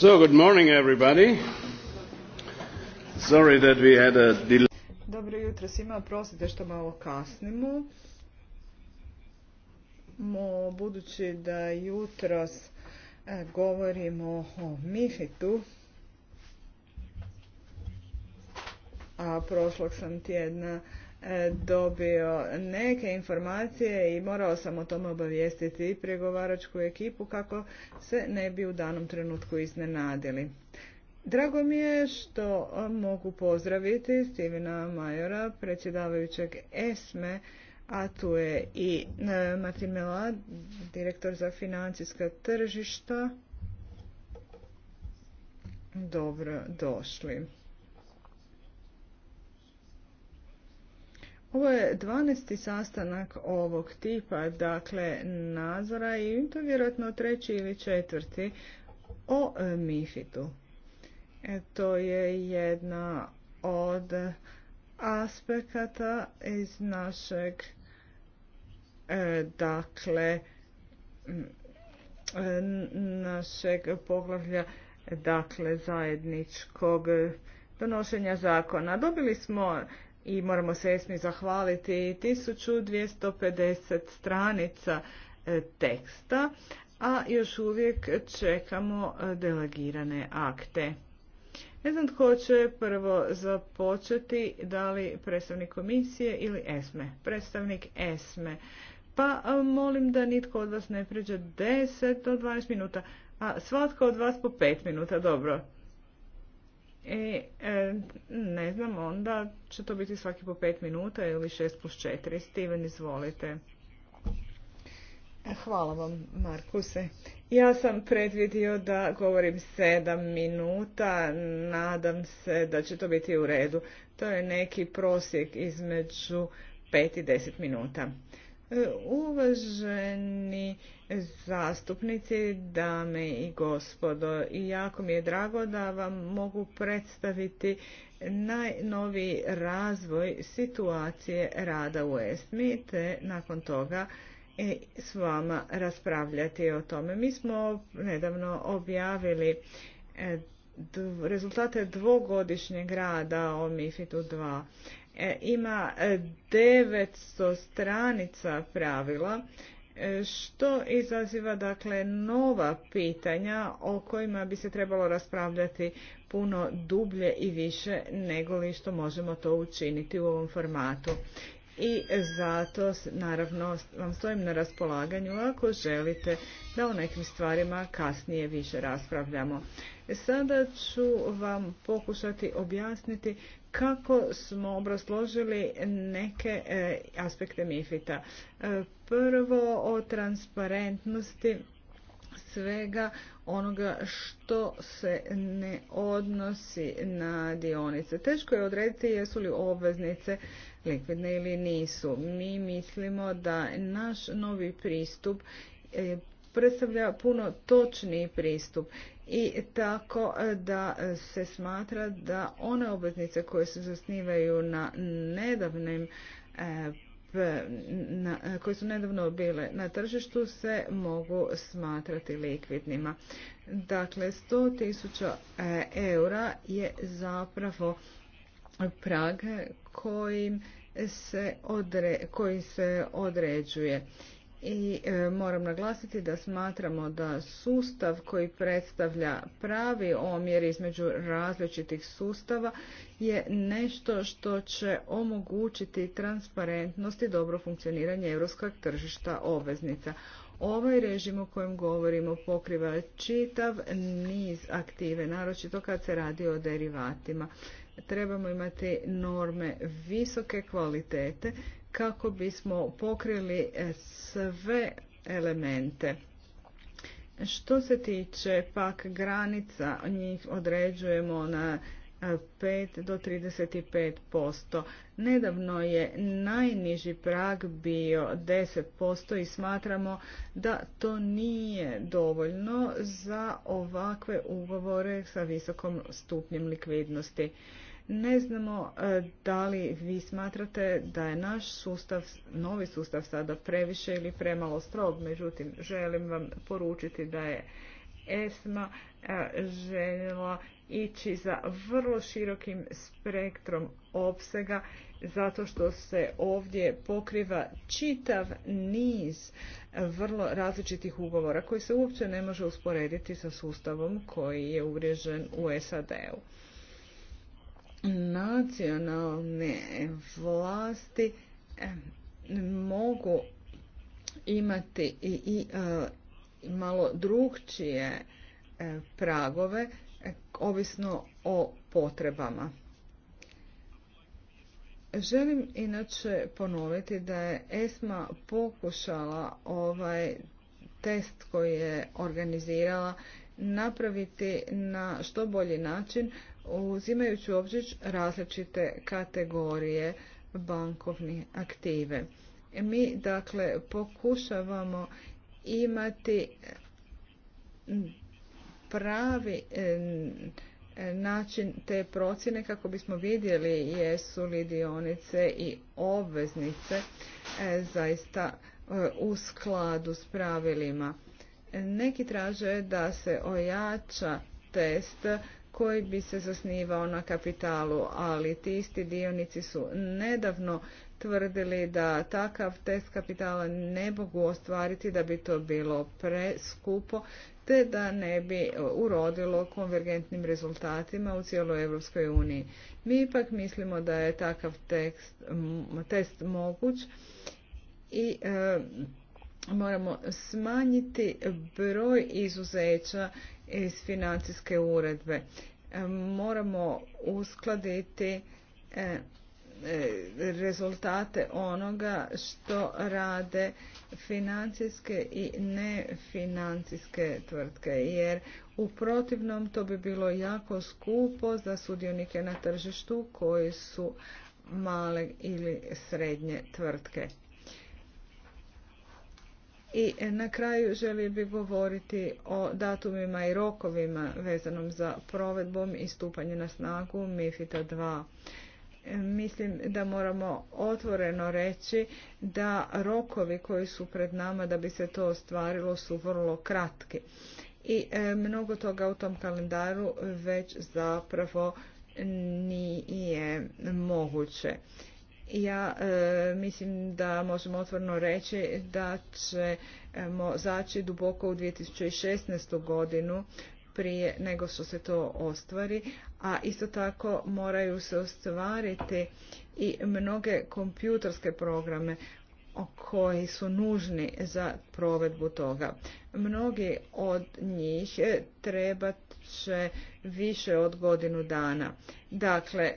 Dobro jutro svima, oprostite što malo kasnimo. Mo, budući da jutros e, govorimo o Mifitu, a prošlog sam tjedna E, dobio neke informacije i morao sam o tome obavijestiti i pregovaračku ekipu kako se ne bi u danom trenutku iznenadili. Drago mi je što mogu pozdraviti Stivina Majora, predsjedavajućeg ESME, a tu je i e, Martin direktor za financijska tržišta. Dobro došli. Ovo je 12. sastanak ovog tipa, dakle nazora i to vjerojatno treći ili četvrti o e, mifitu. E, to je jedna od aspekata iz našeg e, dakle našeg poglavlja dakle zajedničkog donošenja zakona. Dobili smo i moramo se Esmi zahvaliti 1250 stranica e, teksta, a još uvijek čekamo e, delegirane akte. Ne znam tko će prvo započeti, da li predstavnik komisije ili ESME. Predstavnik ESME. Pa e, molim da nitko od vas ne pređe 10 do 12 minuta, a svatko od vas po 5 minuta, dobro. I e, ne znam, onda će to biti svaki po pet minuta ili šest plus četiri. Steven, izvolite. Hvala vam, Markuse. Ja sam predvidio da govorim sedam minuta, nadam se da će to biti u redu. To je neki prosjek između pet i deset minuta. E, uvaženi zastupnici, dame i gospodo. I jako mi je drago da vam mogu predstaviti najnoviji razvoj situacije rada u ESMI, te nakon toga s vama raspravljati o tome. Mi smo nedavno objavili e, rezultate dvogodišnjeg rada o MIFID-u 2. E, ima 900 e, stranica pravila E, što izaziva dakle nova pitanja o kojima bi se trebalo raspravljati puno dublje i više nego li što možemo to učiniti u ovom formatu. I zato naravno vam stojim na raspolaganju ako želite da o nekim stvarima kasnije više raspravljamo. E, sada ću vam pokušati objasniti kako smo obrazložili neke e, aspekte MIFITA. E, prvo o transparentnosti svega onoga što se ne odnosi na dionice. Teško je odrediti jesu li obveznice likvidne ili nisu. Mi mislimo da naš novi pristup e, predstavlja puno točniji pristup i tako e, da e, se smatra da one obveznice koje se zasnivaju na nedavnim e, koje su nedavno bile na tržištu se mogu smatrati likvidnima. Dakle, 100.000 eura je zapravo prag kojim se odre, koji se određuje i e, moram naglasiti da smatramo da sustav koji predstavlja pravi omjer između različitih sustava je nešto što će omogućiti transparentnost i dobro funkcioniranje europskog tržišta obveznica. Ovaj režim o kojem govorimo pokriva čitav niz aktive, naročito kad se radi o derivatima. Trebamo imati norme visoke kvalitete kako bismo pokrili e, sve elemente. Što se tiče pak granica, njih određujemo na 5 e, do 35%. Nedavno je najniži prag bio 10% i smatramo da to nije dovoljno za ovakve ugovore sa visokom stupnjem likvidnosti. Ne znamo e, da li vi smatrate da je naš sustav, novi sustav sada previše ili premalo strog, međutim želim vam poručiti da je ESMA e, željela ići za vrlo širokim spektrom opsega zato što se ovdje pokriva čitav niz e, vrlo različitih ugovora koji se uopće ne može usporediti sa sustavom koji je uvriježen u SAD-u nacionalne vlasti eh, mogu imati i, eh, malo drugčije eh, pragove ovisno o potrebama. Želim inače ponoviti da je ESMA pokušala ovaj test koji je organizirala napraviti na što bolji način uzimajući u obzir različite kategorije bankovnih aktive. Mi dakle pokušavamo imati pravi e, način te procjene kako bismo vidjeli jesu li dionice i obveznice e, zaista e, u skladu s pravilima. Neki traže da se ojača test koji bi se zasnivao na kapitalu, ali ti isti dionici su nedavno tvrdili da takav test kapitala ne mogu ostvariti da bi to bilo preskupo te da ne bi urodilo konvergentnim rezultatima u cijeloj Europskoj uniji. Mi ipak mislimo da je takav tekst, test moguć i e, moramo smanjiti broj izuzeća iz financijske uredbe. E, moramo uskladiti e, e, rezultate onoga što rade financijske i financijske tvrtke jer u protivnom to bi bilo jako skupo za sudionike na tržištu koji su male ili srednje tvrtke. I e, na kraju želio bi govoriti o datumima i rokovima vezanom za provedbom i stupanje na snagu MIFITA 2. E, mislim da moramo otvoreno reći da rokovi koji su pred nama da bi se to ostvarilo su vrlo kratki. I e, mnogo toga u tom kalendaru već zapravo nije moguće. Ja e, mislim da možemo otvorno reći da ćemo zaći duboko u 2016. godinu prije nego što se to ostvari, a isto tako moraju se ostvariti i mnoge kompjutorske programe koji su nužni za provedbu toga. Mnogi od njih treba će više od godinu dana. Dakle,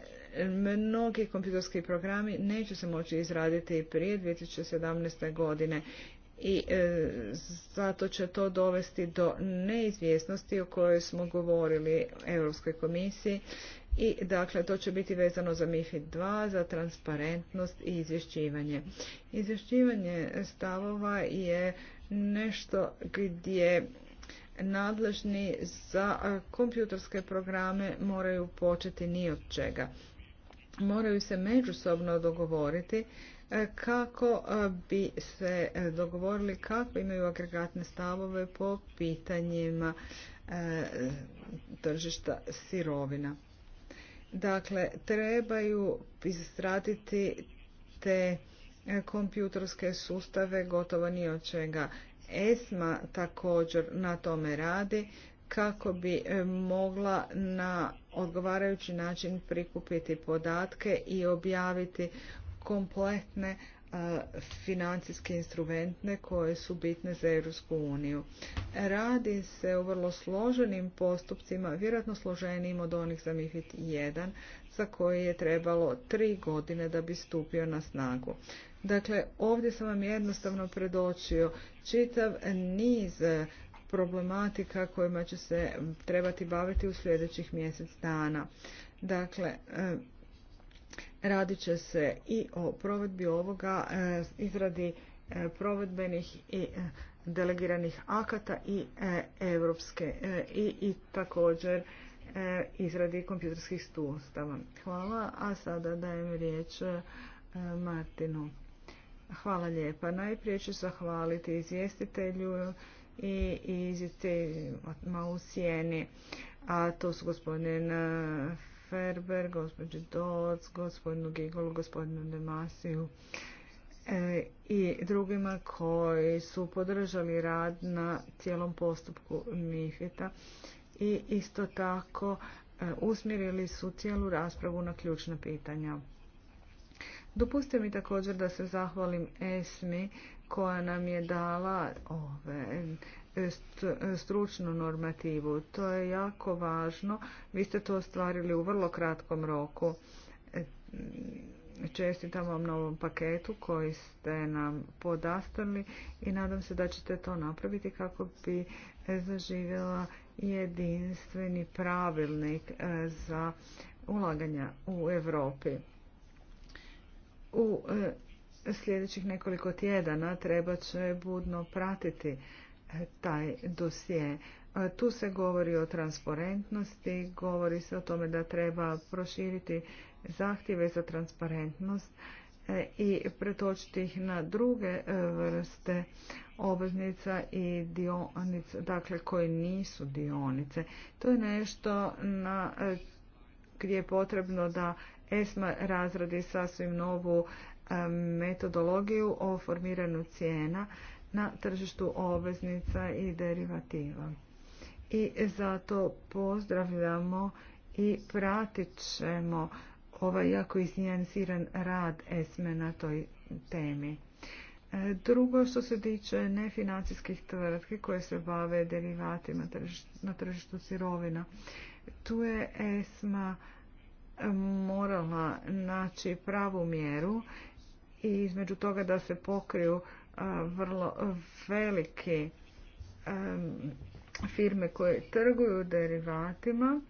mnogi kompjuterski programi neće se moći izraditi prije 2017. godine i e, zato će to dovesti do neizvjesnosti o kojoj smo govorili Europskoj komisiji i dakle to će biti vezano za MIFID 2, za transparentnost i izvješćivanje. Izvješćivanje stavova je nešto gdje nadležni za kompjuterske programe moraju početi ni od čega moraju se međusobno dogovoriti e, kako e, bi se e, dogovorili kako imaju agregatne stavove po pitanjima tržišta sirovina. Dakle, trebaju izraditi te kompjutorske sustave gotovo ni od čega. ESMA također na tome radi kako bi mogla na odgovarajući način prikupiti podatke i objaviti kompletne e, financijske instrumente koje su bitne za Europsku uniju. Radi se o vrlo složenim postupcima, vjerojatno složenijim od onih za MIFID 1, za koje je trebalo tri godine da bi stupio na snagu. Dakle, ovdje sam vam jednostavno predočio čitav niz problematika kojima će se trebati baviti u sljedećih mjesec dana. Dakle, e, radit će se i o provedbi ovoga, e, izradi e, provedbenih i delegiranih akata i evropske i, i također izradi kompjuterskih sustava. Hvala, a sada dajem riječ Martinu. Hvala lijepa. Najprije ću zahvaliti izvjestitelju i izvjestiteljima u sjeni, a to su gospodin e, Ferber, gospođu Doc, gospodinu Gigolu, gospodinu Demasiju e, i drugima koji su podržali rad na cijelom postupku mifeta i isto tako e, usmjerili su cijelu raspravu na ključna pitanja. Dopustite mi također da se zahvalim ESMI koja nam je dala ove e, e, stručnu normativu. To je jako važno. Vi ste to ostvarili u vrlo kratkom roku. E, Čestitam vam na ovom paketu koji ste nam podastrli i nadam se da ćete to napraviti kako bi zaživjela jedinstveni pravilnik za ulaganja u Europi. U sljedećih nekoliko tjedana treba će budno pratiti e, taj dosije. E, tu se govori o transparentnosti, govori se o tome da treba proširiti zahtjeve za transparentnost e, i pretočiti ih na druge vrste obveznica i dionica, dakle koje nisu dionice. To je nešto na, gdje je potrebno da ESMA razradi sasvim novu metodologiju o formiranju cijena na tržištu obveznica i derivativa. I zato pozdravljamo i pratit ćemo ovaj jako iznijansiran rad ESME na toj temi. E, drugo što se tiče nefinancijskih tvrtki koje se bave derivatima na tržištu sirovina, tu je ESMA morala naći pravu mjeru i između toga da se pokriju vrlo velike firme koje trguju derivatima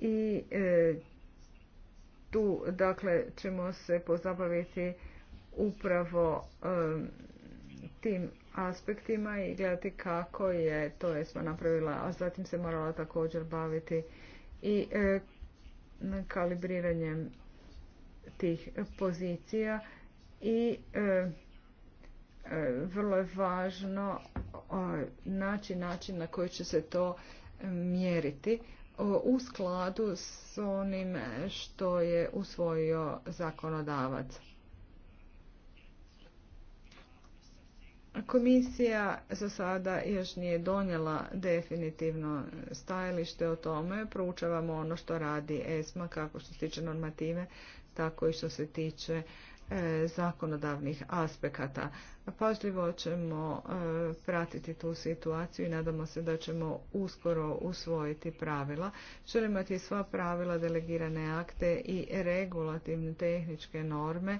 i e, tu dakle ćemo se pozabaviti upravo e, tim aspektima i gledati kako je to ESMA napravila, a zatim se morala također baviti i e, kalibriranjem tih pozicija i e, e, vrlo je važno naći način na koji će se to e, mjeriti u skladu s onim što je usvojio zakonodavac. Komisija za sada još nije donijela definitivno stajalište o tome. Proučavamo ono što radi ESMA kako što se tiče normative tako i što se tiče e, zakonodavnih aspekata. Pažljivo ćemo e, pratiti tu situaciju i nadamo se da ćemo uskoro usvojiti pravila. Želimo imati sva pravila, delegirane akte i regulativne tehničke norme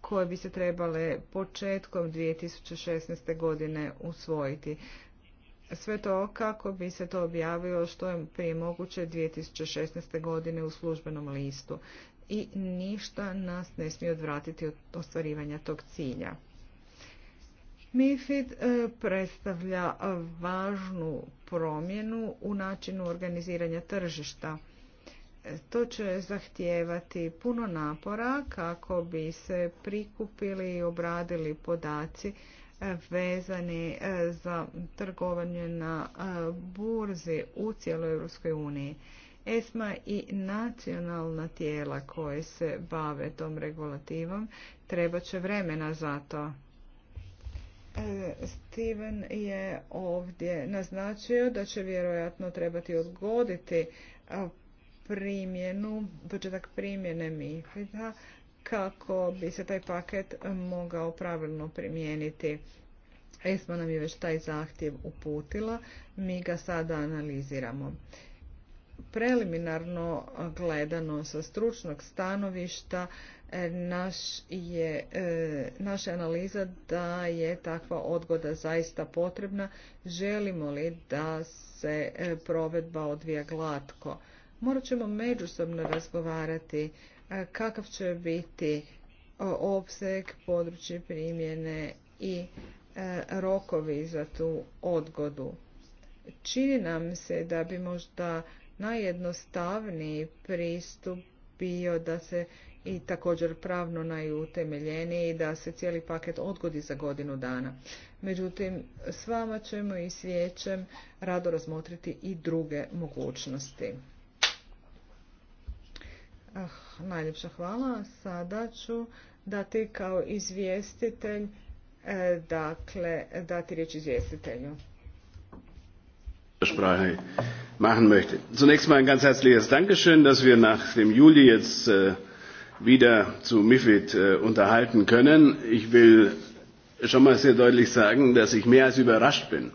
koje bi se trebale početkom 2016. godine usvojiti. Sve to kako bi se to objavilo što je prije moguće 2016. godine u službenom listu i ništa nas ne smije odvratiti od ostvarivanja tog cilja. MIFID e, predstavlja važnu promjenu u načinu organiziranja tržišta. E, to će zahtijevati puno napora kako bi se prikupili i obradili podaci e, vezani za trgovanje na burzi u cijeloj Europskoj uniji. ESMA i nacionalna tijela koje se bave tom regulativom treba će vremena za to. E, Steven je ovdje naznačio da će vjerojatno trebati odgoditi primjenu, početak primjene MIFID-a kako bi se taj paket mogao pravilno primijeniti. ESMA nam je već taj zahtjev uputila, mi ga sada analiziramo preliminarno gledano sa stručnog stanovišta e, naš je, e, naša analiza da je takva odgoda zaista potrebna. Želimo li da se e, provedba odvija glatko? Morat ćemo međusobno razgovarati kakav će biti opseg, područje primjene i rokovi za tu odgodu. Čini nam se da bi možda najjednostavniji pristup bio da se i također pravno najutemeljeniji da se cijeli paket odgodi za godinu dana. Međutim, s vama ćemo i s rado razmotriti i druge mogućnosti. Ah, najljepša hvala. Sada ću dati kao izvjestitelj, e, dakle, dati riječ izvjestitelju machen möchte. Zunächst einmal ein ganz herzliches Dankeschön, dass wir nach dem Juli jetzt äh, wieder zu MIFID äh, unterhalten können. Ich will schon mal sehr deutlich sagen, dass ich mehr als überrascht bin,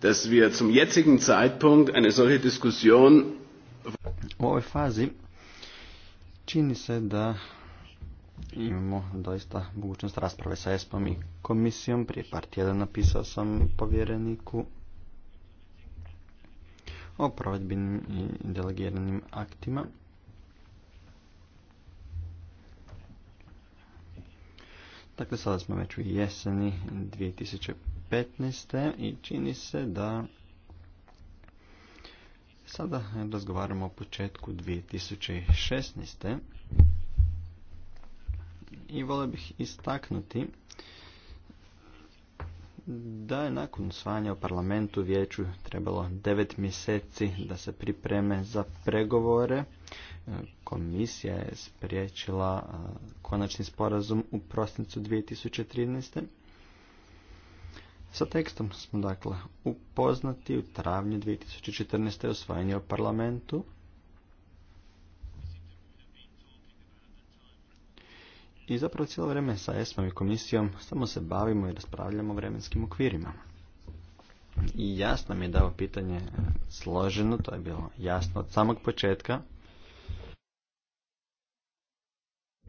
dass wir zum jetzigen Zeitpunkt eine solche Diskussion u ovoj fazi imamo doista mogućnost rasprave sa ESPOM i komisijom. Prije par tjedana napisao sam povjereniku o provedbenim i delegiranim aktima. Dakle, sada smo već u jeseni 2015. i čini se da sada razgovaramo o početku 2016. I volio bih istaknuti da je nakon usvajanja u parlamentu vijeću trebalo devet mjeseci da se pripreme za pregovore. Komisija je spriječila konačni sporazum u prosincu 2013. Sa tekstom smo dakle upoznati u travnju 2014. osvajanje u parlamentu I zapravo cijelo vrijeme sa ESMA i komisijom samo se bavimo i raspravljamo o vremenskim okvirima. I jasno mi je da je ovo pitanje složeno, to je bilo jasno od samog početka.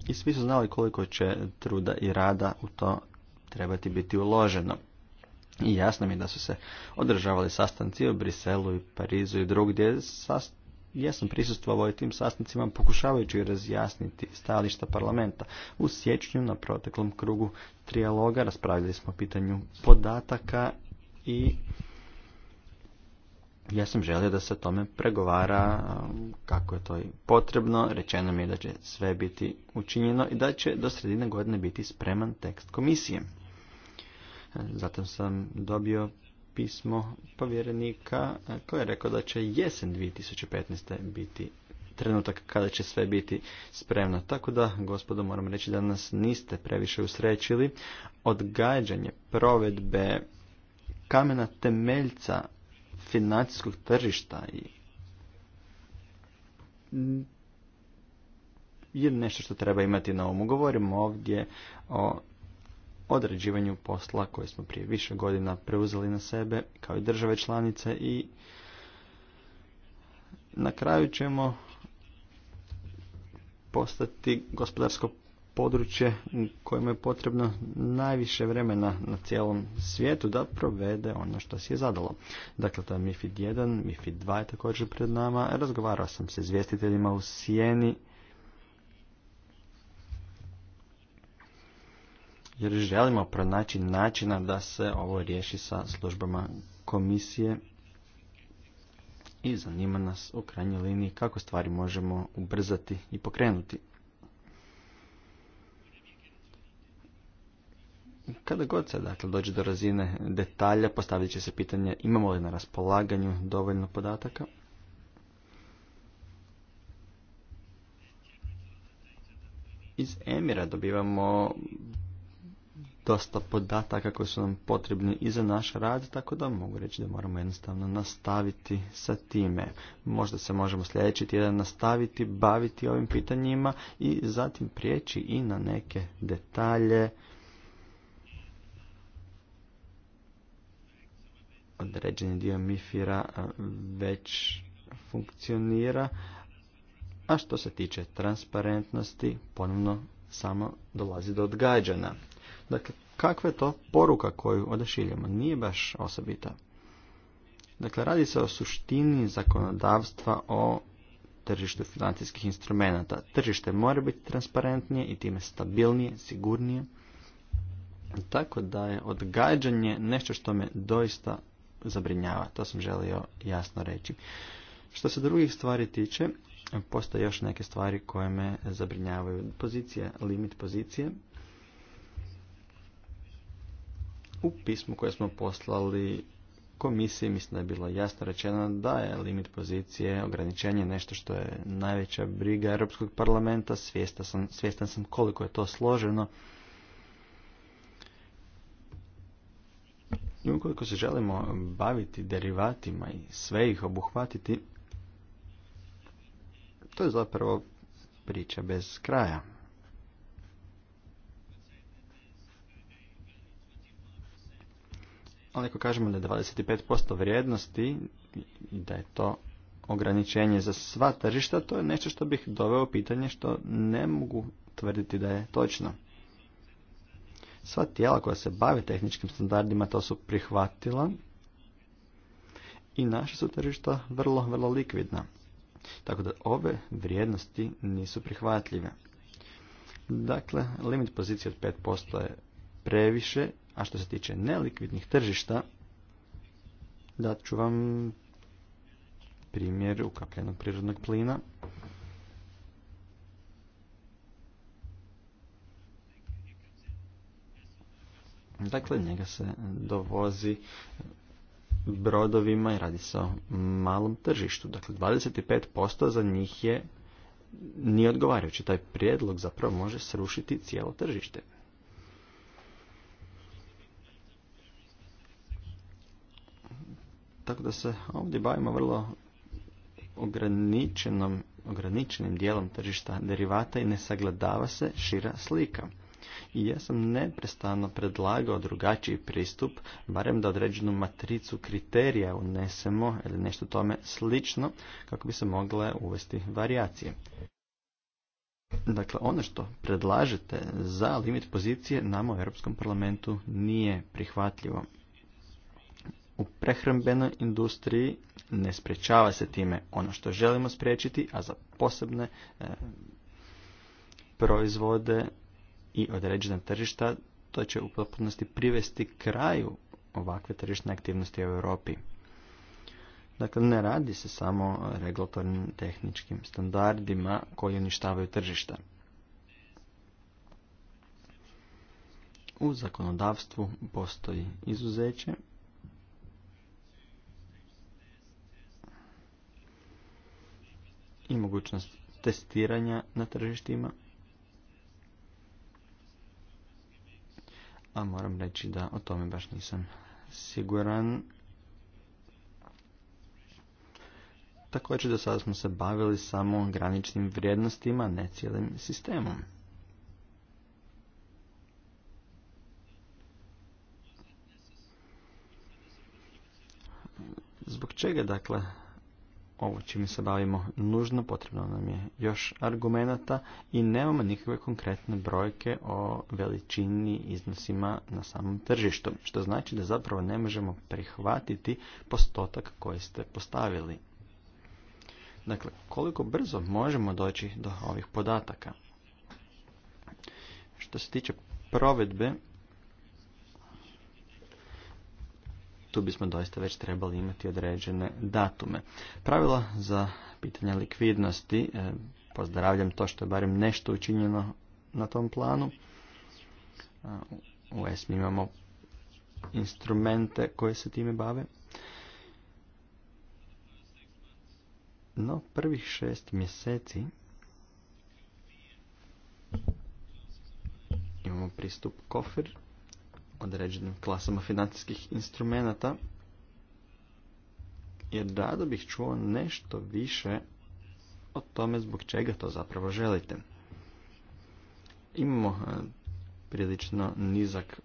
I svi su znali koliko će truda i rada u to trebati biti uloženo. I jasno mi je da su se održavali sastanci u Briselu i Parizu i drugdje ja sam prisustvovao i tim sastancima pokušavajući razjasniti stajališta parlamenta. U siječnju na proteklom krugu trijaloga raspravljali smo o pitanju podataka i ja sam želio da se o tome pregovara kako je to i potrebno. Rečeno mi je da će sve biti učinjeno i da će do sredine godine biti spreman tekst komisije. Zatim sam dobio pismo povjerenika e, koji je rekao da će jesen 2015. biti trenutak kada će sve biti spremno. Tako da, gospodo, moram reći da nas niste previše usrećili. Odgađanje provedbe kamena temeljca financijskog tržišta i je nešto što treba imati na umu. Govorimo ovdje o određivanju posla koje smo prije više godina preuzeli na sebe kao i države članice i na kraju ćemo postati gospodarsko područje kojima je potrebno najviše vremena na cijelom svijetu da provede ono što si je zadalo. Dakle, to je MIFID 1, MIFID 2 je također pred nama. Razgovarao sam se izvjestiteljima u Sijeni jer želimo pronaći načina da se ovo riješi sa službama komisije i zanima nas u krajnjoj liniji kako stvari možemo ubrzati i pokrenuti. Kada god se dakle, dođe do razine detalja, postavit će se pitanje imamo li na raspolaganju dovoljno podataka. Iz Emira dobivamo dosta podataka koji su nam potrebni i za naš rad, tako da mogu reći da moramo jednostavno nastaviti sa time. Možda se možemo sljedeći tjedan nastaviti, baviti ovim pitanjima i zatim prijeći i na neke detalje. Određeni dio MIFIRA već funkcionira. A što se tiče transparentnosti, ponovno samo dolazi do odgađana. Dakle, kakva je to poruka koju odašiljamo? Nije baš osobita. Dakle, radi se o suštini zakonodavstva o tržištu financijskih instrumenata. Tržište mora biti transparentnije i time stabilnije, sigurnije. Tako da je odgađanje nešto što me doista zabrinjava. To sam želio jasno reći. Što se drugih stvari tiče, postoje još neke stvari koje me zabrinjavaju. Pozicija, limit pozicije, U pismu koje smo poslali komisiji mislim da je bilo jasno rečeno da je limit pozicije ograničenje nešto što je najveća briga Europskog parlamenta. Svjestan sam, sam koliko je to složeno. I ukoliko se želimo baviti derivatima i sve ih obuhvatiti, to je zapravo priča bez kraja. Ali ako kažemo da je 25% vrijednosti i da je to ograničenje za sva tržišta, to je nešto što bih doveo pitanje što ne mogu tvrditi da je točno. Sva tijela koja se bave tehničkim standardima to su prihvatila i naše su tržišta vrlo, vrlo likvidna. Tako da ove vrijednosti nisu prihvatljive. Dakle, limit pozicije od 5% je previše a što se tiče nelikvidnih tržišta, dat ću vam primjer ukapljenog prirodnog plina. Dakle, njega se dovozi brodovima i radi se o malom tržištu. Dakle, 25% za njih je nije odgovarajući. Taj prijedlog zapravo može srušiti cijelo tržište. Tako da se ovdje bavimo vrlo ograničenom, ograničenim dijelom tržišta derivata i ne sagledava se šira slika. I ja sam neprestano predlagao drugačiji pristup, barem da određenu matricu kriterija unesemo ili nešto tome slično, kako bi se mogle uvesti varijacije. Dakle, ono što predlažete za limit pozicije nama u Europskom parlamentu nije prihvatljivo u prehrambenoj industriji ne sprečava se time ono što želimo spriječiti, a za posebne e, proizvode i određena tržišta to će u potpunosti privesti kraju ovakve tržišne aktivnosti u Europi. Dakle, ne radi se samo o regulatornim tehničkim standardima koji uništavaju tržišta. U zakonodavstvu postoji izuzeće i mogućnost testiranja na tržištima. A moram reći da o tome baš nisam siguran. Također do sada smo se bavili samo graničnim vrijednostima, ne cijelim sistemom. Zbog čega, dakle, ovo čime se bavimo nužno, potrebno nam je još argumenata i nemamo nikakve konkretne brojke o veličini iznosima na samom tržištu, što znači da zapravo ne možemo prihvatiti postotak koji ste postavili. Dakle, koliko brzo možemo doći do ovih podataka? Što se tiče provedbe, tu bismo doista već trebali imati određene datume. Pravila za pitanje likvidnosti, e, pozdravljam to što je barem nešto učinjeno na tom planu. E, u ESM imamo instrumente koje se time bave. No, prvih šest mjeseci imamo pristup kofir određenim klasama financijskih instrumenata. Jer rado bih čuo nešto više o tome zbog čega to zapravo želite. Imamo e, prilično nizak,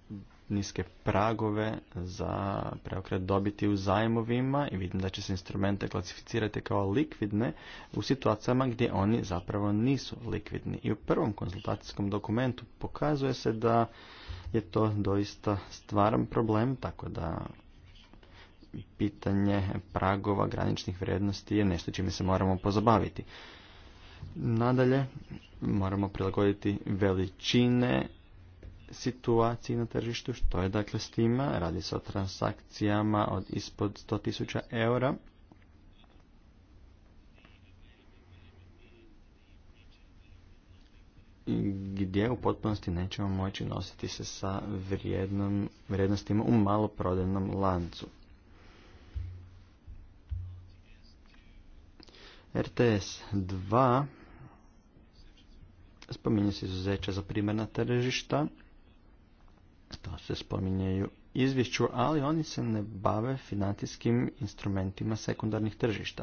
niske pragove za preokret dobiti u zajmovima i vidim da će se instrumente klasificirati kao likvidne u situacijama gdje oni zapravo nisu likvidni. I u prvom konzultacijskom dokumentu pokazuje se da je to doista stvaran problem, tako da pitanje pragova graničnih vrijednosti je nešto čime se moramo pozabaviti. Nadalje, moramo prilagoditi veličine situaciji na tržištu, što je dakle s time, radi se o transakcijama od ispod 100.000 eura, gdje u potpunosti nećemo moći nositi se sa vrijednom, vrijednostima u maloprodajnom lancu. RTS 2 spominje se izuzeća za primarna tržišta, to se u izvješću, ali oni se ne bave financijskim instrumentima sekundarnih tržišta.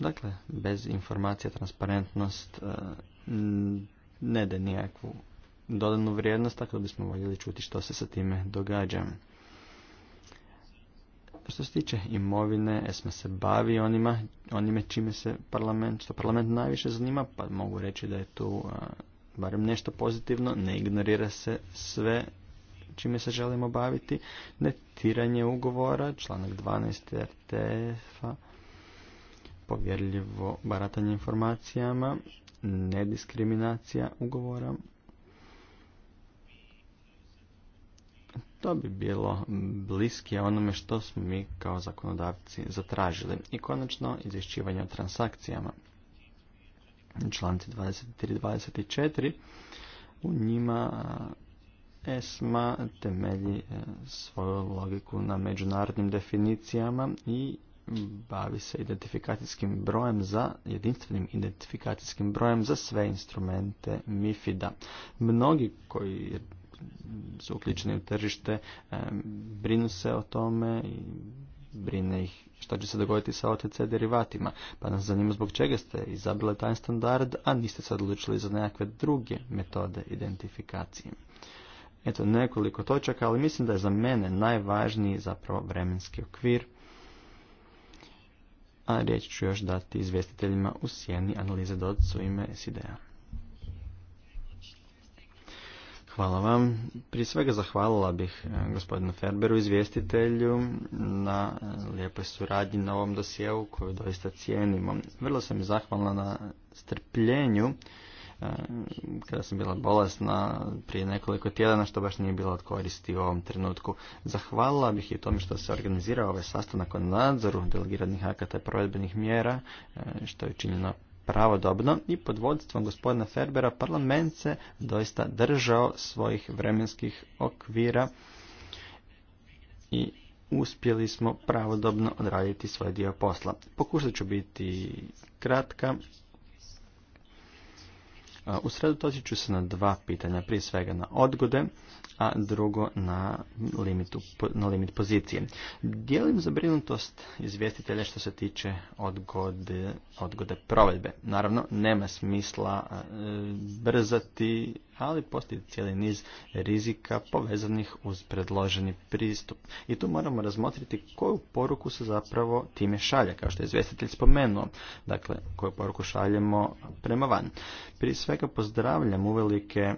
Dakle, bez informacija transparentnost e, ne da nijakvu dodanu vrijednost, tako da bismo voljeli čuti što se sa time događa. Što se tiče imovine, ESMA se bavi onima, onime čime se parlament, što parlament najviše zanima, pa mogu reći da je tu e, barem nešto pozitivno, ne ignorira se sve čime se želimo baviti, netiranje ugovora, članak 12 RTF-a, povjerljivo baratanje informacijama, nediskriminacija ugovora. To bi bilo bliski onome što smo mi kao zakonodavci zatražili. I konačno, izvješćivanje o transakcijama. Članci 23 24. U njima ESMA temelji e, svoju logiku na međunarodnim definicijama i bavi se identifikacijskim brojem za jedinstvenim identifikacijskim brojem za sve instrumente MIFID-a. Mnogi koji su uključeni u tržište brinu se o tome i brine ih što će se dogoditi sa OTC derivatima. Pa nas zanima zbog čega ste izabrali taj standard, a niste se odlučili za nekakve druge metode identifikacije. Eto nekoliko točaka, ali mislim da je za mene najvažniji zapravo vremenski okvir – a riječ ću još dati izvjestiteljima u sjeni analize docu ime Hvala vam. Prije svega zahvalila bih e, gospodinu Ferberu, izvjestitelju, na e, lijepoj suradnji na ovom dosjeu koju doista cijenimo. Vrlo sam zahvalna na strpljenju Mm, kada sam bila bolesna prije nekoliko tjedana što baš nije bilo od koristi u ovom trenutku. Zahvalila bih i tome što se organizirao ovaj sastanak o nadzoru delegiranih akata i provedbenih mjera e, što je činjeno pravodobno i pod vodstvom gospodina Ferbera parlament se doista držao svojih vremenskih okvira i uspjeli smo pravodobno odraditi svoj dio posla. Pokušat ću biti kratka Usredotočit ću se na dva pitanja, prije svega na odgode a drugo na, limitu, na limit pozicije. Dijelim zabrinutost izvjestitelja što se tiče odgode, odgode provedbe. Naravno, nema smisla e, brzati, ali postoji cijeli niz rizika povezanih uz predloženi pristup. I tu moramo razmotriti koju poruku se zapravo time šalje, kao što je izvjestitelj spomenuo. Dakle, koju poruku šaljemo prema van. Prije svega pozdravljam uvelike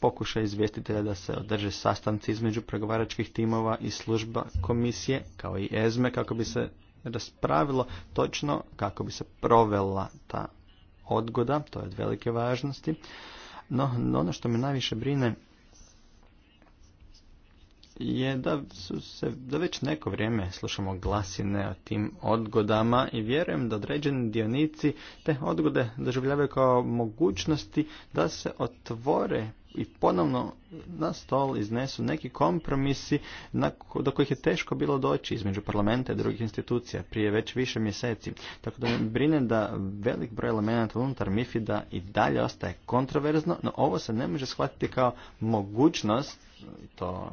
pokušaj izvjestitelja da se održe sastanci između pregovaračkih timova i služba komisije, kao i EZME, kako bi se raspravilo točno kako bi se provela ta odgoda, to je od velike važnosti. No, no ono što me najviše brine je da, su se, da već neko vrijeme slušamo glasine o tim odgodama i vjerujem da određeni dionici te odgode doživljavaju kao mogućnosti da se otvore i ponovno na stol iznesu neki kompromisi do kojih je teško bilo doći između parlamenta i drugih institucija prije već više mjeseci. Tako da me brine da velik broj elemenata unutar mifid i dalje ostaje kontroverzno, no ovo se ne može shvatiti kao mogućnost, to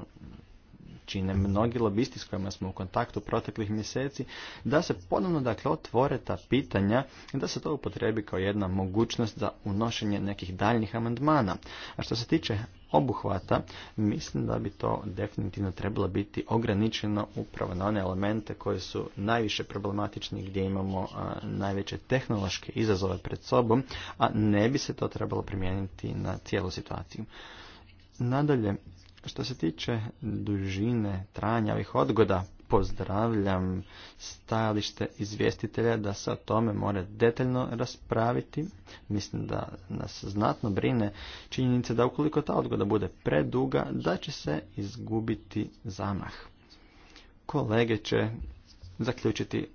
čine mnogi lobisti s kojima smo u kontaktu proteklih mjeseci, da se ponovno dakle otvore ta pitanja i da se to upotrebi kao jedna mogućnost za unošenje nekih daljnjih amandmana. A što se tiče obuhvata, mislim da bi to definitivno trebalo biti ograničeno upravo na one elemente koji su najviše problematični, gdje imamo najveće tehnološke izazove pred sobom, a ne bi se to trebalo primijeniti na cijelu situaciju. Nadalje, što se tiče dužine trajanja ovih odgoda, pozdravljam stajalište izvjestitelja da se o tome mora detaljno raspraviti. Mislim da nas znatno brine činjenica da ukoliko ta odgoda bude preduga, da će se izgubiti zamah. Kolege će zaključiti,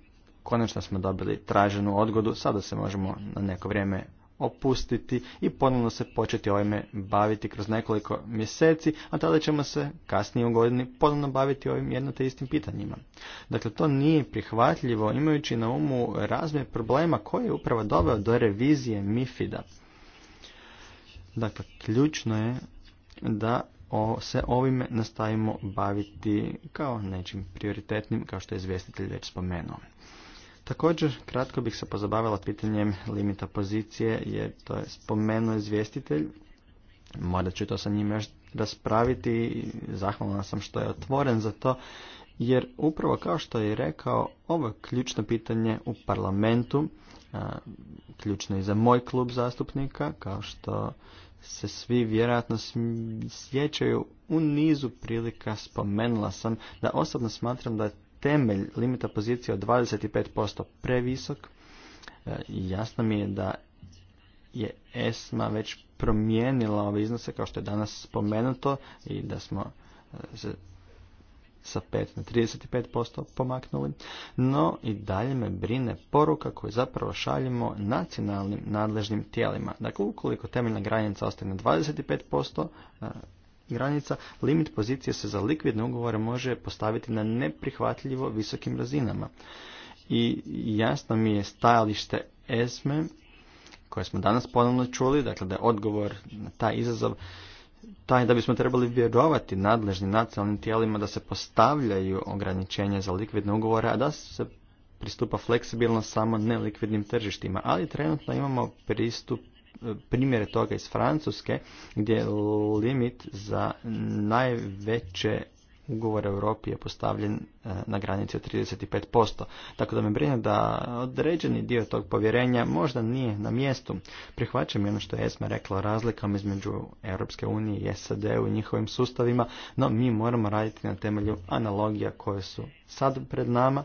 konačno smo dobili traženu odgodu, sada se možemo na neko vrijeme opustiti i ponovno se početi ovime baviti kroz nekoliko mjeseci, a tada ćemo se kasnije u godini ponovno baviti ovim jedno te istim pitanjima. Dakle, to nije prihvatljivo imajući na umu razmjer problema koji je upravo doveo do revizije mifid Dakle, ključno je da se ovime nastavimo baviti kao nečim prioritetnim, kao što je izvjestitelj već spomenuo. Također, kratko bih se pozabavila pitanjem limita pozicije, jer to je spomenuo izvjestitelj. Morat ću to sa njim još raspraviti i zahvalna sam što je otvoren za to, jer upravo kao što je rekao, ovo je ključno pitanje u parlamentu, ključno i za moj klub zastupnika, kao što se svi vjerojatno sjećaju u nizu prilika spomenula sam da osobno smatram da je temelj limita pozicije od 25% previsok. E, jasno mi je da je ESMA već promijenila ove iznose kao što je danas spomenuto i da smo se sa 5 na 35% pomaknuli, no i dalje me brine poruka koju zapravo šaljemo nacionalnim nadležnim tijelima. Dakle, ukoliko temeljna granica ostaje na 25%, granica, limit pozicije se za likvidne ugovore može postaviti na neprihvatljivo visokim razinama. I jasno mi je stajalište ESME, koje smo danas ponovno čuli, dakle da je odgovor na taj izazov taj da bismo trebali vjerovati nadležnim nacionalnim tijelima da se postavljaju ograničenja za likvidne ugovore, a da se pristupa fleksibilno samo nelikvidnim tržištima, ali trenutno imamo pristup primjere toga iz Francuske gdje je limit za najveće ugovore u Europi je postavljen e, na granici od 35%. Tako da me brine da određeni dio tog povjerenja možda nije na mjestu. Prihvaćam i ono što je Esma rekla o razlikama između Europske unije i SAD u njihovim sustavima, no mi moramo raditi na temelju analogija koje su sad pred nama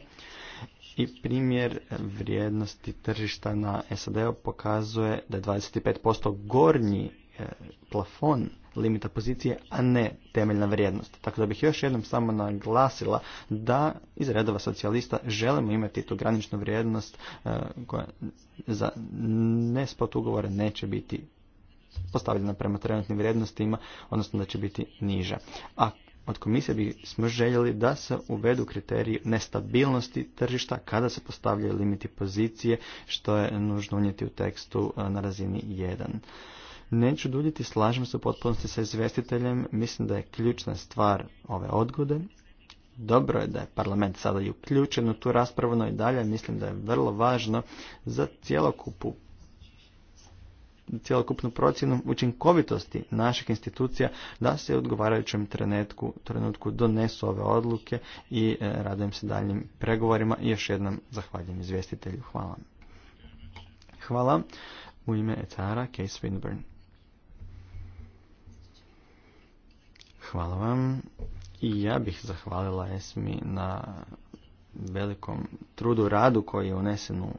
i primjer vrijednosti tržišta na SAD-u pokazuje da je 25% gornji e, plafon limita pozicije, a ne temeljna vrijednost. Tako da bih još jednom samo naglasila da iz redova socijalista želimo imati tu graničnu vrijednost e, koja za nespot ugovore neće biti postavljena prema trenutnim vrijednostima, odnosno da će biti niža. A od komisije smo željeli da se uvedu kriteriji nestabilnosti tržišta kada se postavljaju limiti pozicije, što je nužno unijeti u tekstu e, na razini 1. Neću duljiti, slažem se u potpunosti sa izvestiteljem, mislim da je ključna stvar ove odgode. Dobro je da je parlament sada i uključen u tu raspravu, no i dalje mislim da je vrlo važno za cijelokupu cjelokupnu procjenu učinkovitosti naših institucija da se u odgovarajućem trenutku, trenutku donesu ove odluke i e, radujem se daljnjim pregovorima i još jednom zahvaljujem izvjestitelju. Hvala. Hvala. U ime Etara, Case Winburn. Hvala vam. I ja bih zahvalila Esmi na velikom trudu radu koji je unesen u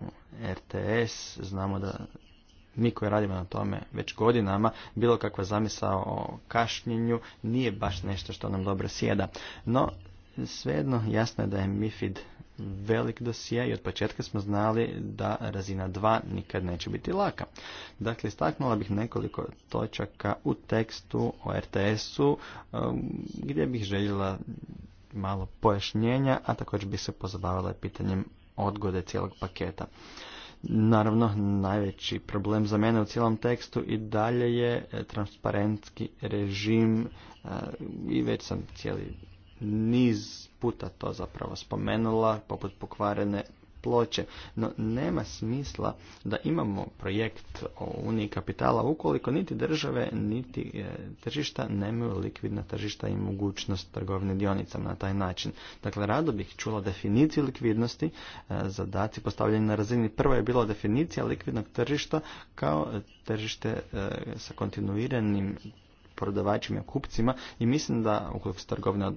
RTS. Znamo da mi koji radimo na tome već godinama, bilo kakva zamisao o kašnjenju nije baš nešto što nam dobro sjeda. No, svejedno jasno je da je MIFID velik dosije i od početka smo znali da razina 2 nikad neće biti laka. Dakle, istaknula bih nekoliko točaka u tekstu o RTS-u um, gdje bih željela malo pojašnjenja, a također bih se pozabavila pitanjem odgode cijelog paketa. Naravno, najveći problem za mene u cijelom tekstu i dalje je e, transparentski režim e, i već sam cijeli niz puta to zapravo spomenula, poput pokvarene ploče. No nema smisla da imamo projekt o Uniji kapitala ukoliko niti države niti e, tržišta nemaju likvidna tržišta i mogućnost trgovine dionicama na taj način. Dakle, rado bih čula definiciju likvidnosti, e, zadaci postavljeni na razini. Prva je bila definicija likvidnog tržišta kao tržište e, sa kontinuiranim prodavačima kupcima i mislim da ukoliko se trgovina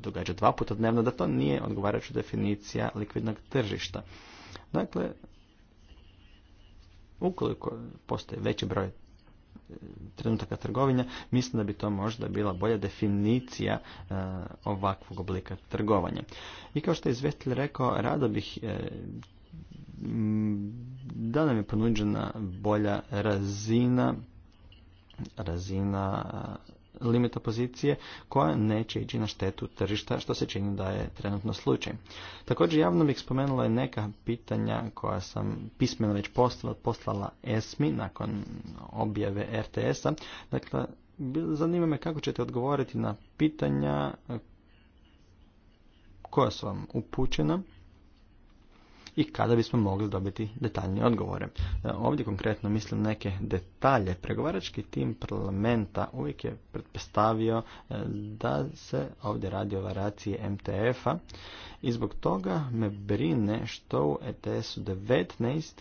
događa dva puta dnevno da to nije odgovarajuća definicija likvidnog tržišta. Dakle, ukoliko postoji veći broj e, trenutaka trgovinja, mislim da bi to možda bila bolja definicija e, ovakvog oblika trgovanja. I kao što je izvjetelj rekao, rado bih e, da nam je ponuđena bolja razina razina eh, limita pozicije koja neće ići na štetu tržišta što se čini da je trenutno slučaj. Također javno bih spomenula i neka pitanja koja sam pismeno već poslala, poslala ESMI nakon objave RTS-a. Dakle, zanima me kako ćete odgovoriti na pitanja eh, koja su vam upućena i kada bismo mogli dobiti detaljnije odgovore. E, ovdje konkretno mislim neke detalje. Pregovarački tim parlamenta uvijek je pretpostavio e, da se ovdje radi o varaciji MTF-a i zbog toga me brine što u ETS-u 19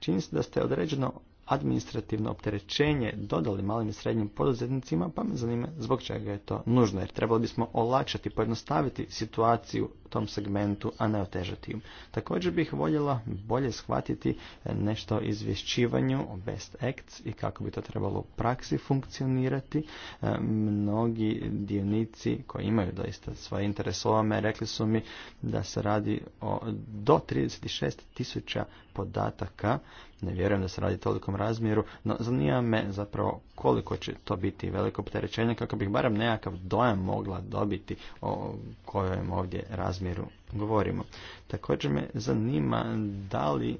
čini se da ste određeno administrativno opterećenje dodali malim i srednjim poduzetnicima, pa me zanima zbog čega je to nužno, jer trebali bismo olakšati, pojednostaviti situaciju u tom segmentu, a ne otežati im. Također bih voljela bolje shvatiti nešto o izvješćivanju, o best acts i kako bi to trebalo u praksi funkcionirati. E, mnogi dionici koji imaju doista svoje interesovame rekli su mi da se radi o do 36 tisuća podataka. Ne vjerujem da se radi tolikom razmjeru, no zanima me zapravo koliko će to biti veliko opterećenje kako bih barem nekakav dojam mogla dobiti o kojem ovdje razmjeru govorimo. Također me zanima da li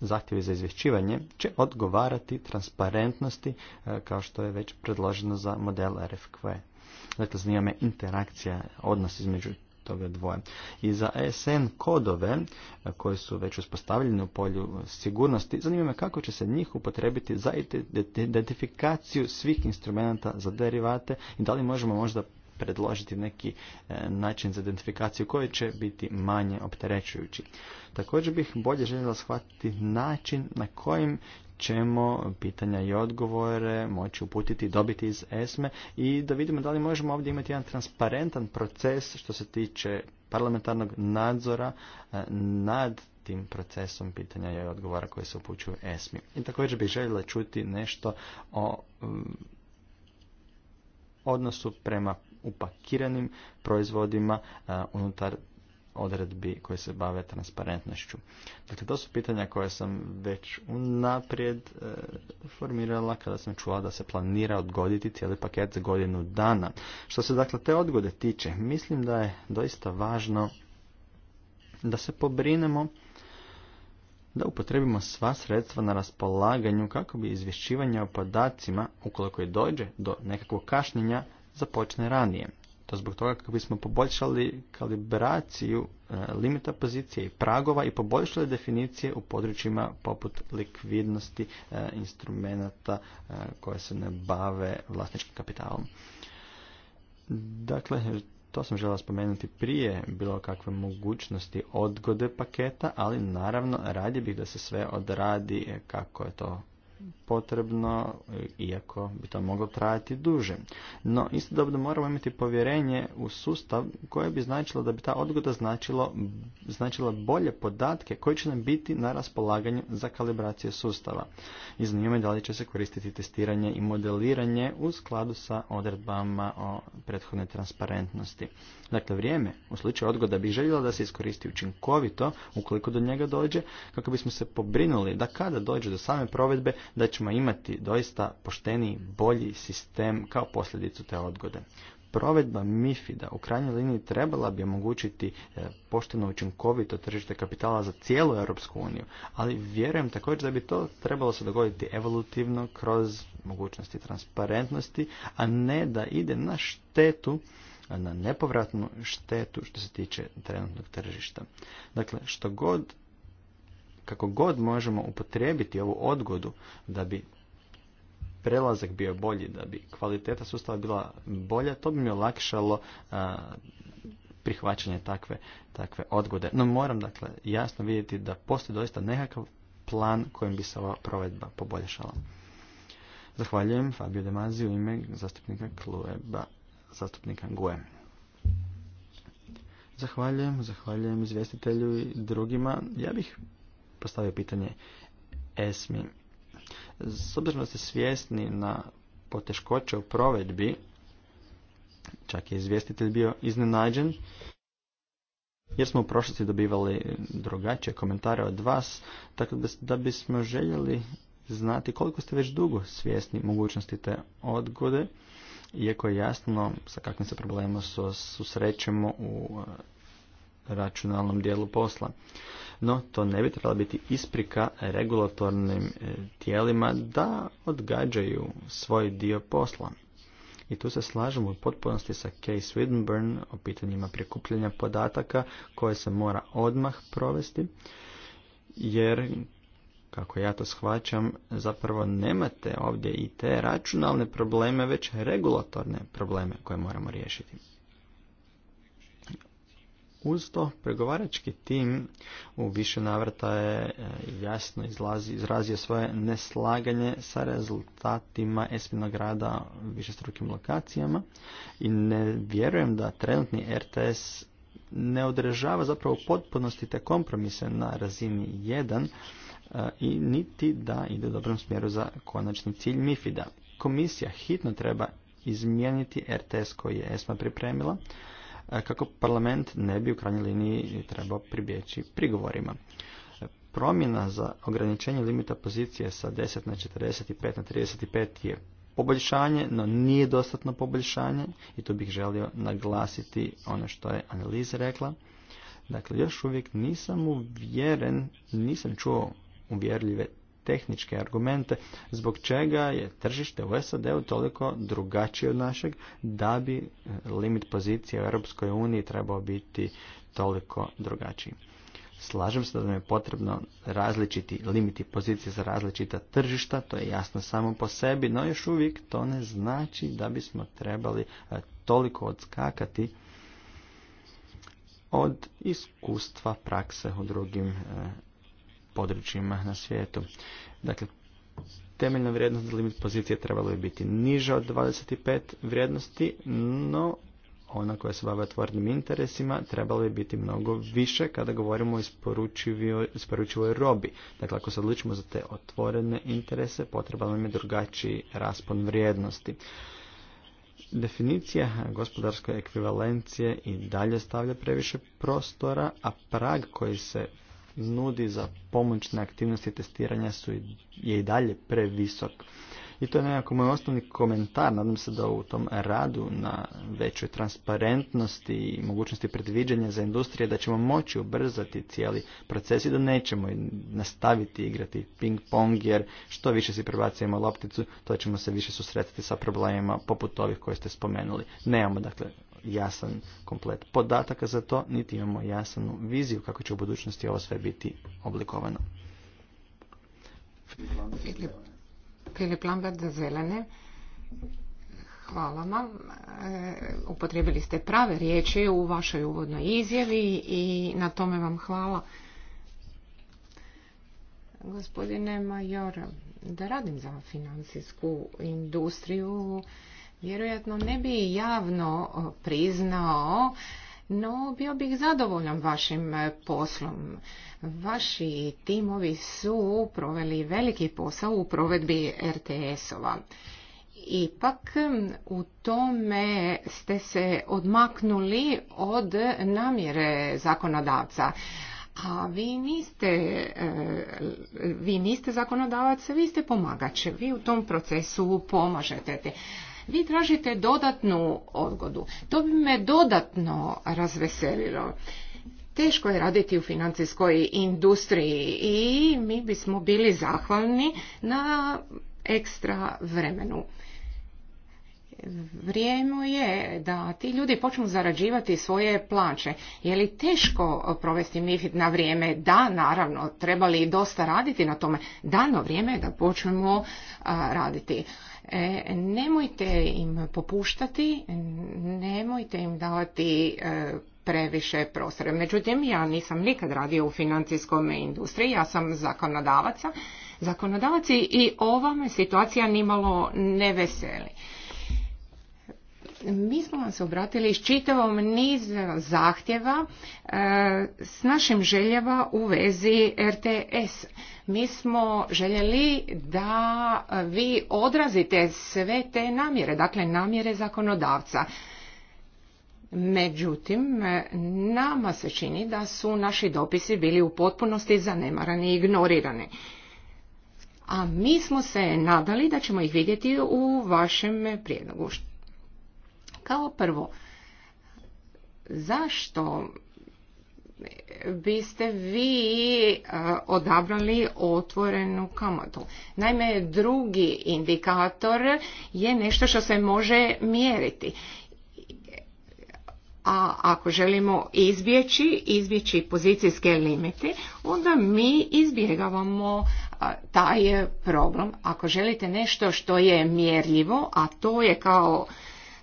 zahtjevi za izvješćivanje će odgovarati transparentnosti e, kao što je već predloženo za model RFQ. E. Dakle, zanima me interakcija, odnos između toga dvoje. I za e SN kodove e, koji su već uspostavljeni u polju sigurnosti, zanima me kako će se njih upotrebiti za identifikaciju svih instrumenta za derivate i da li možemo možda predložiti neki e, način za identifikaciju koji će biti manje opterećujući. Također bih bolje željela shvatiti način na kojim ćemo pitanja i odgovore moći uputiti dobiti iz ESME i da vidimo da li možemo ovdje imati jedan transparentan proces što se tiče parlamentarnog nadzora e, nad tim procesom pitanja i odgovora koje se upućuju ESMI. I također bih željela čuti nešto o mm, odnosu prema upakiranim proizvodima e, unutar odredbi koje se bave transparentnošću. Dakle, to su pitanja koje sam već unaprijed e, formirala kada sam čula da se planira odgoditi cijeli paket za godinu dana. Što se dakle te odgode tiče, mislim da je doista važno da se pobrinemo da upotrebimo sva sredstva na raspolaganju kako bi izvješćivanje o podacima, ukoliko je dođe do nekakvog kašnjenja, započne ranije to zbog toga kako bismo poboljšali kalibraciju e, limita pozicije i pragova i poboljšali definicije u područjima poput likvidnosti e, instrumenata e, koje se ne bave vlasničkim kapitalom. Dakle, to sam želio spomenuti prije bilo kakve mogućnosti odgode paketa, ali naravno radije bih da se sve odradi kako je to potrebno, iako bi to moglo trajati duže. No, istodobno moramo imati povjerenje u sustav koje bi značilo da bi ta odgoda značilo, značila bolje podatke koji će nam biti na raspolaganju za kalibracije sustava. I zanimljamo da li će se koristiti testiranje i modeliranje u skladu sa odredbama o prethodnoj transparentnosti. Dakle, vrijeme u slučaju odgoda bi željela da se iskoristi učinkovito ukoliko do njega dođe, kako bismo se pobrinuli da kada dođe do same provedbe da će imati doista pošteniji, bolji sistem kao posljedicu te odgode. Provedba mifida u krajnjoj liniji trebala bi omogućiti e, pošteno učinkovito tržište kapitala za cijelu Europsku uniju, ali vjerujem također da bi to trebalo se dogoditi evolutivno kroz mogućnosti transparentnosti, a ne da ide na štetu na nepovratnu štetu što se tiče trenutnog tržišta. Dakle, što god kako god možemo upotrijebiti ovu odgodu da bi prelazak bio bolji, da bi kvaliteta sustava bila bolja, to bi mi olakšalo prihvaćanje takve, takve odgode. No moram dakle jasno vidjeti da postoji doista nekakav plan kojim bi se ova provedba poboljšala. Zahvaljujem Fabio Demazi u ime zastupnika Klueba, zastupnika GUE. Zahvaljujem, zahvaljujem izvjestitelju i drugima. Ja bih postavio pitanje ESMI. S obzirom da ste svjesni na poteškoće u provedbi, čak je izvjestitelj bio iznenađen, jer smo u prošlosti dobivali drugačije komentare od vas, tako da bismo željeli znati koliko ste već dugo svjesni mogućnosti te odgode, iako je jasno sa kakvim se problemima susrećemo u računalnom dijelu posla. No, to ne bi trebala biti isprika regulatornim e, tijelima da odgađaju svoj dio posla. I tu se slažemo u potpunosti sa Kay Swedenburn o pitanjima prikupljanja podataka koje se mora odmah provesti, jer kako ja to shvaćam, zapravo nemate ovdje i te računalne probleme, već regulatorne probleme koje moramo riješiti. Uz to, pregovarački tim u više navrata je e, jasno izlazi, izrazio svoje neslaganje sa rezultatima Espinog rada u višestrukim lokacijama i ne vjerujem da trenutni RTS ne održava zapravo potpunosti te kompromise na razini 1 e, i niti da ide u dobrom smjeru za konačni cilj Mifida. Komisija hitno treba izmijeniti RTS koji je ESMA pripremila, E, kako parlament ne bi u krajnjoj liniji trebao pribjeći prigovorima. E, promjena za ograničenje limita pozicije sa 10 na 45 na 35 je poboljšanje, no nije dostatno poboljšanje i tu bih želio naglasiti ono što je analiza rekla. Dakle, još uvijek nisam uvjeren, nisam čuo uvjerljive tehničke argumente zbog čega je tržište u SAD-u toliko drugačije od našeg da bi eh, limit pozicije u Europskoj uniji trebao biti toliko drugačiji. Slažem se da nam je potrebno različiti limiti pozicije za različita tržišta, to je jasno samo po sebi, no još uvijek to ne znači da bismo trebali eh, toliko odskakati od iskustva prakse u drugim eh, područjima na svijetu. Dakle, temeljna vrijednost za limit pozicije trebalo je biti niža od 25 vrijednosti, no ona koja se bave otvorenim interesima trebalo bi biti mnogo više kada govorimo o isporučivoj robi. Dakle, ako se odličimo za te otvorene interese, potreban nam je drugačiji raspon vrijednosti. Definicija gospodarske ekvivalencije i dalje stavlja previše prostora, a prag koji se nudi za pomoćne aktivnosti testiranja su je i dalje previsok. I to je nekako moj osnovni komentar. Nadam se da u tom radu na većoj transparentnosti i mogućnosti predviđanja za industrije da ćemo moći ubrzati cijeli proces i da nećemo nastaviti igrati ping pong jer što više si prebacujemo lopticu to ćemo se više susretiti sa problemima poput ovih koje ste spomenuli. Nemamo dakle jasan komplet podataka za to, niti imamo jasnu viziju kako će u budućnosti ovo sve biti oblikovano. Filip, Filip Lambert za zelene. Hvala vam. E, upotrijebili ste prave riječi u vašoj uvodnoj izjavi i na tome vam hvala. Gospodine Major, da radim za financijsku industriju, vjerojatno ne bi javno priznao, no bio bih zadovoljan vašim e, poslom. Vaši timovi su proveli veliki posao u provedbi RTS-ova. Ipak u tome ste se odmaknuli od namjere zakonodavca. A vi niste, e, vi niste zakonodavac, vi ste pomagač. Vi u tom procesu pomažete. Vi tražite dodatnu odgodu. To bi me dodatno razveselilo teško je raditi u financijskoj industriji i mi bismo bili zahvalni na ekstra vremenu vrijeme je da ti ljudi počnu zarađivati svoje plaće. Je li teško provesti MIFID na vrijeme? Da, naravno, trebali li dosta raditi na tome? Da, no vrijeme je da počnemo raditi. E, nemojte im popuštati, nemojte im davati e, previše prostora. Međutim, ja nisam nikad radio u financijskom industriji, ja sam zakonodavaca, zakonodavaci i ova me situacija nimalo ne veseli mi smo vam se obratili s čitavom niz zahtjeva e, s našim željeva u vezi RTS. Mi smo željeli da vi odrazite sve te namjere, dakle namjere zakonodavca. Međutim, nama se čini da su naši dopisi bili u potpunosti zanemarani i ignorirani. A mi smo se nadali da ćemo ih vidjeti u vašem prijedlogu. Kao prvo, zašto biste vi e, odabrali otvorenu kamatu. Naime, drugi indikator je nešto što se može mjeriti. A ako želimo izbjeći, izbjeći pozicijske limite, onda mi izbjegavamo e, taj problem. Ako želite nešto što je mjerljivo, a to je kao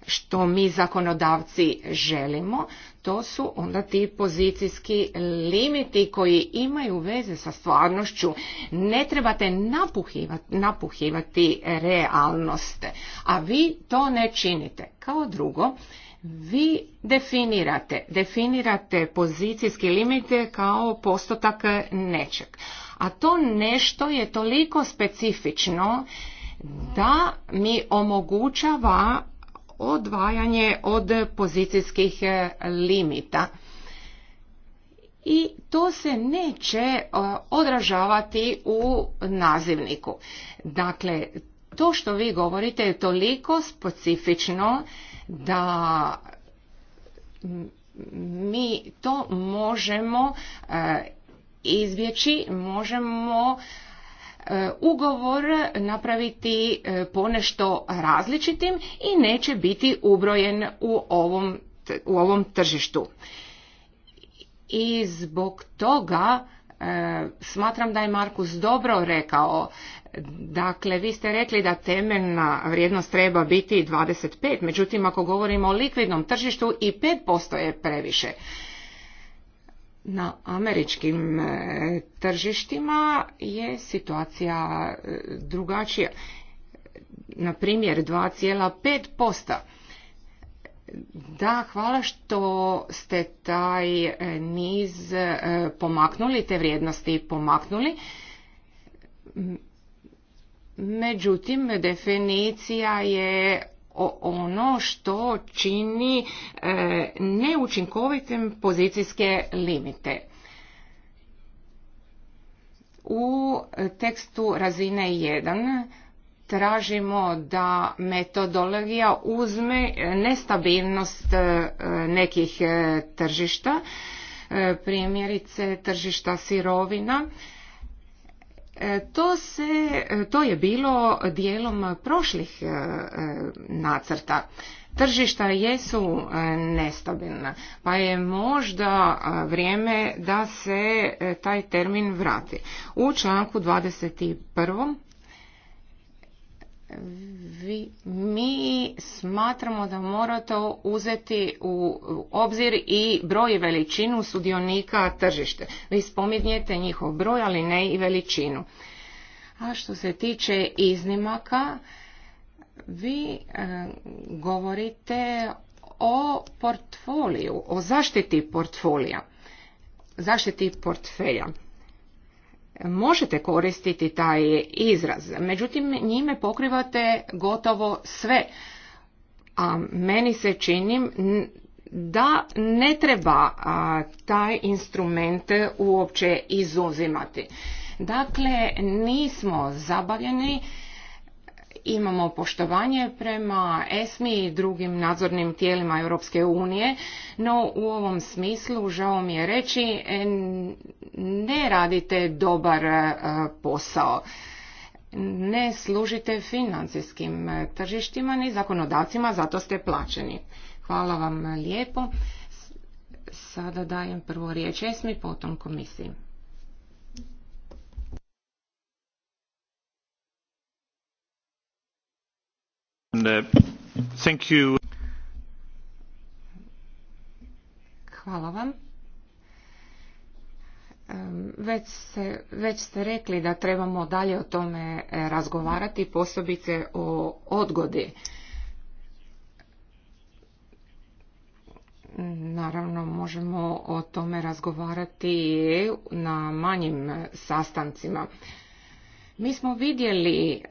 što mi zakonodavci želimo, to su onda ti pozicijski limiti koji imaju veze sa stvarnošću. Ne trebate napuhivati, napuhivati realnost, a vi to ne činite. Kao drugo, vi definirate, definirate pozicijski limite kao postotak nečeg. A to nešto je toliko specifično da mi omogućava odvajanje od pozicijskih e, limita i to se neće e, odražavati u nazivniku. Dakle, to što vi govorite je toliko specifično da mi to možemo e, izbjeći, možemo E, ugovor napraviti e, ponešto različitim i neće biti ubrojen u ovom, u ovom tržištu. I zbog toga e, smatram da je Markus dobro rekao Dakle, vi ste rekli da temeljna vrijednost treba biti 25, međutim ako govorimo o likvidnom tržištu i 5% je previše na američkim e, tržištima je situacija e, drugačija. Na primjer 2,5%. Da, hvala što ste taj e, niz pomaknuli, te vrijednosti pomaknuli. Međutim, definicija je ono što čini e, neučinkovitim pozicijske limite. U tekstu razine 1 tražimo da metodologija uzme nestabilnost e, nekih e, tržišta, primjerice tržišta sirovina, E, to, e, to je bilo dijelom prošlih e, nacrta. Tržišta jesu nestabilna, pa je možda vrijeme da se taj termin vrati. U članku 21 vi, mi smatramo da morate uzeti u obzir i broj i veličinu sudionika tržište. Vi spominjete njihov broj, ali ne i veličinu. A što se tiče iznimaka, vi e, govorite o portfoliju, o zaštiti portfolija, zaštiti portfelja možete koristiti taj izraz, međutim njime pokrivate gotovo sve. A meni se činim da ne treba taj instrument uopće izuzimati. Dakle, nismo zabavljeni imamo poštovanje prema ESMI i drugim nadzornim tijelima Europske unije, no u ovom smislu žao mi je reći e, ne radite dobar e, posao. Ne služite financijskim e, tržištima ni zakonodavcima, zato ste plaćeni. Hvala vam lijepo. Sada dajem prvo riječ ESMI, potom komisiji. Uh, Hvala vam. Već, već ste rekli da trebamo dalje o tome e, razgovarati, posebice o odgodi. Naravno, možemo o tome razgovarati na manjim e, sastancima. Mi smo vidjeli e,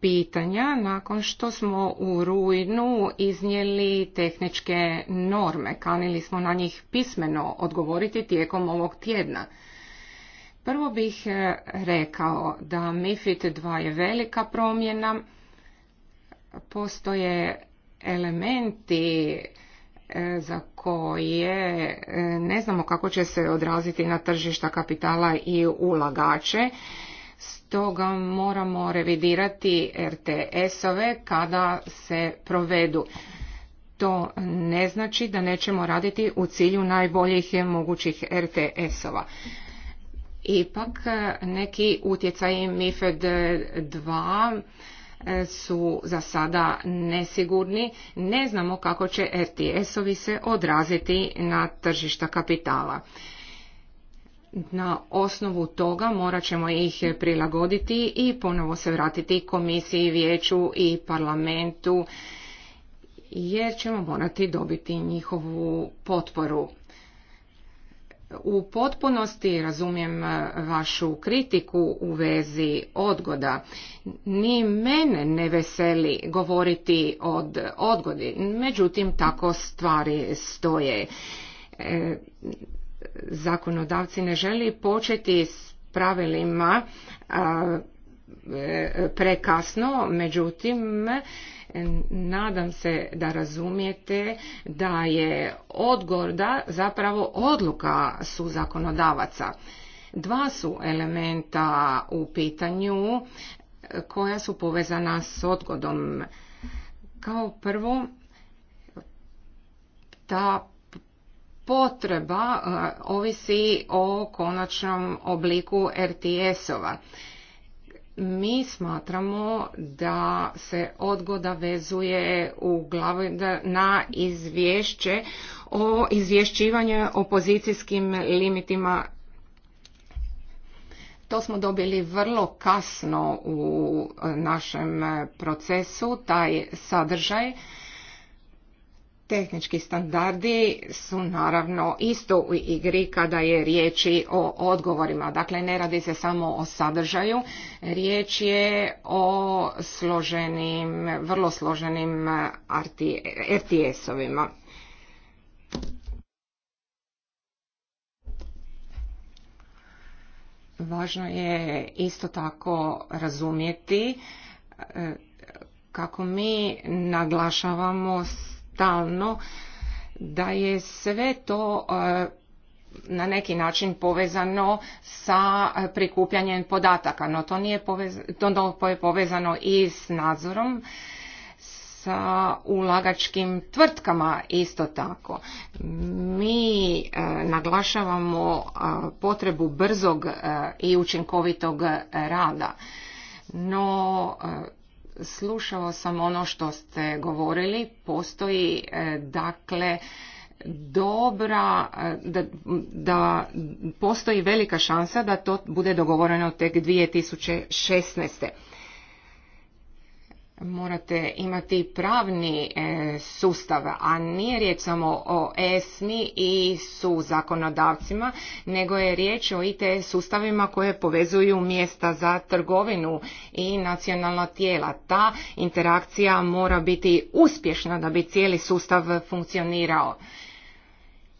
pitanja nakon što smo u rujnu iznijeli tehničke norme. Kanili smo na njih pismeno odgovoriti tijekom ovog tjedna. Prvo bih e, rekao da MIFID 2 je velika promjena. Postoje elementi e, za koje ne znamo kako će se odraziti na tržišta kapitala i ulagače stoga moramo revidirati RTS-ove kada se provedu. To ne znači da nećemo raditi u cilju najboljih mogućih RTS-ova. Ipak neki utjecaji MIFED 2 su za sada nesigurni. Ne znamo kako će RTS-ovi se odraziti na tržišta kapitala na osnovu toga morat ćemo ih prilagoditi i ponovo se vratiti komisiji, vijeću i parlamentu jer ćemo morati dobiti njihovu potporu. U potpunosti razumijem e, vašu kritiku u vezi odgoda. Ni mene ne veseli govoriti od odgodi, međutim tako stvari stoje. E, zakonodavci ne želi početi s pravilima e, prekasno, međutim nadam se da razumijete da je odgorda zapravo odluka su zakonodavaca. Dva su elementa u pitanju koja su povezana s odgodom. Kao prvo, ta potreba e, ovisi o konačnom obliku RTS-ova. Mi smatramo da se odgoda vezuje glavu na izvješće o izvješćivanju opozicijskim limitima to smo dobili vrlo kasno u našem procesu, taj sadržaj. Tehnički standardi su naravno isto u igri kada je riječ o odgovorima. Dakle, ne radi se samo o sadržaju, riječ je o složenim, vrlo složenim RTS-ovima. Važno je isto tako razumjeti e, kako mi naglašavamo stalno da je sve to eh, na neki način povezano sa prikupljanjem podataka, no to nije povezano, je povezano i s nadzorom sa ulagačkim tvrtkama isto tako. Mi eh, naglašavamo eh, potrebu brzog i učinkovitog rada. No slušao sam ono što ste govorili. Postoji e, dakle dobra, e, da, da postoji velika šansa da to bude dogovoreno tek 2016 morate imati pravni e, sustav, a nije riječ samo o ESMI i su zakonodavcima, nego je riječ o IT sustavima koje povezuju mjesta za trgovinu i nacionalna tijela. Ta interakcija mora biti uspješna da bi cijeli sustav funkcionirao.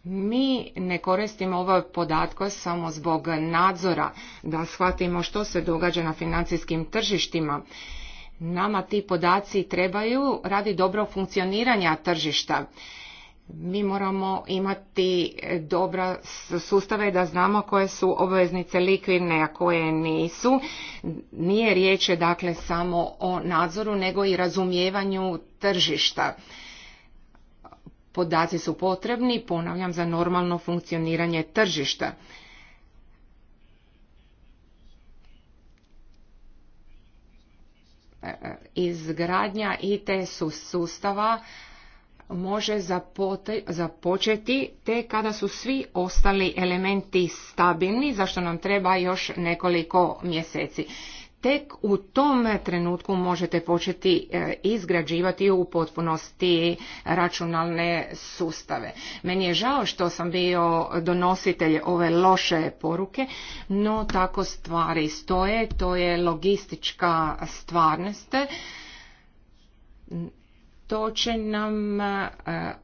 Mi ne koristimo ove podatke samo zbog nadzora, da shvatimo što se događa na financijskim tržištima Nama ti podaci trebaju radi dobro funkcioniranja tržišta. Mi moramo imati dobra sustave da znamo koje su obveznice likvidne, a koje nisu. Nije riječ dakle samo o nadzoru, nego i razumijevanju tržišta. Podaci su potrebni, ponavljam, za normalno funkcioniranje tržišta. E, izgradnja IT sustava može započeti te kada su svi ostali elementi stabilni, za što nam treba još nekoliko mjeseci tek u tom trenutku možete početi e, izgrađivati u potpunosti računalne sustave. Meni je žao što sam bio donositelj ove loše poruke, no tako stvari stoje, to je logistička stvarnost. To će nam e,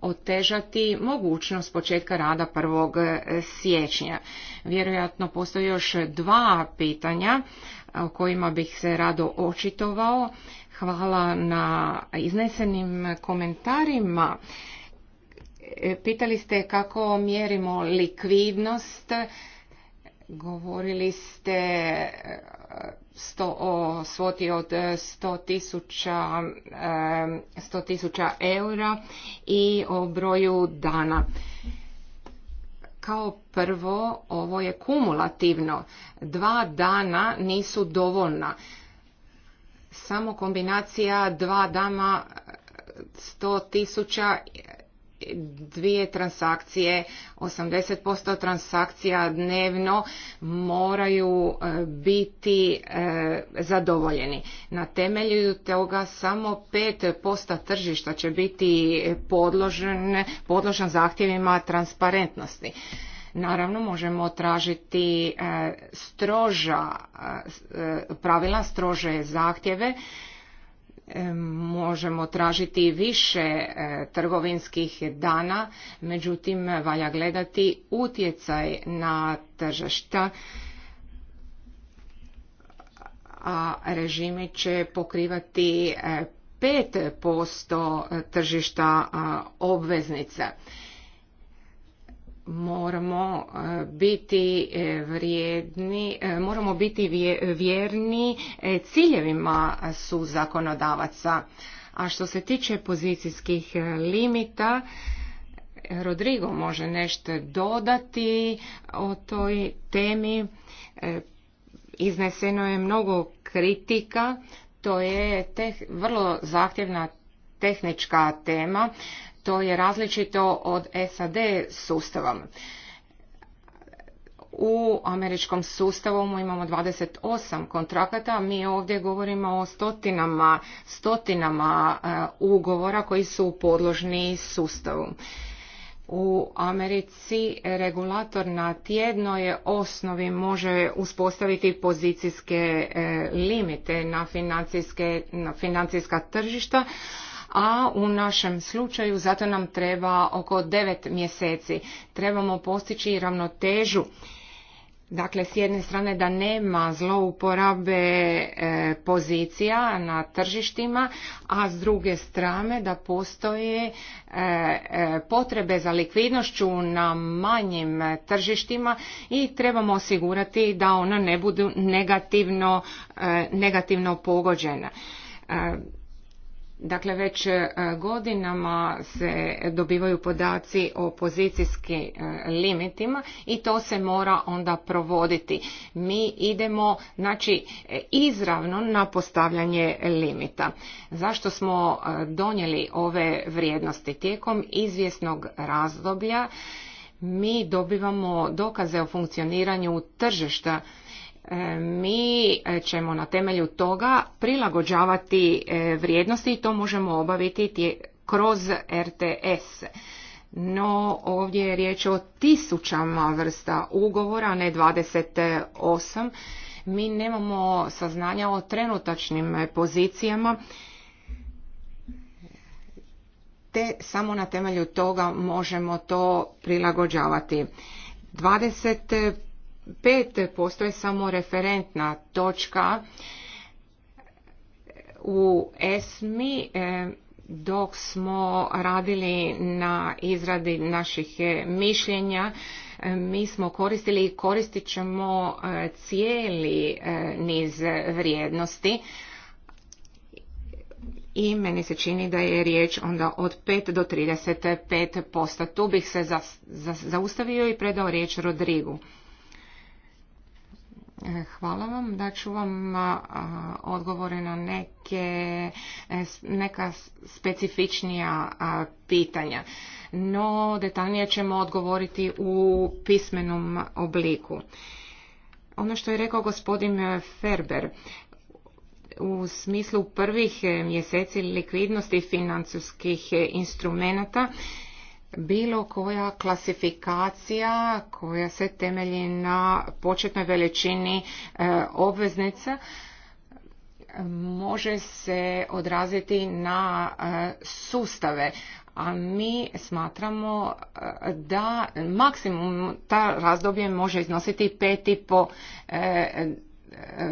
otežati mogućnost početka rada 1. E, siječnja. Vjerojatno postoje još dva pitanja o kojima bih se rado očitovao. Hvala na iznesenim komentarima. E, pitali ste kako mjerimo likvidnost, govorili ste e, sto, o svoti od 100 e, tisuća eura i o broju dana. Kao prvo, ovo je kumulativno. Dva dana nisu dovoljna. Samo kombinacija dva dana sto tisuća dvije transakcije, 80% transakcija dnevno moraju e, biti e, zadovoljeni. Na temelju toga samo 5% tržišta će biti podložen, podložen zahtjevima transparentnosti. Naravno, možemo tražiti e, stroža pravila, strože zahtjeve, E, možemo tražiti više e, trgovinskih dana, međutim valja gledati utjecaj na tržišta, a režime će pokrivati 5% e, tržišta obveznica. E, e, e, moramo biti vrijedni, moramo biti vjerni ciljevima su zakonodavaca. A što se tiče pozicijskih limita, Rodrigo može nešto dodati o toj temi. Izneseno je mnogo kritika, to je vrlo zahtjevna tehnička tema to je različito od SAD sustavom. U američkom sustavu imamo 28 kontrakata, mi ovdje govorimo o stotinama, stotinama e, ugovora koji su podložni sustavu. U Americi regulator na tjednoj osnovi može uspostaviti pozicijske e, limite na financijska tržišta, a u našem slučaju zato nam treba oko devet mjeseci. Trebamo postići ravnotežu Dakle, s jedne strane da nema zlouporabe e, pozicija na tržištima, a s druge strane da postoje e, e, potrebe za likvidnošću na manjim tržištima i trebamo osigurati da ona ne budu negativno, negativno pogođena Dakle, već e, godinama se dobivaju podaci o pozicijskim e, limitima i to se mora onda provoditi. Mi idemo znači, e, izravno na postavljanje limita. Zašto smo donijeli ove vrijednosti? Tijekom izvjesnog razdoblja mi dobivamo dokaze o funkcioniranju tržišta E, mi e, ćemo na temelju toga prilagođavati e, vrijednosti i to možemo obaviti kroz RTS. No ovdje je riječ o tisućama vrsta ugovora, ne 28. Mi nemamo saznanja o trenutačnim pozicijama te samo na temelju toga možemo to prilagođavati. 5 postoje samo referentna točka u ESMI e, dok smo radili na izradi naših e, mišljenja e, mi smo koristili i koristit ćemo cijeli niz vrijednosti i meni se čini da je riječ onda od 5 do 35 Tu bih se zaustavio i predao riječ Rodrigu. E, hvala vam. ću vam odgovore na neke, e, neka specifičnija pitanja. No, detaljnije ćemo odgovoriti u pismenom obliku. Ono što je rekao gospodin Ferber, u smislu prvih e, mjeseci likvidnosti financijskih instrumenata bilo koja klasifikacija koja se temelji na početnoj veličini e, obveznica može se odraziti na e, sustave a mi smatramo e, da maksimum ta razdoblje može iznositi pet i po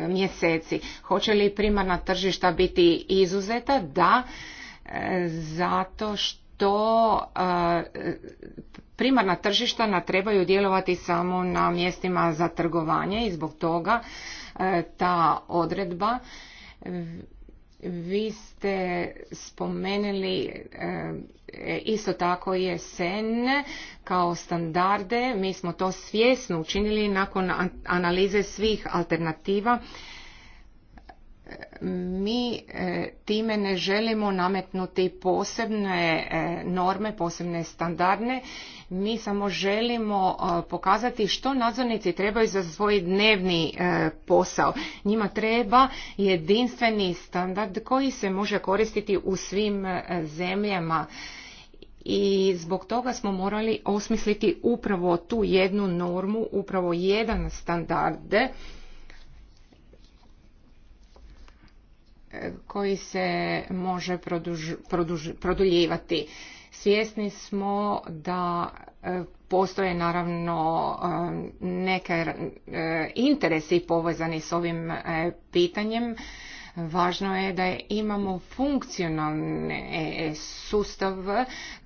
mjeseci. Hoće li primarna tržišta biti izuzeta? Da, zato što to primarna tržišta na trebaju djelovati samo na mjestima za trgovanje i zbog toga e, ta odredba vi ste spomenuli e, isto tako je sen kao standarde mi smo to svjesno učinili nakon analize svih alternativa mi e, time ne želimo nametnuti posebne e, norme, posebne standardne. Mi samo želimo e, pokazati što nadzornici trebaju za svoj dnevni posao. Njima treba jedinstveni standard koji se može koristiti u svim zemljama i zbog toga smo morali osmisliti upravo tu jednu normu, upravo jedan standarde koji se može produž, produljivati. Svjesni smo da e, postoje naravno e, neke e, interesi povezani s ovim pitanjem. Važno je da imamo funkcionalni sustav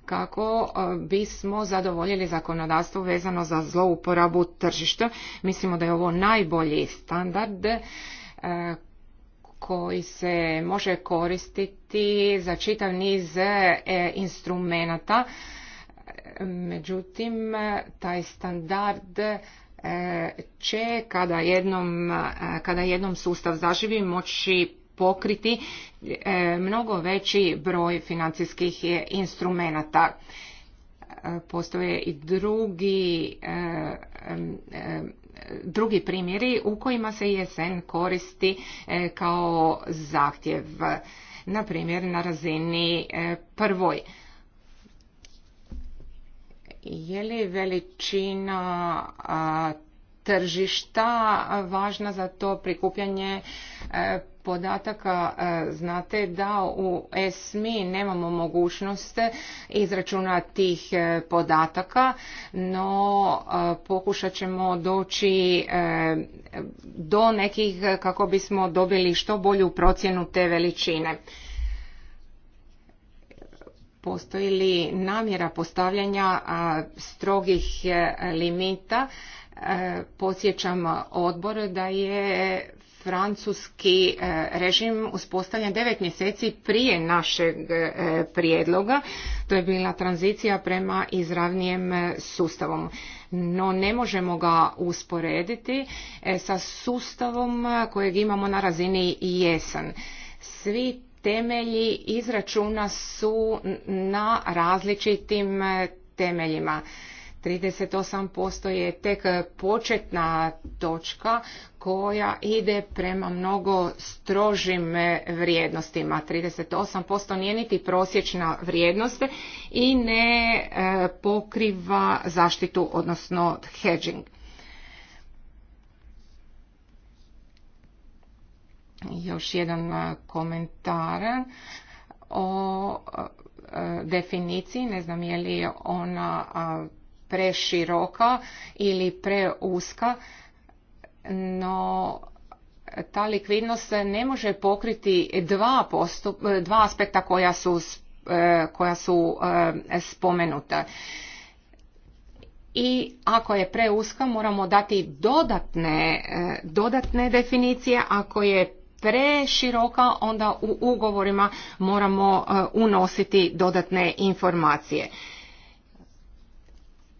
kako bismo zadovoljili zakonodavstvo vezano za zlouporabu tržišta. Mislimo da je ovo najbolji standard koji se može koristiti za čitav niz e, instrumenata. Međutim, taj standard e, će kada jednom, e, kada jednom sustav zaživi moći pokriti mnogo veći broj financijskih instrumenata. E, postoje i drugi, e, e, drugi primjeri u kojima se ISN koristi kao zahtjev, na primjer na razini prvoj. Je li veličina tržišta važna za to prikupljanje podataka e, znate da u ESMI nemamo mogućnost izračuna tih e, podataka, no e, pokušat ćemo doći do nekih kako bismo dobili što bolju procjenu te veličine postoji li namjera postavljanja strogih limita. Podsjećam odbor da je francuski e, režim uspostavljen devet mjeseci prije našeg e, prijedloga. To je bila tranzicija prema izravnijem e, sustavom. No ne možemo ga usporediti sa sustavom kojeg imamo na razini jesan. Svi temelji izračuna su na različitim temeljima. 38% je tek početna točka koja ide prema mnogo strožim e, vrijednostima. 38% nije niti prosječna vrijednost i ne e, pokriva zaštitu, odnosno hedging. Još jedan e, komentar o definiciji, ne znam je li ona preširoka ili preuska no ta likvidnost ne može pokriti dva, dva aspekta koja su, e, koja su e, spomenuta. I ako je preuska moramo dati dodatne, e, dodatne definicije, ako je preširoka onda u ugovorima moramo unositi dodatne informacije.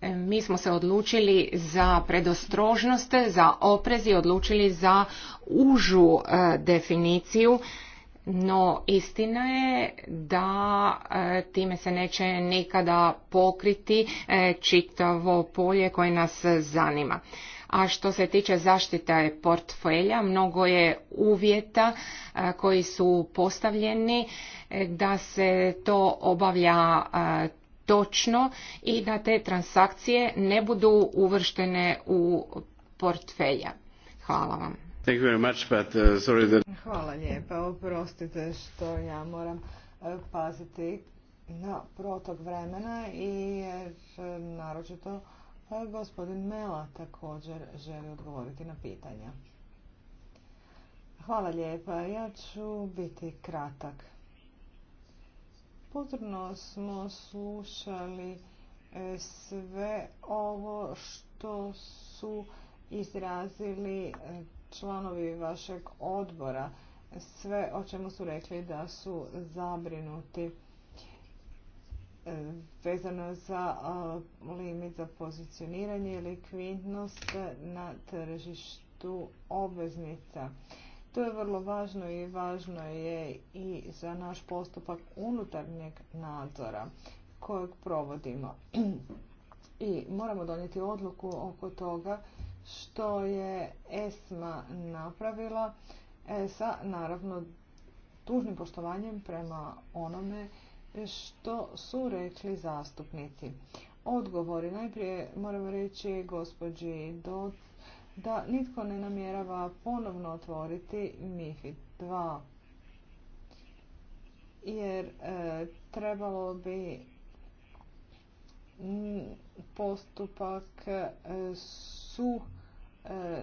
E, mi smo se odlučili za predostrožnost, za oprez i odlučili za užu e, definiciju, no istina je da e, time se neće nikada pokriti čitavo polje koje nas zanima. A što se tiče zaštite portfelja, mnogo je uvjeta koji su postavljeni da se to obavlja točno i da te transakcije ne budu uvrštene u portfelja. Hvala vam. Uh, Hvala lijepa, oprostite što ja moram e, paziti na protok vremena i e, naročito e, gospodin Mela također želi odgovoriti na pitanja. Hvala lijepa, ja ću biti kratak. Pozorno smo slušali e, sve ovo što su izrazili e, članovi vašeg odbora, sve o čemu su rekli da su zabrinuti e, vezano za limit za pozicioniranje i likvidnost na tržištu obveznica. To je vrlo važno i važno je i za naš postupak unutarnjeg nadzora kojeg provodimo. I moramo donijeti odluku oko toga što je ESMA napravila e, sa naravno tužnim poštovanjem prema onome što su rekli zastupnici. Odgovori najprije moramo reći gospođi Dot da nitko ne namjerava ponovno otvoriti MIFID 2 jer e, trebalo bi postupak e, su e,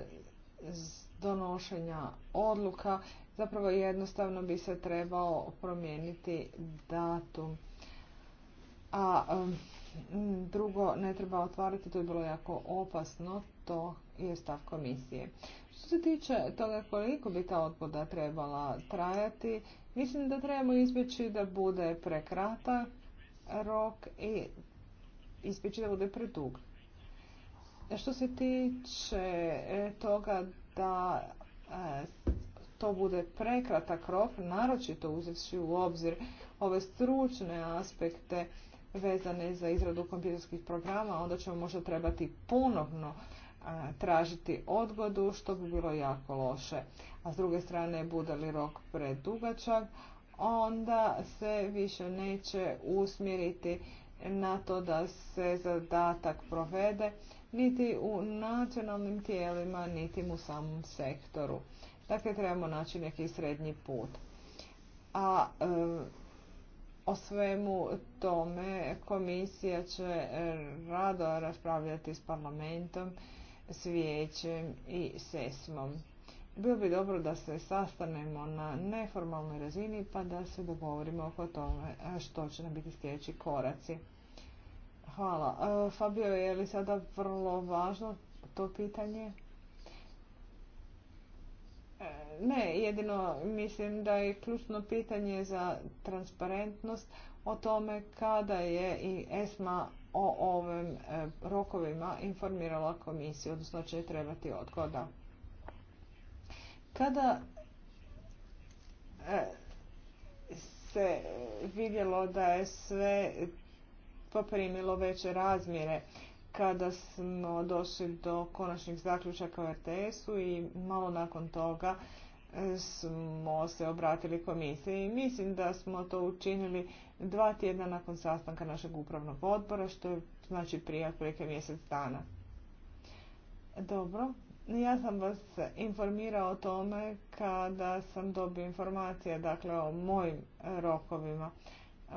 donošenja odluka zapravo jednostavno bi se trebao promijeniti datum a Mm, drugo, ne treba otvarati, to je bilo jako opasno, to je stav komisije. Što se tiče toga koliko bi ta odgoda trebala trajati, mislim da trebamo izbjeći da bude prekrata rok i izbjeći da bude predug. E, što se tiče e, toga da e, to bude prekratak rok, naročito uzevši u obzir ove stručne aspekte vezane za izradu kompjuterskih programa, onda ćemo možda trebati ponovno tražiti odgodu, što bi bilo jako loše. A s druge strane, bude li rok predugačak, onda se više neće usmjeriti na to da se zadatak provede niti u nacionalnim tijelima, niti u samom sektoru. Dakle, trebamo naći neki srednji put. A e, o svemu tome komisija će e, rado raspravljati s parlamentom, s vijećem i sesmom. Bilo bi dobro da se sastanemo na neformalnoj razini pa da se dogovorimo oko tome e, što će nam biti sljedeći koraci. Hvala. E, Fabio, je li sada vrlo važno to pitanje? Ne, jedino mislim da je ključno pitanje za transparentnost o tome kada je i ESMA o ovim e, rokovima informirala komisiju, odnosno će trebati odgoda. Kada e, se vidjelo da je sve poprimilo veće razmjere, kada smo došli do konačnih zaključaka u RTS-u i malo nakon toga smo se obratili komisiji. Mislim da smo to učinili dva tjedna nakon sastanka našeg upravnog odbora, što je znači prije otprilike mjesec dana. Dobro, ja sam vas informirao o tome kada sam dobio informacije dakle, o mojim rokovima.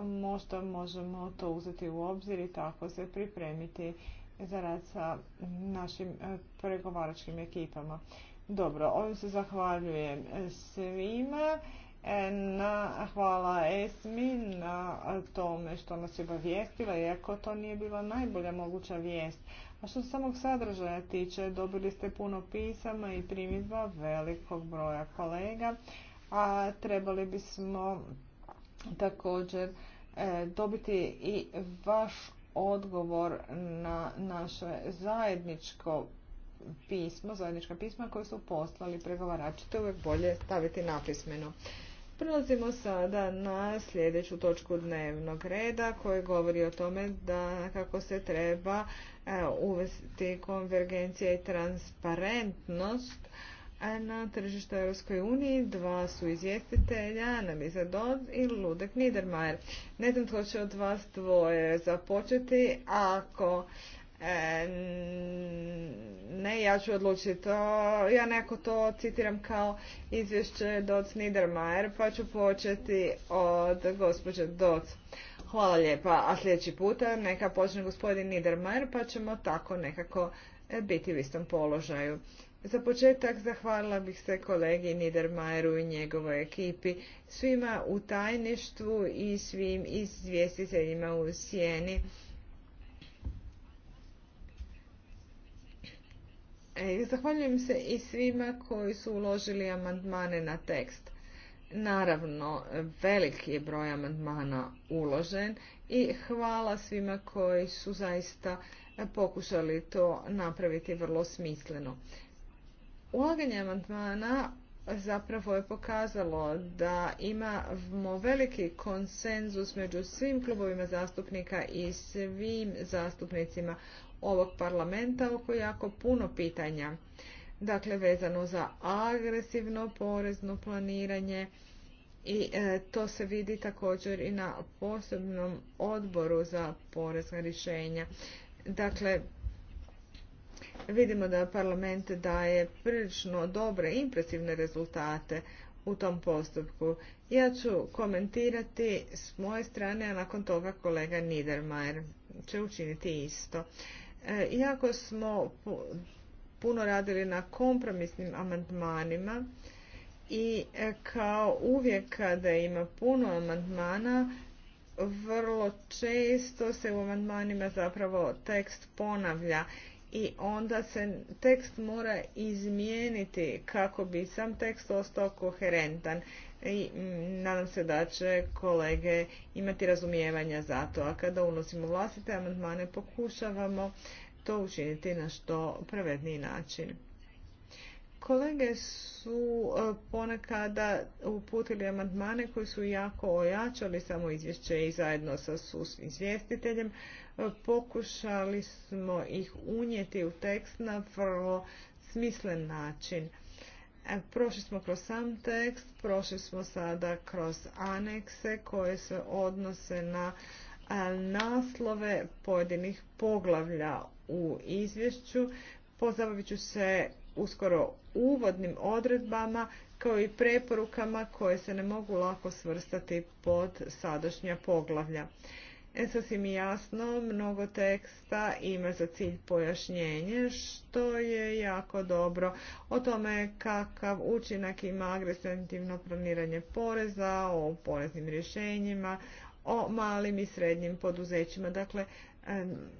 Možda možemo to uzeti u obzir i tako se pripremiti za rad sa našim pregovaračkim ekipama. Dobro, ovim se zahvaljujem svima. E, na, hvala Esmi na tome što nas je obavijestila, iako to nije bila najbolja moguća vijest. A što se samog sadržaja tiče, dobili ste puno pisama i primjedba velikog broja kolega, a trebali bismo također e, dobiti i vaš odgovor na naše zajedničko pismo, zajednička pisma koje su poslali pregovarači. To je uvijek bolje staviti napismeno. Prelazimo sada na sljedeću točku dnevnog reda koji govori o tome da kako se treba e, uvesti konvergencija i transparentnost na tržištu Europskoj uniji. Dva su izvjestitelja, Analiza Dodd i Ludek Niedermayer. Ne znam tko će od vas dvoje započeti. Ako E, ne, ja ću odlučiti to, ja neko to citiram kao izvješće Doc Niedermayer, pa ću početi od gospođe Doc. Hvala lijepa, a sljedeći puta neka počne gospodin Niedermayer, pa ćemo tako nekako e, biti u istom položaju. Za početak zahvalila bih se kolegi Niedermayeru i njegovoj ekipi, svima u tajništvu i svim izvjestiteljima u sjeni E, zahvaljujem se i svima koji su uložili amandmane na tekst. Naravno, veliki je broj amandmana uložen i hvala svima koji su zaista pokušali to napraviti vrlo smisleno. Ulaganje amandmana zapravo je pokazalo da imamo veliki konsenzus među svim klubovima zastupnika i svim zastupnicima ovog parlamenta oko jako puno pitanja. Dakle, vezano za agresivno porezno planiranje i e, to se vidi također i na posebnom odboru za porezna rješenja. Dakle, vidimo da parlament daje prilično dobre, impresivne rezultate u tom postupku. Ja ću komentirati s moje strane, a nakon toga kolega Niedermayer će učiniti isto. E, iako smo puno radili na kompromisnim amandmanima i e, kao uvijek kada ima puno amandmana, vrlo često se u amandmanima zapravo tekst ponavlja i onda se tekst mora izmijeniti kako bi sam tekst ostao koherentan i mm, nadam se da će kolege imati razumijevanja za to. A kada unosimo vlastite amandmane pokušavamo to učiniti na što pravedniji način. Kolege su e, ponekada uputili amandmane koji su jako ojačali samo izvješće i zajedno sa izvjestiteljem e, pokušali smo ih unijeti u tekst na vrlo smislen način. E, prošli smo kroz sam tekst, prošli smo sada kroz anekse koje se odnose na e, naslove pojedinih poglavlja u izvješću. Pozabavit ću se uskoro uvodnim odredbama kao i preporukama koje se ne mogu lako svrstati pod sadašnja poglavlja. E, sasvim jasno, mnogo teksta ima za cilj pojašnjenje, što je jako dobro. O tome kakav učinak ima agresivno planiranje poreza, o poreznim rješenjima, o malim i srednjim poduzećima. Dakle,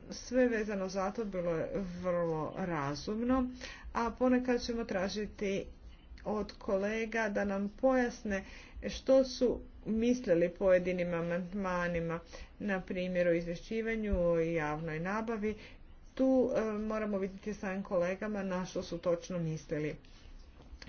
sve vezano za to bilo je vrlo razumno, a ponekad ćemo tražiti od kolega da nam pojasne što su mislili pojedinim amandmanima, na primjer o izvješćivanju, i javnoj nabavi. Tu e, moramo vidjeti svojim kolegama na što su točno mislili.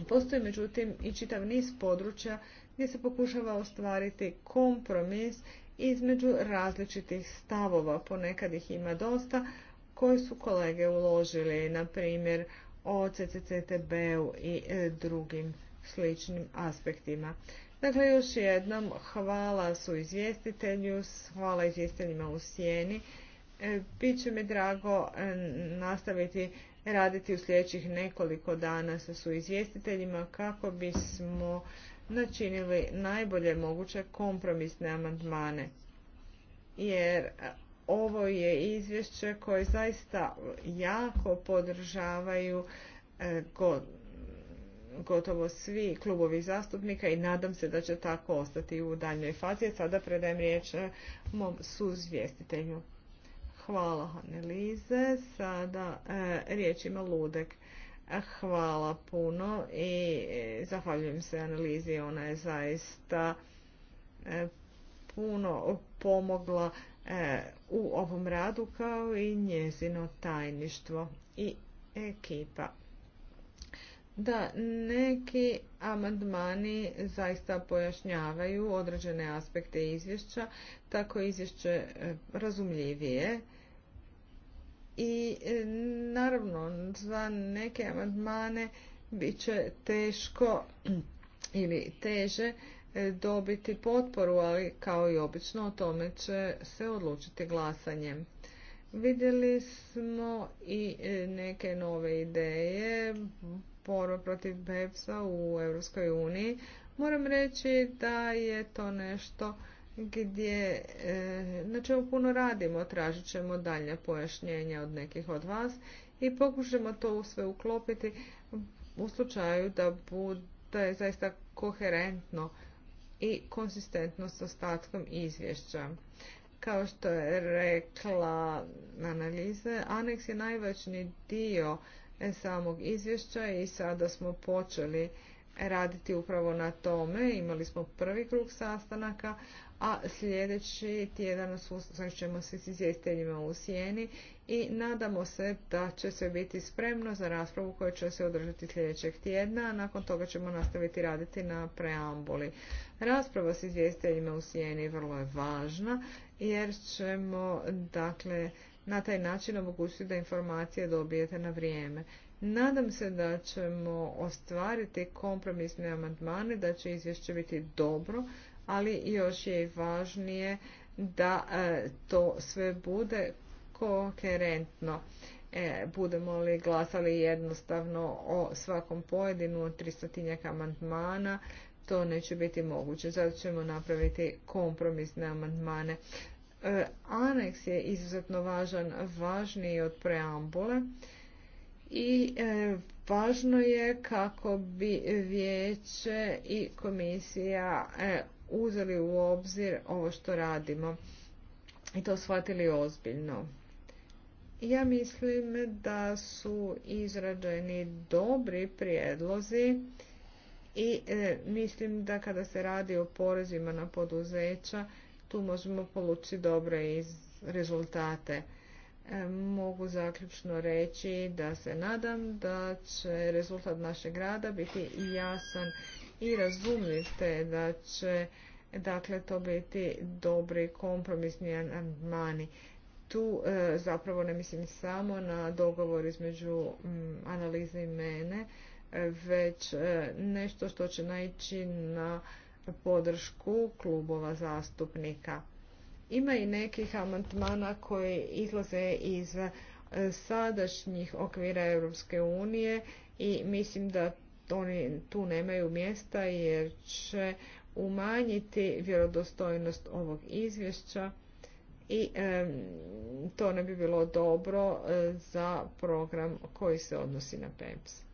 Postoji međutim i čitav niz područja gdje se pokušava ostvariti kompromis između različitih stavova. Ponekad ih ima dosta koje su kolege uložili, na primjer o CCCTB-u i e, drugim sličnim aspektima. Dakle, još jednom hvala su izvjestitelju, hvala izvjestiteljima u sjeni. E, Biće mi drago e, nastaviti raditi u sljedećih nekoliko dana sa su izvjestiteljima kako bismo načinili najbolje moguće kompromisne amandmane. Jer e, ovo je izvješće koje zaista jako podržavaju gotovo svi klubovi zastupnika i nadam se da će tako ostati u daljnjoj fazi. Sada predajem riječ e, mom suzvjestitelju. Hvala Anelize. Sada e, riječ ima Ludek. E, hvala puno i zahvaljujem se analizi. Ona je zaista puno pomogla u ovom radu kao i njezino tajništvo i ekipa da neki amandmani zaista pojašnjavaju određene aspekte izvješća, tako izvješće e, razumljivije. I e, naravno za neke amandmane bit će teško ili teže e, dobiti potporu, ali kao i obično o tome će se odlučiti glasanjem. Vidjeli smo i neke nove ideje, borba protiv BEPS-a u Europskoj uniji, moram reći da je to nešto gdje, e, na čemu puno radimo, tražit ćemo dalje pojašnjenja od nekih od vas i pokušamo to sve uklopiti u slučaju da bude zaista koherentno i konsistentno s ostatkom izvješća. Kao što je rekla analize, aneks je najvažniji dio samog izvješća i sada smo počeli raditi upravo na tome. Imali smo prvi krug sastanaka, a sljedeći tjedan susret ćemo se s izvjestiteljima u Sijeni i nadamo se da će sve biti spremno za raspravu koja će se održati sljedećeg tjedna, a nakon toga ćemo nastaviti raditi na preambuli. Rasprava s izvjestiteljima u sjeni vrlo je važna jer ćemo dakle na taj način omogućiti da informacije dobijete na vrijeme. Nadam se da ćemo ostvariti kompromisne amandmane, da će izvješće biti dobro, ali još je važnije da e, to sve bude koherentno. E, budemo li glasali jednostavno o svakom pojedinu od tristotinjak amandmana, to neće biti moguće. Zato ćemo napraviti kompromisne amandmane. E, aneks je izuzetno važan, važniji od preambule i e, važno je kako bi vijeće i komisija e, uzeli u obzir ovo što radimo i to shvatili ozbiljno. Ja mislim da su izrađeni dobri prijedlozi i mislim da kada se radi o porezima na poduzeća tu možemo polući dobre rezultate. E, mogu zaključno reći da se nadam da će rezultat našeg rada biti jasan i razumljiv te da će dakle to biti dobri kompromisni amandmani. Tu e, zapravo ne mislim samo na dogovor između mm, analize i mene, e, već nešto što će naići na podršku klubova zastupnika. Ima i nekih amandmana koji izlaze iz eh, sadašnjih okvira Europske unije i mislim da oni tu nemaju mjesta jer će umanjiti vjerodostojnost ovog izvješća i to ne bi bilo dobro eh, za program koji se odnosi na PEPS.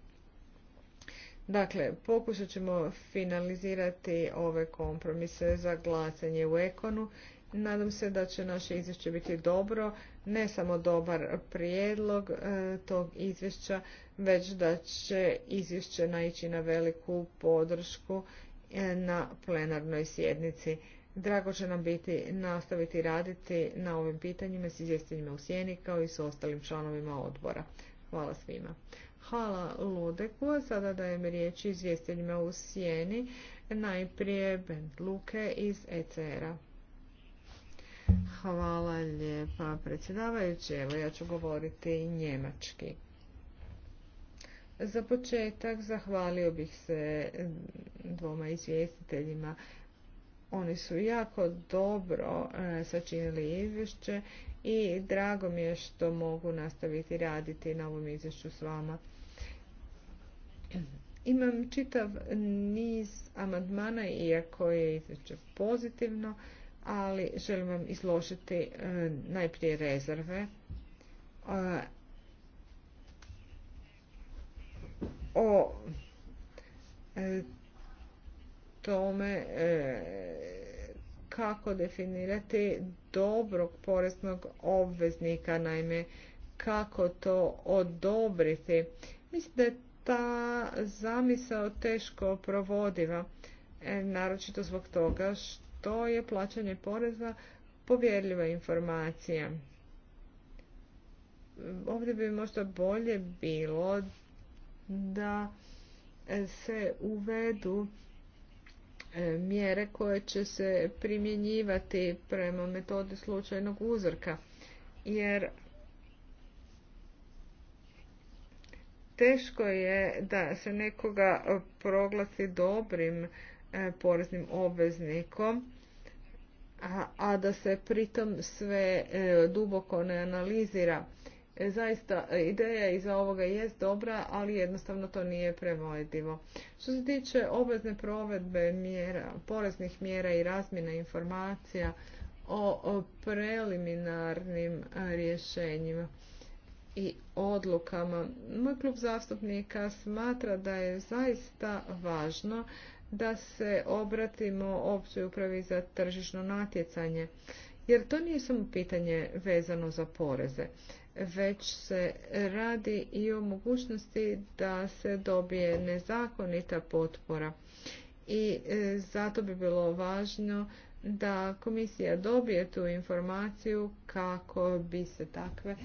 Dakle, pokušat ćemo finalizirati ove kompromise za glasanje u ekonu. Nadam se da će naše izvješće biti dobro, ne samo dobar prijedlog e, tog izvješća, već da će izvješće naići na veliku podršku e, na plenarnoj sjednici. Drago će nam biti nastaviti raditi na ovim pitanjima s izvjestiteljima u sjeni kao i s ostalim članovima odbora. Hvala svima. Hvala Ludeku, a sada dajem riječ izvjestiteljima u Sijeni, najprije bend Luke iz ECR-a. Hvala lijepa predsjedavajući, evo ja ću govoriti njemački. Za početak zahvalio bih se dvoma izvjestiteljima. Oni su jako dobro e, sačinili izvješće i drago mi je što mogu nastaviti raditi na ovom izvješću s vama. Imam čitav niz amandmana, iako je izveće pozitivno, ali želim vam izložiti e, najprije rezerve. E, o e, tome kako definirati dobrog poreznog obveznika, naime kako to odobriti. Mislim da je ta zamisao teško provodiva, e, naročito zbog toga što je plaćanje poreza povjerljiva informacija. Ovdje bi možda bolje bilo da se uvedu e, mjere koje će se primjenjivati prema metodi slučajnog uzorka. Jer teško je da se nekoga e, proglasi dobrim e, poreznim obveznikom, a, da se pritom sve e, duboko ne analizira. Zaista, ideja iza ovoga jest dobra, ali jednostavno to nije prevodivo. Što se tiče obvezne provedbe mjera, poreznih mjera i razmjena informacija o preliminarnim rješenjima i odlukama. Moj klub zastupnika smatra da je zaista važno da se obratimo općoj upravi za tržišno natjecanje. Jer to nije samo pitanje vezano za poreze, već se radi i o mogućnosti da se dobije nezakonita potpora. I e, zato bi bilo važno da komisija dobije tu informaciju kako bi se takve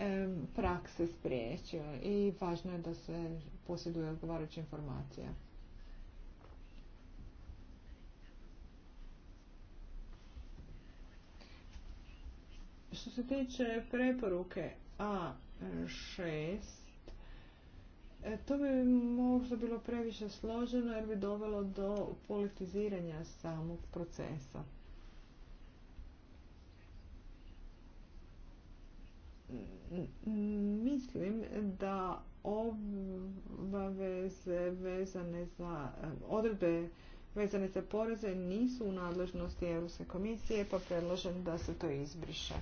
E, prakse spriječio i važno je da se posjeduje odgovarajuća informacija. Što se tiče preporuke A6, e, to bi možda bilo previše složeno jer bi dovelo do politiziranja samog procesa. mislim da obaveze vezane za odredbe vezane za poreze nisu u nadležnosti Europske komisije, pa predlažem da se to izbriše.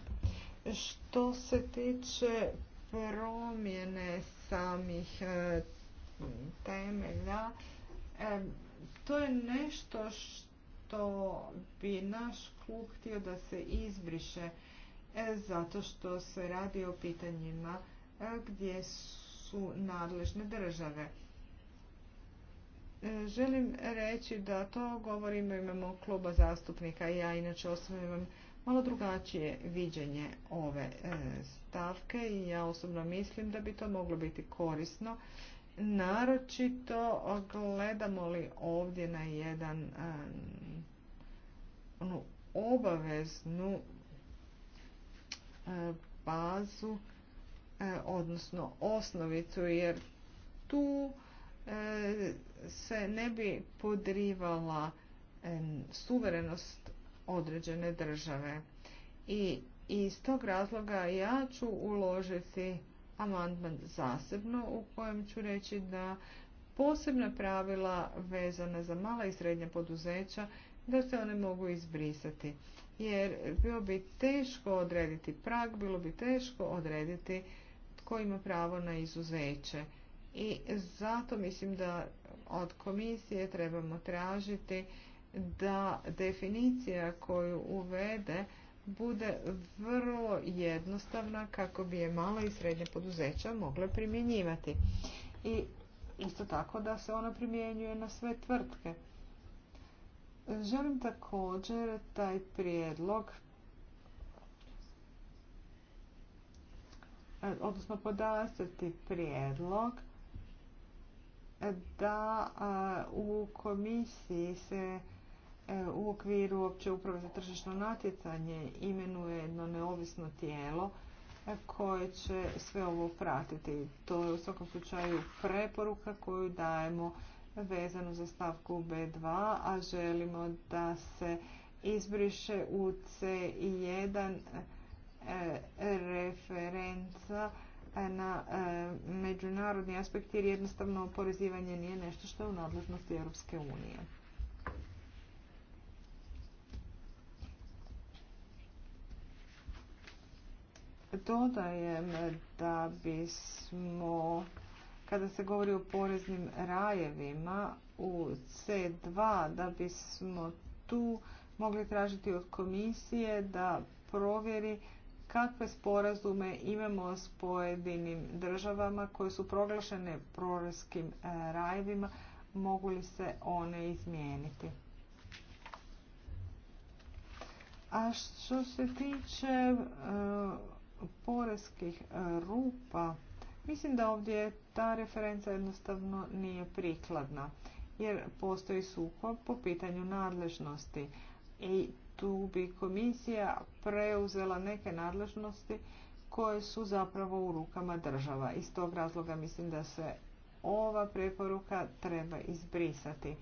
Što se tiče promjene samih e, temelja, e, to je nešto što bi naš klub htio da se izbriše E, zato što se radi o pitanjima e, gdje su nadležne države. E, želim reći da to govorimo imamo kluba zastupnika i ja inače osobno malo drugačije viđenje ove stavke i ja osobno mislim da bi to moglo biti korisno. Naročito gledamo li ovdje na jedan onu obaveznu E, bazu, e, odnosno osnovicu, jer tu e, se ne bi podrivala suverenost određene države. I iz tog razloga ja ću uložiti amandman zasebno u kojem ću reći da posebna pravila vezana za mala i srednja poduzeća da se one mogu izbrisati jer bilo bi teško odrediti prag, bilo bi teško odrediti tko ima pravo na izuzeće. I zato mislim da od komisije trebamo tražiti da definicija koju uvede bude vrlo jednostavna kako bi je mala i srednja poduzeća mogle primjenjivati. I isto tako da se ona primjenjuje na sve tvrtke. Želim također taj prijedlog e, odnosno podastati prijedlog e, da u komisiji se e, u okviru opće uprave za tržišno natjecanje imenuje jedno neovisno tijelo koje će sve ovo pratiti. To je u svakom slučaju preporuka koju dajemo vezano za stavku B2, a želimo da se izbriše u C1 e, referenca na e, međunarodni aspekt jer jednostavno oporezivanje nije nešto što je u nadležnosti Europske unije. Dodajem da bismo kada se govori o poreznim rajevima u C2 da bismo tu mogli tražiti od komisije da provjeri kakve sporazume imamo s pojedinim državama koje su proglašene proreskim e, rajevima, mogu li se one izmijeniti. A što se tiče e, poreskih e, rupa, Mislim da ovdje ta referenca jednostavno nije prikladna jer postoji sukob po pitanju nadležnosti i tu bi komisija preuzela neke nadležnosti koje su zapravo u rukama država. Iz tog razloga mislim da se ova preporuka treba izbrisati.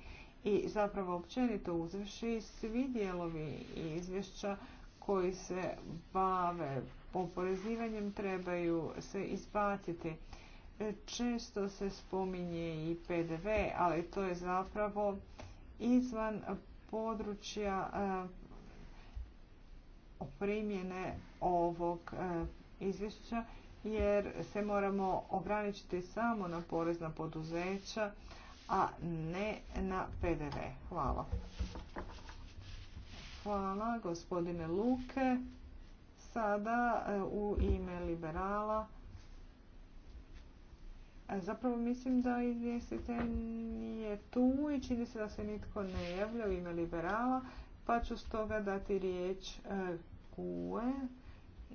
I zapravo općenito uzvrši svi dijelovi izvješća koji se bave oporezivanjem trebaju se isplatiti e, Često se spominje i PDV, ali to je zapravo izvan područja e, primjene ovog e, izvješća jer se moramo ograničiti samo na porezna poduzeća, a ne na PDV. Hvala. Hvala gospodine Luke sada e, u ime liberala e, Zapravo mislim da izvjestitelj nije tu i čini se da se nitko ne javlja u ime liberala, pa ću stoga dati riječ e, GUE.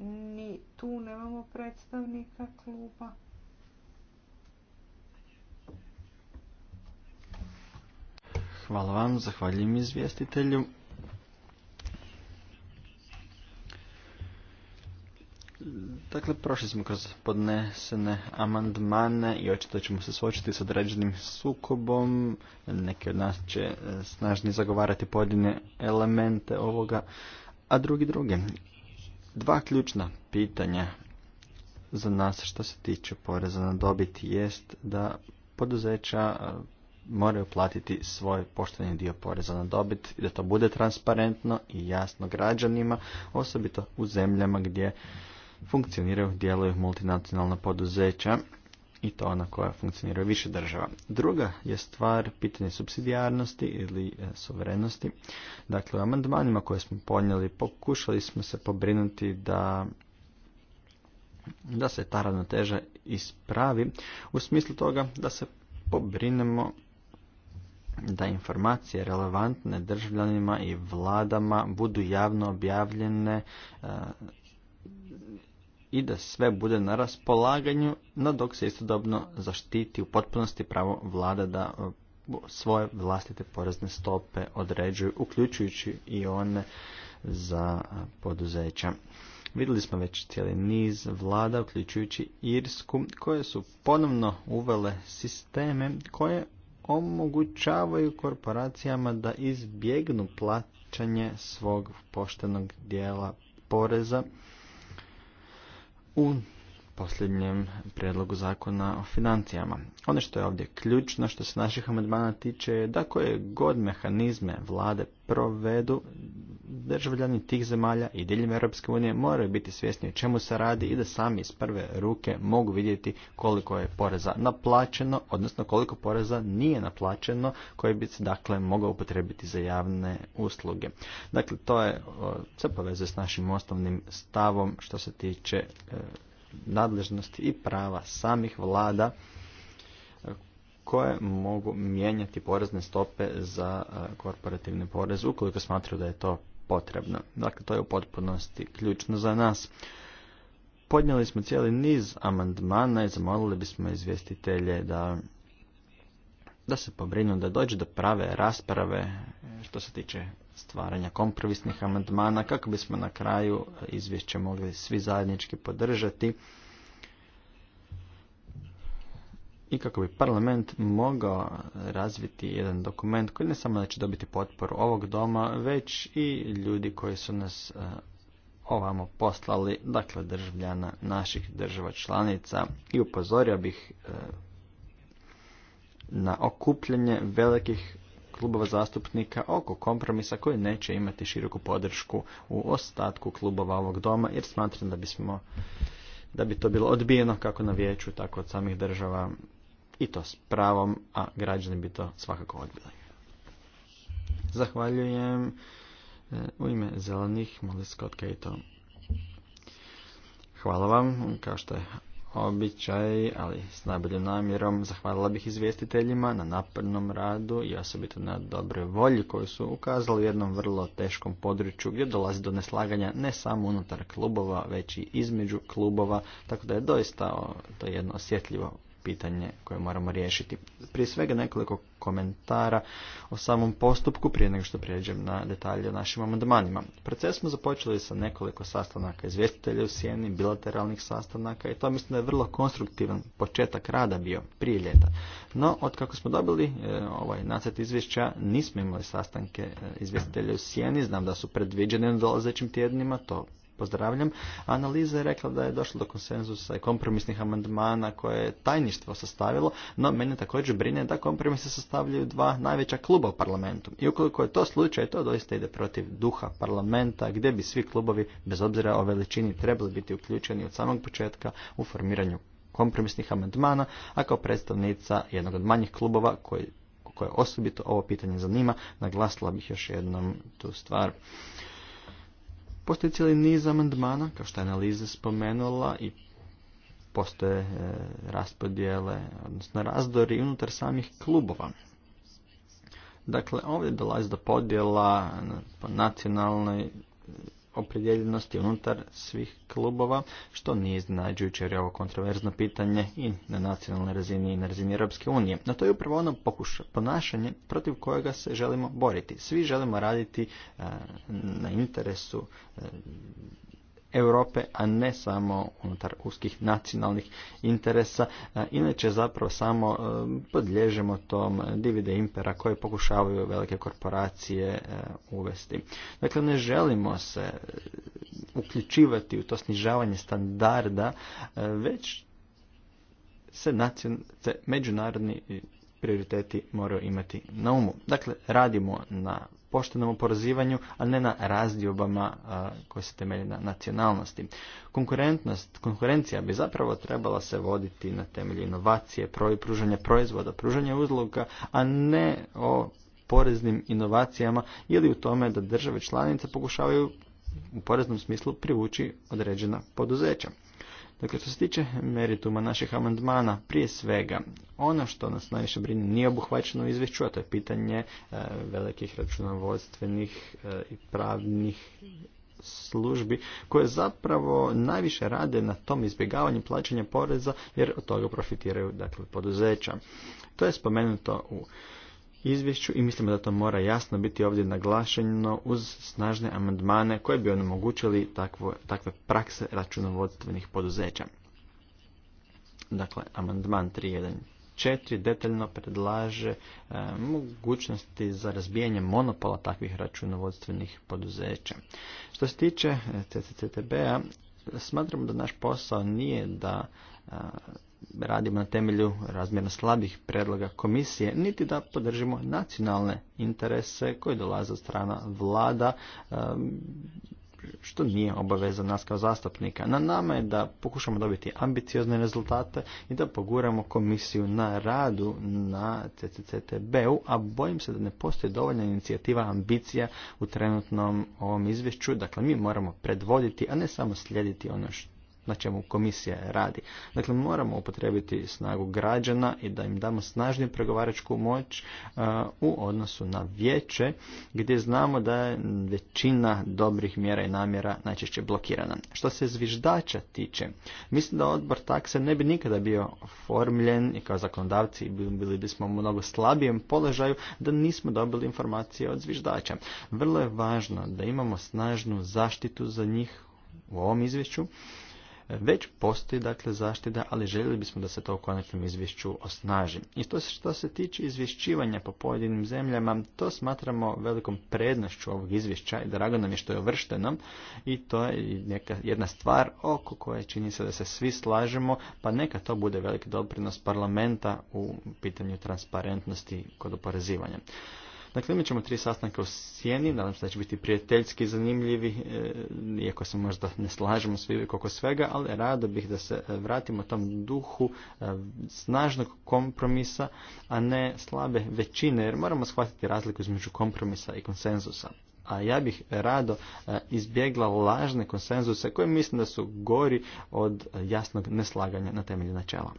Ni tu nemamo predstavnika kluba. Hvala vam, zahvaljujem izvjestitelju. Dakle, prošli smo kroz podnesene amandmane i očito ćemo se suočiti s određenim sukobom. Neki od nas će e, snažni zagovarati pojedine elemente ovoga, a drugi druge. Dva ključna pitanja za nas što se tiče poreza na dobit jest da poduzeća e, moraju platiti svoj pošteni dio poreza na dobit i da to bude transparentno i jasno građanima, osobito u zemljama gdje funkcioniraju, djeluju multinacionalna poduzeća i to ona koja funkcionira više država. Druga je stvar pitanje subsidijarnosti ili e, suverenosti. Dakle, u amandmanima koje smo ponijeli pokušali smo se pobrinuti da da se ta ravnoteža ispravi u smislu toga da se pobrinemo da informacije relevantne državljanima i vladama budu javno objavljene e, i da sve bude na raspolaganju, no dok se istodobno zaštiti u potpunosti pravo vlada da e, svoje vlastite porezne stope određuju, uključujući i one za e, poduzeća. Vidjeli smo već cijeli niz vlada, uključujući Irsku, koje su ponovno uvele sisteme koje omogućavaju korporacijama da izbjegnu plaćanje svog poštenog dijela poreza un posljednjem prijedlogu zakona o financijama. Ono što je ovdje ključno što se naših amandmana tiče je da koje god mehanizme vlade provedu, državljani tih zemalja i diljem Europske unije moraju biti svjesni o čemu se radi i da sami iz prve ruke mogu vidjeti koliko je poreza naplaćeno, odnosno koliko poreza nije naplaćeno koje bi se dakle mogao upotrebiti za javne usluge. Dakle, to je, sve poveze s našim osnovnim stavom što se tiče e, nadležnosti i prava samih vlada e, koje mogu mijenjati porezne stope za e, korporativni porez ukoliko smatraju da je to potrebno. Dakle, to je u potpunosti ključno za nas. Podnijeli smo cijeli niz amandmana i zamolili bismo izvjestitelje da, da se pobrinu da dođe do prave rasprave što se tiče stvaranja kompromisnih amandmana kako bismo na kraju izvješće mogli svi zajednički podržati i kako bi parlament mogao razviti jedan dokument koji ne samo da će dobiti potporu ovog doma, već i ljudi koji su nas e, ovamo poslali, dakle državljana naših država članica i upozorio bih e, na okupljanje velikih klubova zastupnika oko kompromisa koji neće imati široku podršku u ostatku klubova ovog doma jer smatram da bismo da bi to bilo odbijeno kako na vijeću tako od samih država i to s pravom, a građani bi to svakako odbili. Zahvaljujem e, u ime zelenih, molim Scott Cato. Hvala vam, kao što je običaj, ali s najboljim namjerom zahvalila bih izvjestiteljima na napadnom radu i osobito na dobre volji koju su ukazali u jednom vrlo teškom području gdje dolazi do neslaganja ne samo unutar klubova, već i između klubova, tako da je doista to jedno osjetljivo pitanje koje moramo riješiti. Prije svega nekoliko komentara o samom postupku prije nego što prijeđem na detalje o našim amandmanima. Proces smo započeli sa nekoliko sastanaka izvjestitelja u sjeni, bilateralnih sastanaka i to mislim da je vrlo konstruktivan početak rada bio prije ljeta. No, od kako smo dobili e, ovaj nacet izvješća, nismo imali sastanke e, izvjestitelja u Sijeni. znam da su predviđene na dolazećim tjednima, to pozdravljam. Analiza je rekla da je došlo do konsenzusa i kompromisnih amandmana koje je tajništvo sastavilo, no mene također brine da kompromise sastavljaju dva najveća kluba u parlamentu. I ukoliko je to slučaj, to doista ide protiv duha parlamenta gdje bi svi klubovi, bez obzira o veličini, trebali biti uključeni od samog početka u formiranju kompromisnih amandmana, a kao predstavnica jednog od manjih klubova koji koje osobito ovo pitanje zanima, naglasila bih još jednom tu stvar. Postoji cijeli niz amandmana, kao što je analiza spomenula i postoje e, raspodjele, odnosno razdori unutar samih klubova. Dakle, ovdje dolazi do podjela po nacionalnoj opredjeljenosti unutar svih klubova, što nije iznenađujuće jer je ovo kontroverzno pitanje i na nacionalnoj razini i na razini Europske unije. No to je upravo ono pokuša, ponašanje protiv kojega se želimo boriti. Svi želimo raditi eh, na interesu eh, Europe, a ne samo unutar uskih nacionalnih interesa. E, inače zapravo samo e, podlježemo tom divide impera koje pokušavaju velike korporacije e, uvesti. Dakle, ne želimo se uključivati u to snižavanje standarda, već se, nacion... se međunarodni prioriteti moraju imati na umu. Dakle, radimo na poštenom oporazivanju, a ne na razdiobama koje se temelje na nacionalnosti. Konkurentnost, konkurencija bi zapravo trebala se voditi na temelju inovacije, pružanja proizvoda, pružanja uzloga, a ne o poreznim inovacijama ili u tome da države članice pokušavaju u poreznom smislu privući određena poduzeća. Dakle, što se tiče merituma naših amandmana, prije svega, ono što nas najviše brine nije obuhvaćeno u izvješću, a to je pitanje e, velikih računovodstvenih e, i pravnih službi koje zapravo najviše rade na tom izbjegavanju plaćanja poreza jer od toga profitiraju dakle, poduzeća. To je spomenuto u izvješću i mislimo da to mora jasno biti ovdje naglašeno uz snažne amandmane koje bi onemogućili takvo, takve prakse računovodstvenih poduzeća. Dakle, amandman 3.1.4 detaljno predlaže e, mogućnosti za razbijanje monopola takvih računovodstvenih poduzeća. Što se tiče e, CCCTB-a, smatramo da naš posao nije da e, radimo na temelju razmjerno slabih predloga komisije, niti da podržimo nacionalne interese koji dolaze od strana vlada, što nije obaveza nas kao zastupnika. Na nama je da pokušamo dobiti ambiciozne rezultate i da poguramo komisiju na radu na CCCTB-u, a bojim se da ne postoji dovoljna inicijativa ambicija u trenutnom ovom izvješću. Dakle, mi moramo predvoditi, a ne samo slijediti ono što na čemu komisija radi. Dakle, moramo upotrebiti snagu građana i da im damo snažniju pregovaračku moć e, u odnosu na vijeće gdje znamo da je većina dobrih mjera i namjera najčešće blokirana. Što se zviždača tiče, mislim da odbor takse ne bi nikada bio formljen i kao zakonodavci bili bismo u mnogo slabijem položaju da nismo dobili informacije od zviždača. Vrlo je važno da imamo snažnu zaštitu za njih u ovom izvješću već postoji dakle zaštita, ali željeli bismo da se to u konačnom izvješću osnaži. I to što se tiče izvješćivanja po pojedinim zemljama, to smatramo velikom prednošću ovog izvješća i drago nam je što je uvršteno i to je neka, jedna stvar oko koje čini se da se svi slažemo, pa neka to bude veliki doprinos parlamenta u pitanju transparentnosti kod oporezivanja. Dakle, imat ćemo tri sastanka u Sjeni, nadam se da će biti prijateljski zanimljivi, e, iako se možda ne slažemo svi uvijek oko svega, ali rado bih da se e, vratimo tom duhu e, snažnog kompromisa, a ne slabe većine, jer moramo shvatiti razliku između kompromisa i konsenzusa a ja bih rado izbjegla lažne konsenzuse koje mislim da su gori od jasnog neslaganja na temelju načela.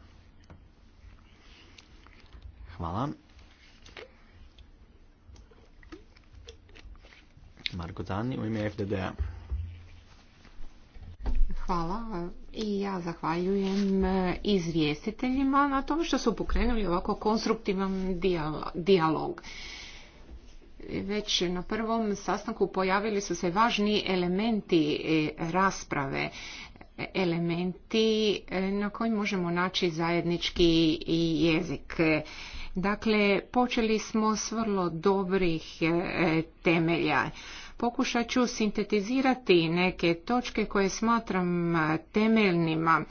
Hvala. Marko u ime fdd Hvala i ja zahvaljujem e, izvjestiteljima na tom što su pokrenuli ovako konstruktivan dijalog. Već na prvom sastanku pojavili su se važni elementi e, rasprave, elementi e, na koji možemo naći zajednički jezik. Dakle, počeli smo s vrlo dobrih temelja. Pokušat ću sintetizirati neke točke koje smatram temeljnima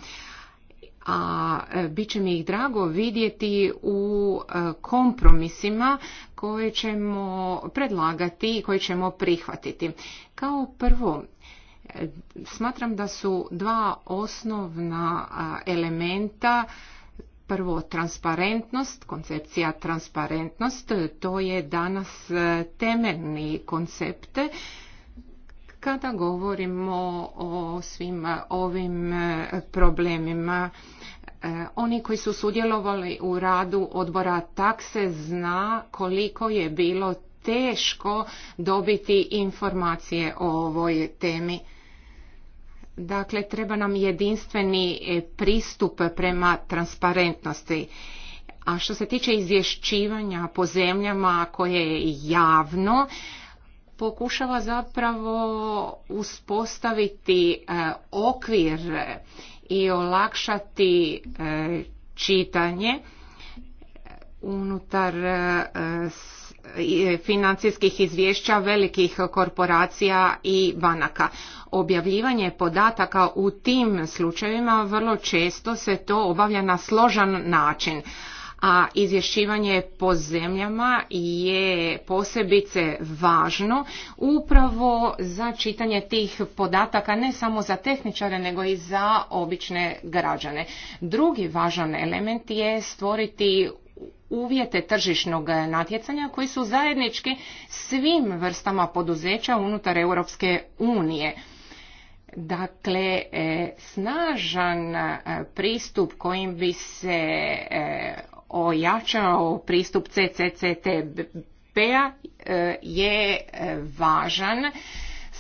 a e, bit će mi ih drago vidjeti u e, kompromisima koje ćemo predlagati i koje ćemo prihvatiti. Kao prvo, e, smatram da su dva osnovna elementa Prvo, transparentnost, koncepcija transparentnost, to je danas e, temeljni koncept kada govorimo o svim ovim e, problemima e, oni koji su sudjelovali u radu odbora takse zna koliko je bilo teško dobiti informacije o ovoj temi Dakle, treba nam jedinstveni e, pristup prema transparentnosti. A što se tiče izvješćivanja po zemljama koje je javno, pokušava zapravo uspostaviti e, okvir i olakšati e, čitanje unutar E, financijskih izvješća velikih korporacija i banaka. Objavljivanje podataka u tim slučajevima vrlo često se to obavlja na složan način a izvješćivanje po zemljama je posebice važno upravo za čitanje tih podataka ne samo za tehničare nego i za obične građane. Drugi važan element je stvoriti uvjete tržišnog e, natjecanja koji su zajednički svim vrstama poduzeća unutar Europske unije. Dakle, e, snažan e, pristup kojim bi se ojačao pristup CCCTB-a je važan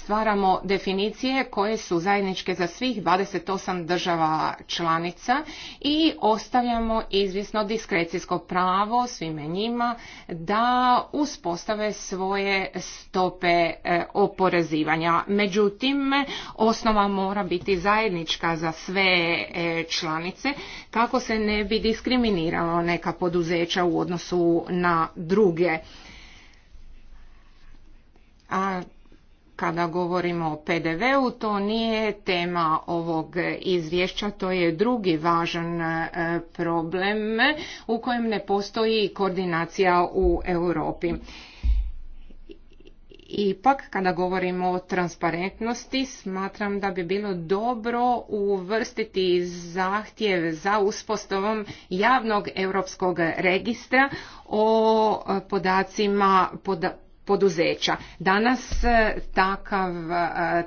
stvaramo definicije koje su zajedničke za svih 28 država članica i ostavljamo izvisno diskrecijsko pravo svime njima da uspostave svoje stope e, oporezivanja. Međutim, osnova mora biti zajednička za sve e, članice kako se ne bi diskriminiralo neka poduzeća u odnosu na druge. A kada govorimo o PDV-u, to nije tema ovog izvješća, to je drugi važan e, problem u kojem ne postoji koordinacija u Europi. Ipak, kada govorimo o transparentnosti, smatram da bi bilo dobro uvrstiti zahtjev za uspostavom javnog europskog registra o podacima poduzeća. Danas e, takav, e,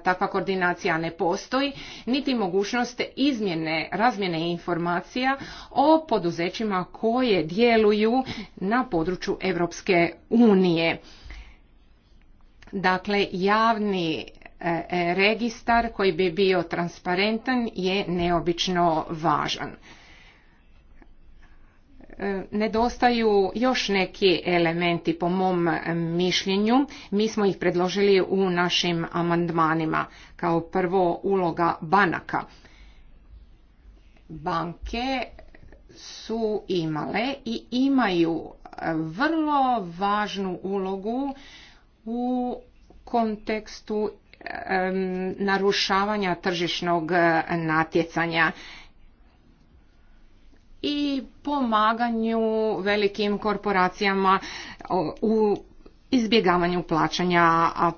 takva koordinacija ne postoji, niti mogućnost izmjene, razmjene informacija o poduzećima koje djeluju na području Europske unije. Dakle, javni e, registar koji bi bio transparentan je neobično važan. E, nedostaju još neki elementi po mom mišljenju. Mi smo ih predložili u našim amandmanima. Kao prvo uloga banaka. Banke su imale i imaju vrlo važnu ulogu u kontekstu narušavanja tržišnog natjecanja i pomaganju velikim korporacijama u izbjegavanju plaćanja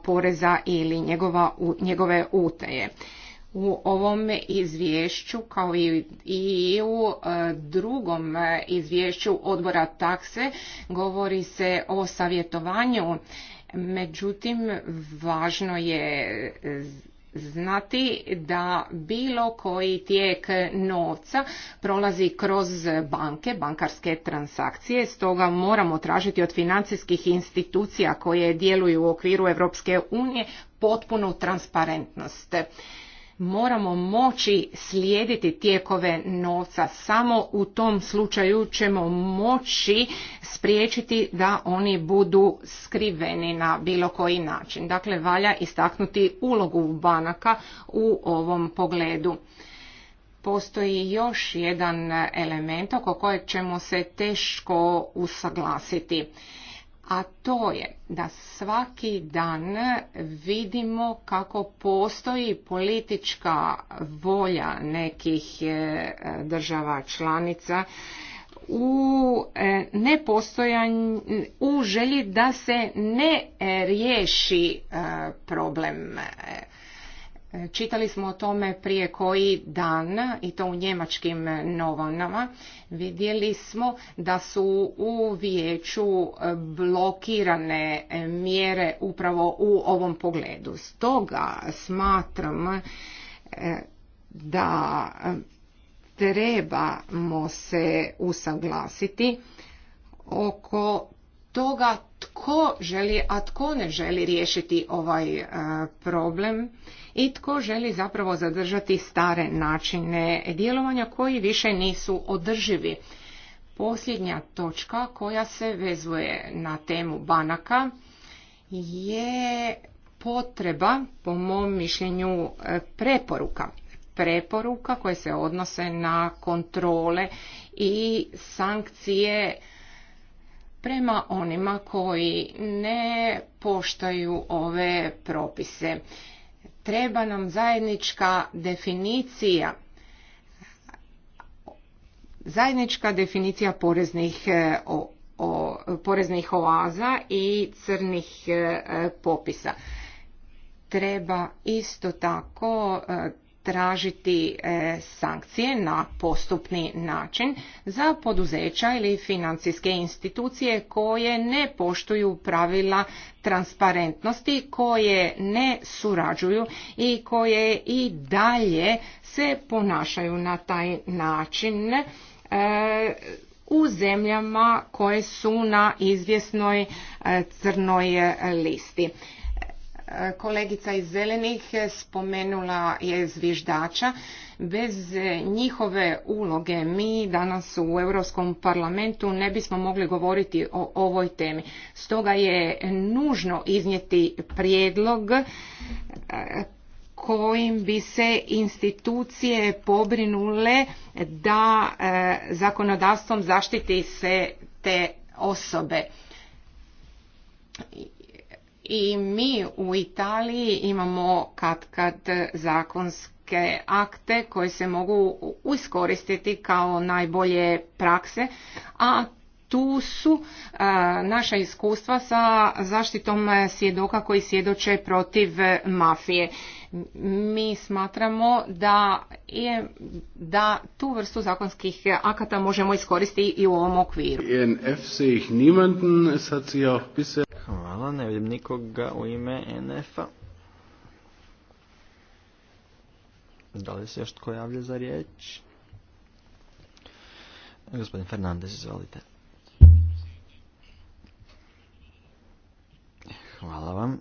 poreza ili njegova, njegove utaje. U ovom izvješću kao i u e, drugom izvješću odbora takse govori se o savjetovanju, međutim važno je znati da bilo koji tijek novca prolazi kroz banke, bankarske transakcije, stoga moramo tražiti od financijskih institucija koje djeluju u okviru Europske unije potpunu transparentnost moramo moći slijediti tijekove novca. Samo u tom slučaju ćemo moći spriječiti da oni budu skriveni na bilo koji način. Dakle, valja istaknuti ulogu banaka u ovom pogledu postoji još jedan element oko kojeg ćemo se teško usaglasiti a to je da svaki dan vidimo kako postoji politička volja nekih e, država članica u e, nepostojanju u želji da se ne e, riješi problem Čitali smo o tome prije koji dan i to u njemačkim novinama. Vidjeli smo da su u vijeću blokirane mjere upravo u ovom pogledu. Stoga smatram e, da trebamo se usaglasiti oko toga tko želi, a tko ne želi riješiti ovaj e, problem i tko želi zapravo zadržati stare načine djelovanja koji više nisu održivi. Posljednja točka koja se vezuje na temu banaka je potreba, po mom mišljenju, preporuka. Preporuka koje se odnose na kontrole i sankcije prema onima koji ne poštaju ove propise treba nam zajednička definicija zajednička definicija poreznih e, poreznih oaza i crnih e, popisa treba isto tako e, tražiti e, sankcije na postupni način za poduzeća ili financijske institucije koje ne poštuju pravila transparentnosti, koje ne surađuju i koje i dalje se ponašaju na taj način e, u zemljama koje su na izvjesnoj e, crnoj listi. Kolegica iz Zelenih spomenula je zviždača. Bez njihove uloge mi danas u Europskom parlamentu ne bismo mogli govoriti o ovoj temi. Stoga je nužno iznijeti prijedlog e, kojim bi se institucije pobrinule da e, zakonodavstvom zaštiti se te osobe i mi u Italiji imamo kad kad zakonske akte koje se mogu iskoristiti kao najbolje prakse, a tu su naša iskustva sa zaštitom e, svjedoka koji svjedoče protiv e, mafije. Mi smatramo da, je, da tu vrstu zakonskih akata možemo iskoristiti i u ovom okviru. E Hvala, ne vidim nikoga u ime NF-a. Da li se još tko javlja za riječ? Gospodin Fernandez, izvolite. Hvala vam.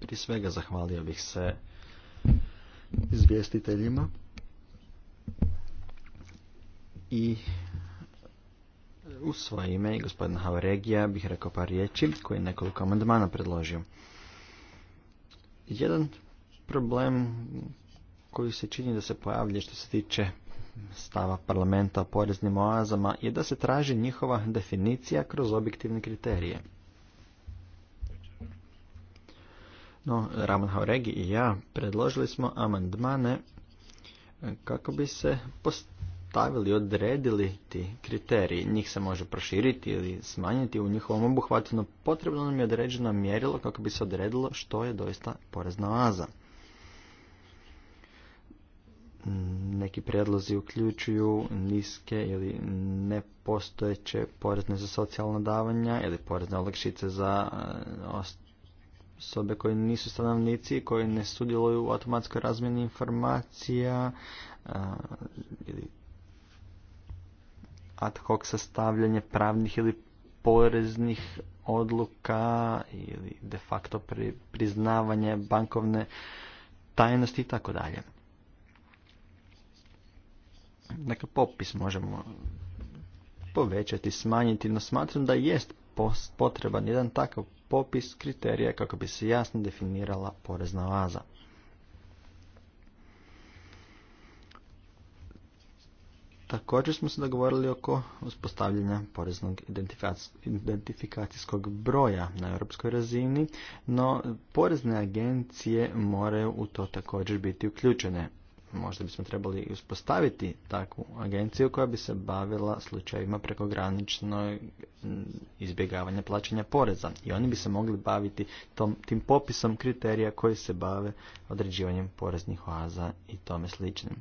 Prije svega zahvalio bih se izvjestiteljima i u svoje ime i gospodina Havregija bih rekao par riječi koji je nekoliko amandmana predložio. Jedan problem koji se čini da se pojavlja što se tiče stava parlamenta o poreznim oazama je da se traži njihova definicija kroz objektivne kriterije. No, Ramon Hauregi i ja predložili smo amandmane e, kako bi se postavili, odredili ti kriteriji. Njih se može proširiti ili smanjiti u njihovom obuhvatu, no potrebno nam je određeno mjerilo kako bi se odredilo što je doista porezna oaza. Neki prijedlozi uključuju niske ili nepostojeće porezne za socijalna davanja ili porezne olakšice za eh, osobe koje nisu stanovnici, koji ne sudjeluju u automatskoj razmjeni informacija eh, ili ad hoc sastavljanje pravnih ili poreznih odluka ili de facto priznavanje bankovne tajnosti i tako dalje. Dakle, popis možemo povećati, smanjiti, no smatram da jest potreban jedan takav popis kriterija kako bi se jasno definirala porezna vaza, Također smo se dogovorili oko uspostavljanja poreznog identifikacijskog broja na europskoj razini, no porezne agencije moraju u to također biti uključene. Možda bismo trebali uspostaviti takvu agenciju koja bi se bavila slučajevima prekograničnog izbjegavanja plaćanja poreza. I oni bi se mogli baviti tom, tim popisom kriterija koji se bave određivanjem poreznih oaza i tome sličnim.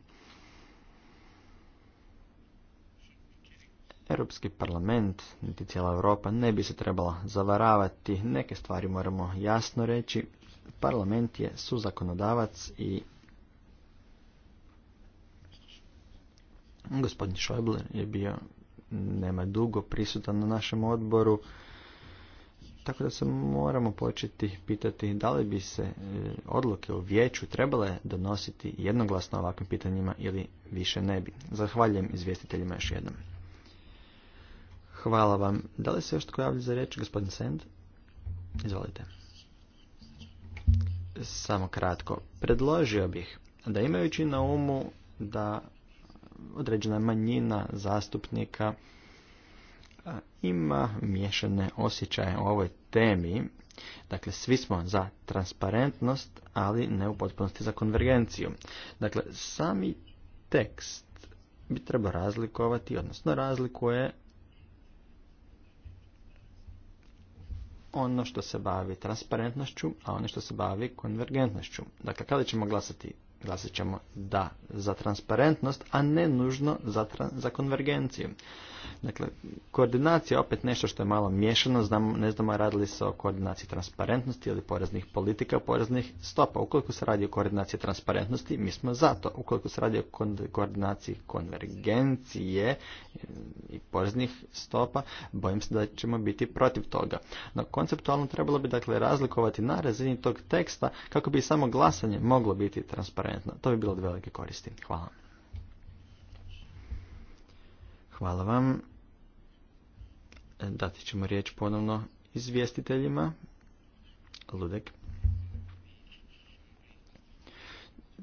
Europski parlament, niti cijela Europa, ne bi se trebala zavaravati. Neke stvari moramo jasno reći. Parlament je suzakonodavac i Gospodin Šojble je bio nema dugo prisutan na našem odboru, tako da se moramo početi pitati da li bi se e, odluke u vijeću trebale donositi jednoglasno ovakvim pitanjima ili više ne bi. Zahvaljujem izvjestiteljima još jednom. Hvala vam. Da li se još tko javlja za riječ, gospodin Send? Izvolite. Samo kratko. Predložio bih da imajući na umu da određena manjina zastupnika ima miješane osjećaje o ovoj temi. Dakle, svi smo za transparentnost, ali ne u potpunosti za konvergenciju. Dakle, sami tekst bi trebao razlikovati, odnosno razlikuje ono što se bavi transparentnošću, a ono što se bavi konvergentnošću. Dakle, kada ćemo glasati Glasat ćemo da za transparentnost, a ne nužno za, za konvergenciju. Dakle, koordinacija je opet nešto što je malo miješano, znam, ne znamo radili se o koordinaciji transparentnosti ili poreznih politika, poreznih stopa. Ukoliko se radi o koordinaciji transparentnosti, mi smo za to. Ukoliko se radi o koordinaciji konvergencije i poreznih stopa, bojim se da ćemo biti protiv toga. No, konceptualno trebalo bi dakle razlikovati na razini tog teksta kako bi samo glasanje moglo biti transparentno. To bi bilo od velike koristi. Hvala. Hvala vam. Dati ćemo riječ ponovno izvjestiteljima. Ludek.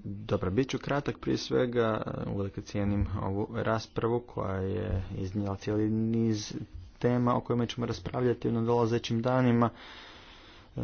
Dobro, bit ću kratak prije svega, uvijek cijenim ovu raspravu koja je iznijela cijeli niz tema o kojima ćemo raspravljati u nadolazećim danima. E,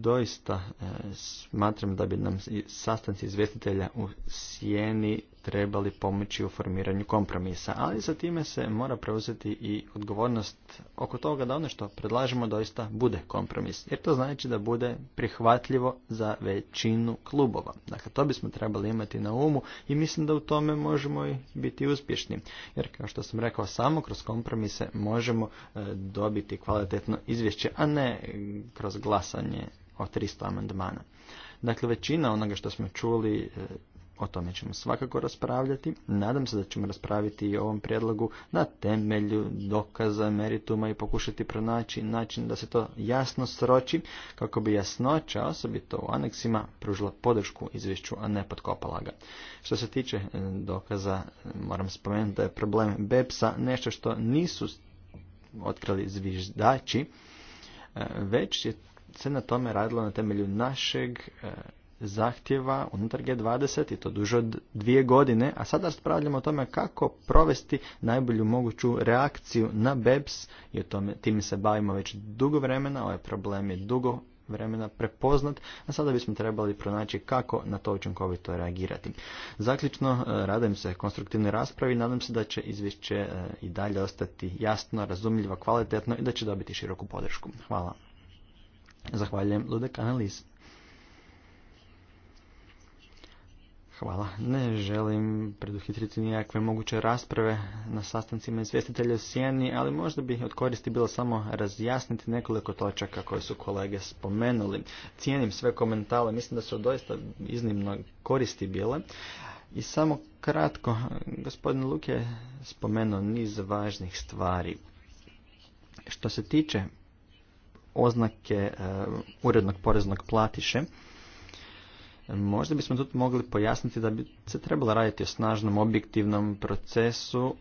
doista e, smatram da bi nam sastanci izvjestitelja u sjeni trebali pomoći u formiranju kompromisa, ali za time se mora preuzeti i odgovornost oko toga da ono što predlažemo doista bude kompromis, jer to znači da bude prihvatljivo za većinu klubova. Dakle, to bismo trebali imati na umu i mislim da u tome možemo i biti uspješni, jer kao što sam rekao, samo kroz kompromise možemo e, dobiti kvalitetno izvješće, a ne e, kroz glasanje o 300 amandmana. Dakle, većina onoga što smo čuli e, o tome ćemo svakako raspravljati. Nadam se da ćemo raspraviti i o ovom prijedlogu na temelju dokaza merituma i pokušati pronaći način da se to jasno sroči kako bi jasnoća, osobito u aneksima, pružila podršku izvješću, a ne podkopala ga. Što se tiče e, dokaza, moram spomenuti da je problem Bepsa nešto što nisu otkrali zviždači, e, već je se na tome radilo na temelju našeg e, zahtjeva unutar G20 i to duže od dvije godine, a sada raspravljamo o tome kako provesti najbolju moguću reakciju na BEPS i o tome tim se bavimo već dugo vremena, ovaj problem je dugo vremena prepoznat, a sada bismo trebali pronaći kako na to učinkovito reagirati. Zaključno, e, radim se konstruktivnoj raspravi nadam se da će izvješće e, i dalje ostati jasno, razumljivo, kvalitetno i da će dobiti široku podršku. Hvala. Zahvaljujem Ludek Analiz. Hvala. Ne želim preduhitriti nijakve moguće rasprave na sastancima izvjestitelja u Sijeni, ali možda bi od koristi bilo samo razjasniti nekoliko točaka koje su kolege spomenuli. Cijenim sve komentale, mislim da su doista iznimno koristi bile. I samo kratko, gospodin Luk je spomenuo niz važnih stvari. Što se tiče oznake e, urednog poreznog platiše, Možda bismo tu mogli pojasniti da bi se trebalo raditi o snažnom objektivnom procesu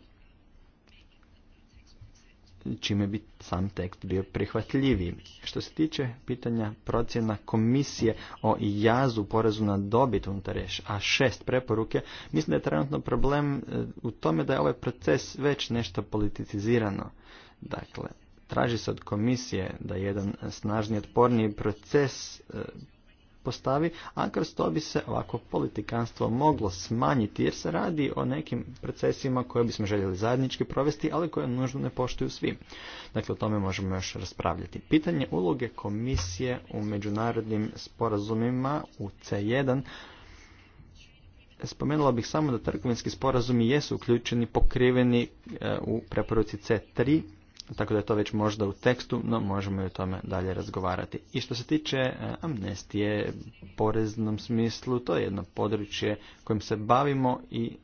čime bi sam tekst bio prihvatljiviji. Što se tiče pitanja procjena komisije o jazu porezu na dobit unutar a šest preporuke, mislim da je trenutno problem e, u tome da je ovaj proces već nešto politizirano. Dakle, traži se od komisije da jedan snažni, otporniji proces e, postavi, a kroz to bi se ovako politikanstvo moglo smanjiti jer se radi o nekim procesima koje bismo željeli zajednički provesti, ali koje nužno ne poštuju svi. Dakle, o tome možemo još raspravljati. Pitanje uloge komisije u međunarodnim sporazumima u C1 spomenula bih samo da trgovinski sporazumi jesu uključeni, pokriveni e, u preporuci C3, tako da je to već možda u tekstu, no možemo i o tome dalje razgovarati. I što se tiče e, amnestije, poreznom smislu, to je jedno područje kojim se bavimo i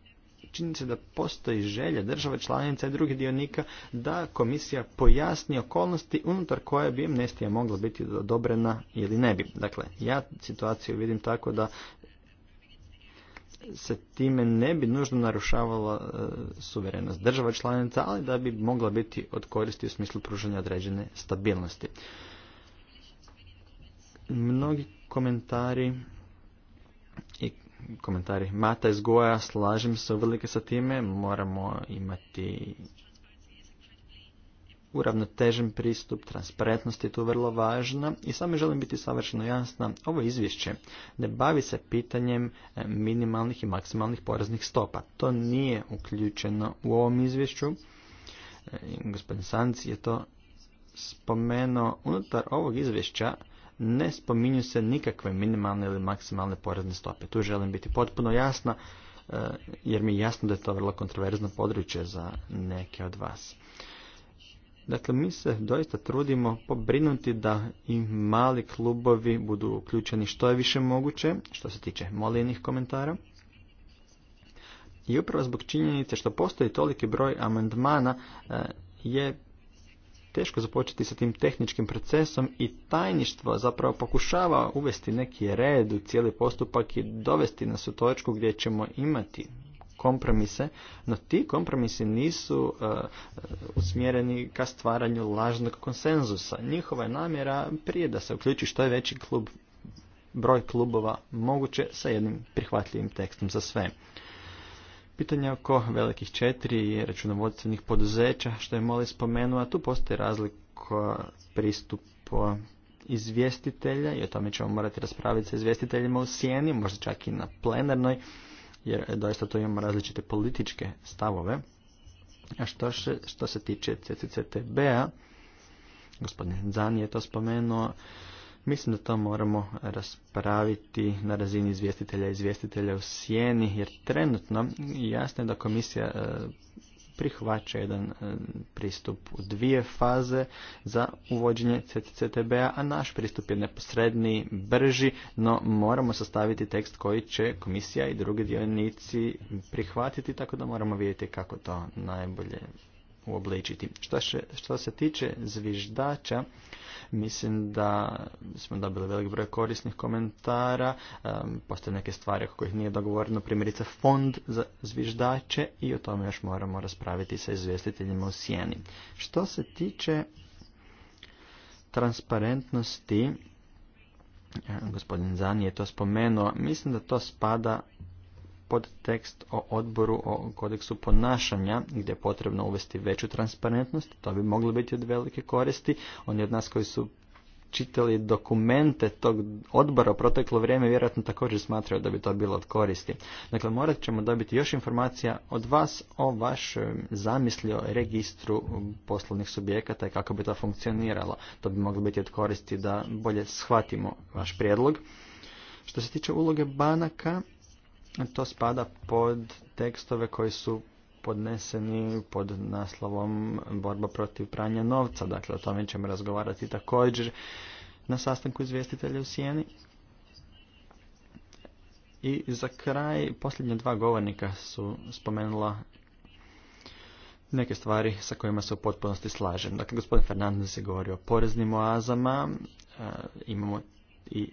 čini se da postoji želja države članica i drugih dionika da komisija pojasni okolnosti unutar koje bi amnestija mogla biti odobrena ili ne bi. Dakle, ja situaciju vidim tako da se time ne bi nužno narušavala e, suverenost država članica, ali da bi mogla biti od koristi u smislu pružanja određene stabilnosti. Mnogi komentari i komentari Mata iz Goja, slažem se uvelike sa time, moramo imati uravnotežen pristup, transparentnost je tu vrlo važna i samo želim biti savršeno jasna, ovo izvješće ne bavi se pitanjem e, minimalnih i maksimalnih poreznih stopa. To nije uključeno u ovom izvješću. E, gospodin Sanci je to spomenuo. Unutar ovog izvješća ne spominju se nikakve minimalne ili maksimalne porezne stope. Tu želim biti potpuno jasna e, jer mi je jasno da je to vrlo kontroverzno područje za neke od vas. Dakle, mi se doista trudimo pobrinuti da i mali klubovi budu uključeni što je više moguće, što se tiče moljenih komentara. I upravo zbog činjenice što postoji toliki broj amandmana e, je teško započeti sa tim tehničkim procesom i tajništvo zapravo pokušava uvesti neki red u cijeli postupak i dovesti nas u točku gdje ćemo imati kompromise, no ti kompromisi nisu e, e, usmjereni ka stvaranju lažnog konsenzusa. Njihova je namjera prije da se uključi što je veći klub, broj klubova moguće sa jednim prihvatljivim tekstom za sve. Pitanje oko velikih četiri i računovodstvenih poduzeća, što je Moli spomenuo, tu postoji razlika pristupu izvjestitelja i o tome ćemo morati raspraviti sa izvjestiteljima u sjeni, možda čak i na plenarnoj jer e, doista tu imamo različite političke stavove. A što, še, što se tiče CCCTB-a, gospodin Zan je to spomenuo, mislim da to moramo raspraviti na razini izvjestitelja i izvjestitelja u sjeni, jer trenutno jasno je da komisija e, prihvaća jedan e, pristup u dvije faze za uvođenje ctctb a a naš pristup je neposredniji, brži, no moramo sastaviti tekst koji će komisija i drugi dionici prihvatiti, tako da moramo vidjeti kako to najbolje uobličiti. Što, što se tiče zviždača, Mislim da smo dobili velik broj korisnih komentara, postoje neke stvari oko kojih nije dogovoreno, primjerice fond za zviždače i o tome još moramo raspraviti sa izvjestiteljima u sjeni. Što se tiče transparentnosti, gospodin Zani je to spomenuo, mislim da to spada tekst o odboru o kodeksu ponašanja gdje je potrebno uvesti veću transparentnost, to bi moglo biti od velike koristi. Oni od nas koji su čitali dokumente tog odbora u proteklo vrijeme vjerojatno također smatraju da bi to bilo od koristi. Dakle, morat ćemo dobiti još informacija od vas o vašem zamisli o registru poslovnih subjekata i kako bi to funkcioniralo. To bi moglo biti od koristi da bolje shvatimo vaš prijedlog. Što se tiče uloge banaka, to spada pod tekstove koji su podneseni pod naslovom borba protiv pranja novca. Dakle, o tome ćemo razgovarati također na sastanku izvjestitelja u Sijeni. I za kraj, posljednja dva govornika su spomenula neke stvari sa kojima se u potpunosti slažem. Dakle, gospodin Fernandez je govorio o poreznim oazama, e, imamo i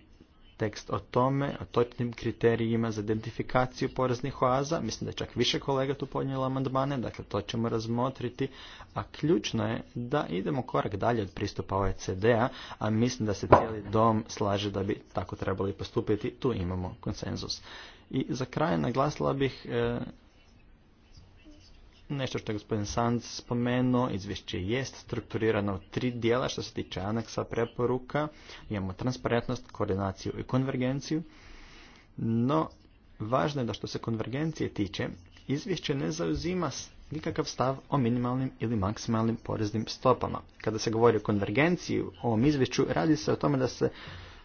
tekst o tome, o točnim kriterijima za identifikaciju poreznih oaza. Mislim da je čak više kolega tu podnijelo amandmane, dakle to ćemo razmotriti. A ključno je da idemo korak dalje od pristupa OECD-a, a mislim da se cijeli dom slaže da bi tako trebali postupiti. Tu imamo konsenzus. I za kraj naglasila bih e, Nešto što je gospodin Sanz spomenuo, izvješće jest strukturirano u tri dijela što se tiče aneksa preporuka. Imamo transparentnost, koordinaciju i konvergenciju. No, važno je da što se konvergencije tiče, izvješće ne zauzima nikakav stav o minimalnim ili maksimalnim poreznim stopama. Kada se govori o konvergenciji u ovom izvješću, radi se o tome da se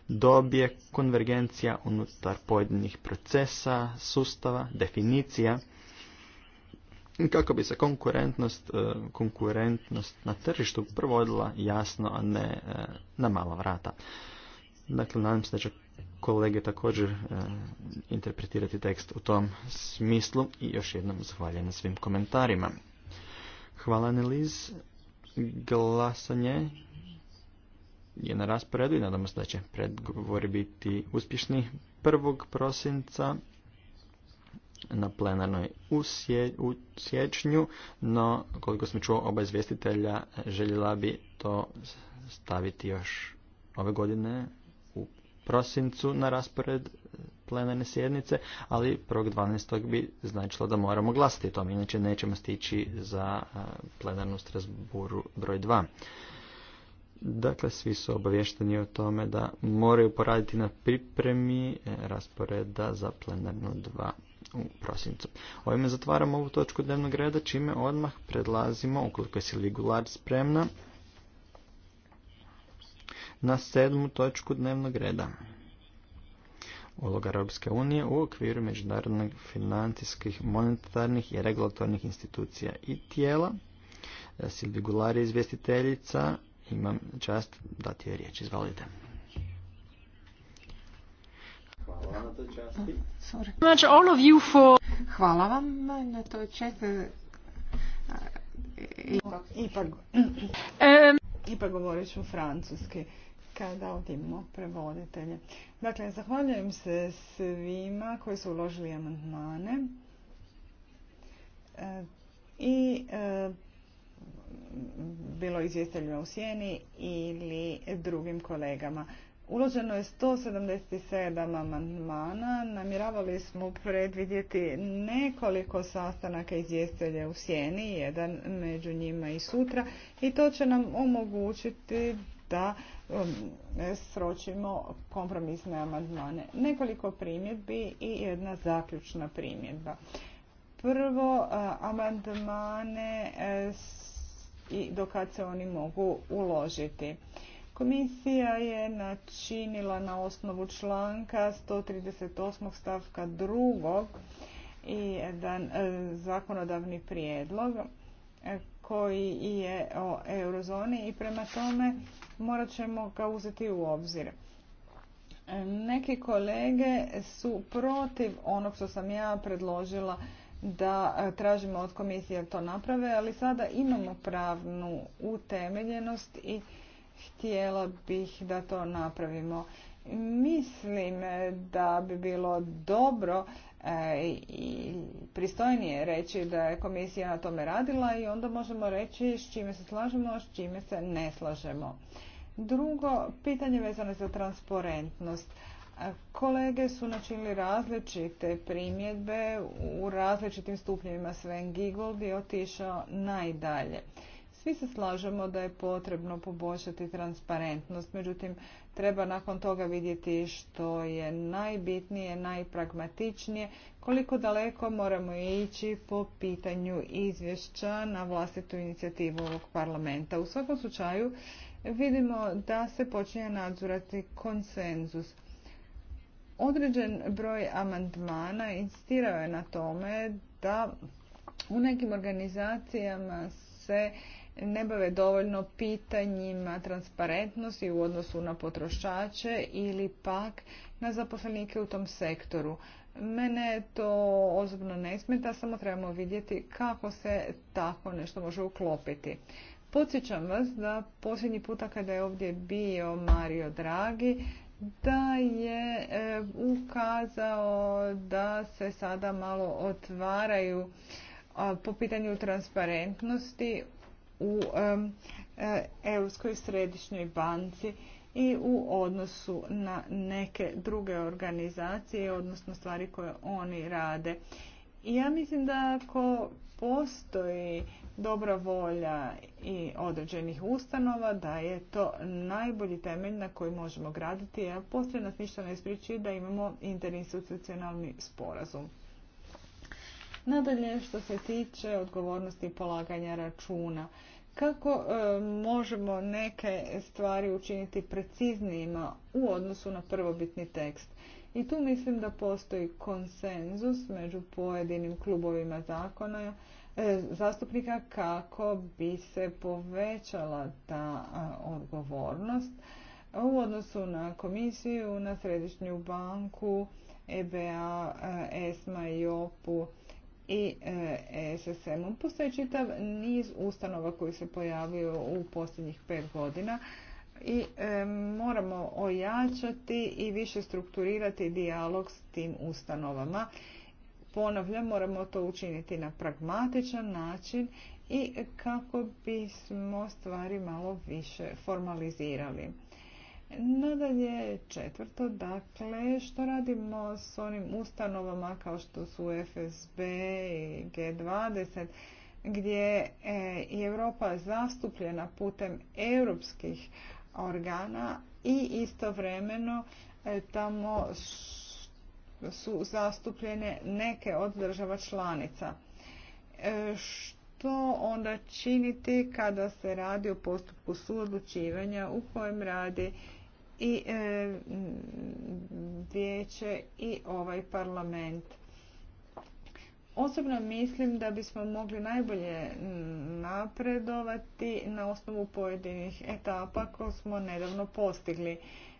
dobije konvergencija unutar pojedinih procesa, sustava, definicija, kako bi se konkurentnost, e, konkurentnost na tržištu provodila jasno, a ne e, na mala vrata. Dakle, nadam se da će kolege također e, interpretirati tekst u tom smislu i još jednom zahvaljujem na svim komentarima. Hvala Anneliz. Glasanje je na rasporedu i nadamo se da će predgovori biti uspješni 1. prosinca na plenarnoj u, u siječnju, no koliko smo čuo oba izvjestitelja željela bi to staviti još ove godine u prosincu na raspored plenarne sjednice, ali 1.12. bi značilo da moramo glasiti o tom, inače nećemo stići za plenarnu Strasburu broj 2. Dakle, svi su obavješteni o tome da moraju poraditi na pripremi e, rasporeda za plenarnu 2 u prosincu. Ovime zatvaramo ovu točku dnevnog reda, čime odmah predlazimo, ukoliko je Siligular spremna, na sedmu točku dnevnog reda. Uloga Europske unije u okviru međunarodnih financijskih, monetarnih i regulatornih institucija i tijela. Siligular je izvjestiteljica, imam čast dati joj riječ, izvalite. Hvala vam na toj česti. Ipak, ipak govorit ću francuski kada odimo prevoditelje. Dakle, zahvaljujem se svima koji su uložili amandmane e, i e, bilo izvjestiteljima u sjeni ili drugim kolegama. Uloženo je 177 amandmana, namjeravali smo predvidjeti nekoliko sastanaka izvjestelja u sjeni, jedan među njima i sutra i to će nam omogućiti da um, sročimo kompromisne amandmane. Nekoliko primjedbi i jedna zaključna primjedba. Prvo, amandmane e, i dokad se oni mogu uložiti. Komisija je načinila na osnovu članka 138. stavka 2. i jedan e, zakonodavni prijedlog e, koji je o eurozoni i prema tome morat ćemo ga uzeti u obzir. E, neki kolege su protiv onog što sam ja predložila da tražimo od komisije da to naprave, ali sada imamo pravnu utemeljenost i htjela bih da to napravimo. Mislim da bi bilo dobro e, i pristojnije reći da je komisija na tome radila i onda možemo reći s čime se slažemo, s čime se ne slažemo. Drugo, pitanje vezano za transparentnost. Kolege su načinili različite primjedbe u različitim stupnjevima. Sven Giegold je otišao najdalje. Svi se slažemo da je potrebno poboljšati transparentnost, međutim treba nakon toga vidjeti što je najbitnije, najpragmatičnije, koliko daleko moramo ići po pitanju izvješća na vlastitu inicijativu ovog parlamenta. U svakom slučaju vidimo da se počinje nadzirati konsenzus. Određen broj amandmana insistirao je na tome da u nekim organizacijama se ne bave dovoljno pitanjima transparentnosti u odnosu na potrošače ili pak na zaposlenike u tom sektoru. Mene to ozbiljno ne smeta, samo trebamo vidjeti kako se tako nešto može uklopiti. Podsjećam vas da posljednji puta kada je ovdje bio Mario Dragi, da je e, ukazao da se sada malo otvaraju po pitanju transparentnosti u e, Europskoj središnjoj banci i u odnosu na neke druge organizacije, odnosno stvari koje oni rade. ja mislim da ako postoji dobra volja i određenih ustanova, da je to najbolji temelj na koji možemo graditi, a poslije nas ništa ne spriči da imamo interinstitucionalni sporazum. Nadalje, što se tiče odgovornosti polaganja računa, kako e, možemo neke stvari učiniti preciznijima u odnosu na prvobitni tekst? I tu mislim da postoji konsenzus među pojedinim klubovima zakona e, zastupnika kako bi se povećala ta odgovornost u odnosu na komisiju, na središnju banku, EBA, e, ESMA i OPU i e, SSM-om. Postoji čitav niz ustanova koji se pojavio u posljednjih pet godina i e, moramo ojačati i više strukturirati dijalog s tim ustanovama. Ponavljam, moramo to učiniti na pragmatičan način i kako bismo stvari malo više formalizirali. Nadalje, četvrto, dakle, što radimo s onim ustanovama kao što su FSB i G20, gdje je Europa zastupljena putem europskih organa i istovremeno e, tamo su zastupljene neke od država članica. E, što onda činiti kada se radi o postupku suodlučivanja u kojem radi i e, vijeće i ovaj parlament. Osobno mislim da bismo mogli najbolje napredovati na osnovu pojedinih etapa koje smo nedavno postigli.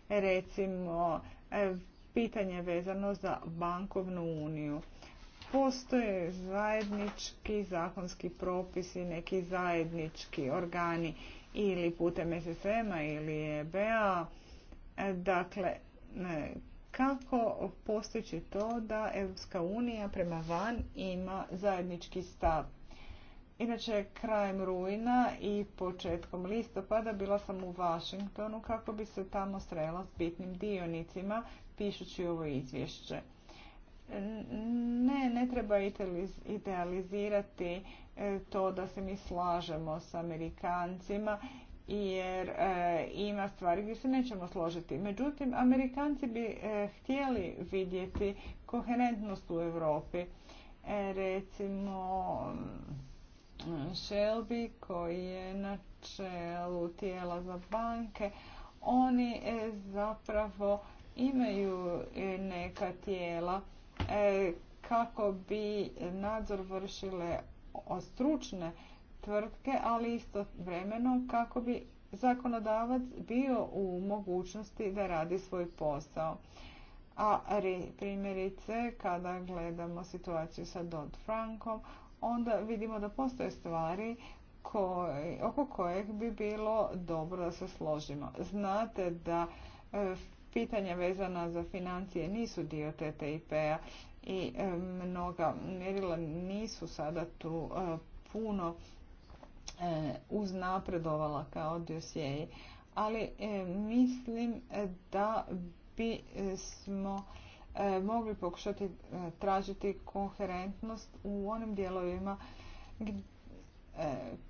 Recimo, e, pitanje vezano za bankovnu uniju. Postoje zajednički zakonski propisi, neki zajednički organi ili putem SSM-a ili EBA-a E, dakle, e, kako postići to da EU unija prema van ima zajednički stav? Inače, krajem rujna i početkom listopada bila sam u Washingtonu kako bi se tamo srela s bitnim dionicima pišući ovo izvješće. Ne, ne treba idealizirati e, to da se mi slažemo s Amerikancima jer e, ima stvari gdje se nećemo složiti. Međutim, Amerikanci bi e, htjeli vidjeti koherentnost u Europi. E, recimo Shelby koji je na čelu tijela za banke, oni e, zapravo imaju neka tijela kako bi nadzor vršile stručne tvrtke, ali isto vremeno kako bi zakonodavac bio u mogućnosti da radi svoj posao. A primjerice, kada gledamo situaciju sa Dodd-Frankom, onda vidimo da postoje stvari oko kojeg bi bilo dobro da se složimo. Znate da e, pitanja vezana za financije nisu dio TTIP-a i p-a e, mnoga mjerila nisu sada tu e, puno E, uznapredovala kao dosjeje. Ali e, mislim e, da bi smo mogli pokušati tražiti koherentnost u onim dijelovima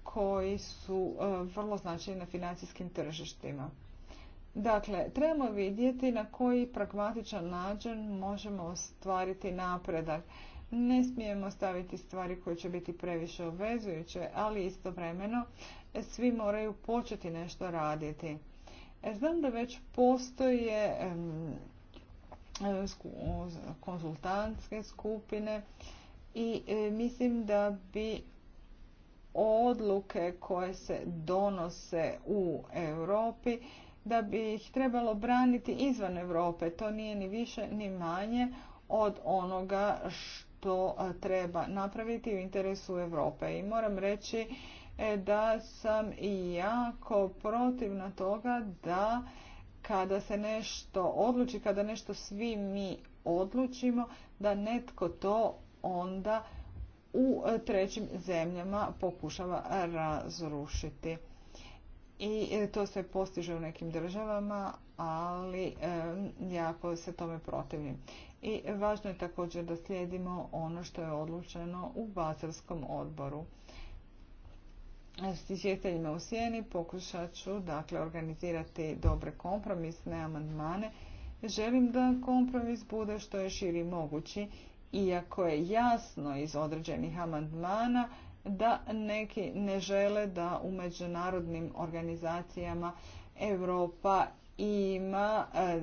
koji su vrlo značajni na financijskim tržištima. Dakle, trebamo vidjeti na koji pragmatičan način možemo ostvariti napredak ne smijemo staviti stvari koje će biti previše obvezujuće, ali istovremeno e, svi moraju početi nešto raditi. E, znam da već postoje e, konsultantske skupine i mislim da bi odluke koje se donose u Europi da bi ih trebalo braniti izvan Europe. To nije ni više ni manje od onoga što to treba napraviti u interesu Europe. I moram reći e, da sam i jako protivna toga da kada se nešto odluči, kada nešto svi mi odlučimo, da netko to onda u e, trećim zemljama pokušava razrušiti. I e, to se postiže u nekim državama, ali jako se tome protivim i važno je također da slijedimo ono što je odlučeno u Bazarskom odboru. S izvjeteljima u sjeni pokušat ću dakle, organizirati dobre kompromisne amandmane. Želim da kompromis bude što je širi mogući, iako je jasno iz određenih amandmana da neki ne žele da u međunarodnim organizacijama Europa ima e,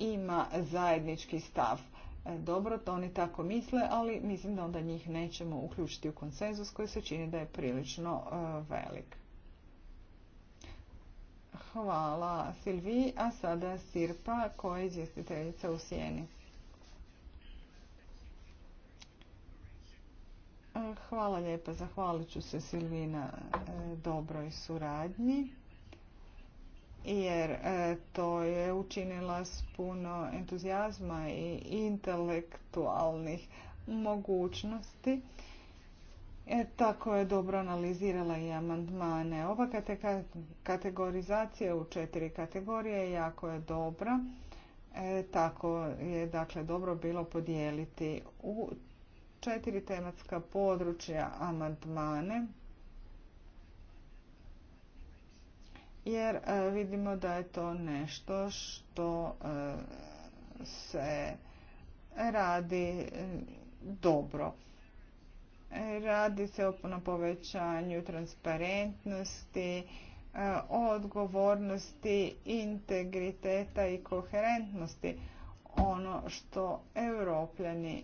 ima zajednički stav. E, dobro, to oni tako misle, ali mislim da onda njih nećemo uključiti u konsenzus koji se čini da je prilično e, velik. Hvala Silvi, a sada Sirpa koja je izvjestiteljica u Sijeni. E, hvala lijepa, zahvalit ću se Silvi na dobroj suradnji jer e, to je učinila s puno entuzijazma i intelektualnih mogućnosti. E, tako je dobro analizirala i amandmane. Ova kategorizacija u četiri kategorije jako je dobra. E, tako je dakle dobro bilo podijeliti u četiri tematska područja amandmane jer e, vidimo da je to nešto što e, se radi e, dobro. Radi se na povećanju transparentnosti, odgovornosti, integriteta i koherentnosti ono što europljani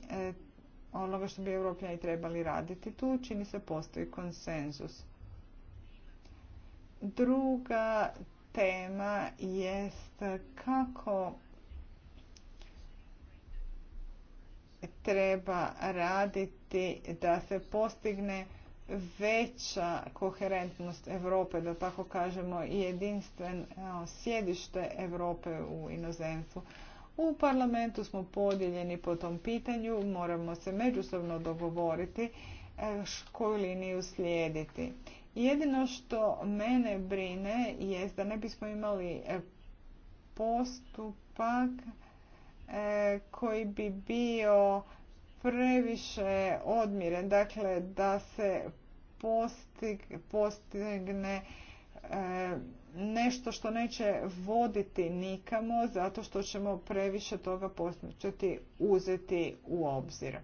onoga što bi europljani trebali raditi tu čini se postoji konsenzus. Druga tema jest kako treba raditi da se postigne veća koherentnost Europe, da tako kažemo, i jedinstven sjedište Europe u inozemstvu. U parlamentu smo podijeljeni po tom pitanju, moramo se međusobno dogovoriti e, koju liniju slijediti. Jedino što mene brine je da ne bismo imali e, postupak e, koji bi bio previše odmiren, dakle da se postigne e, nešto što neće voditi nikamo zato što ćemo previše toga postići uzeti u obzir.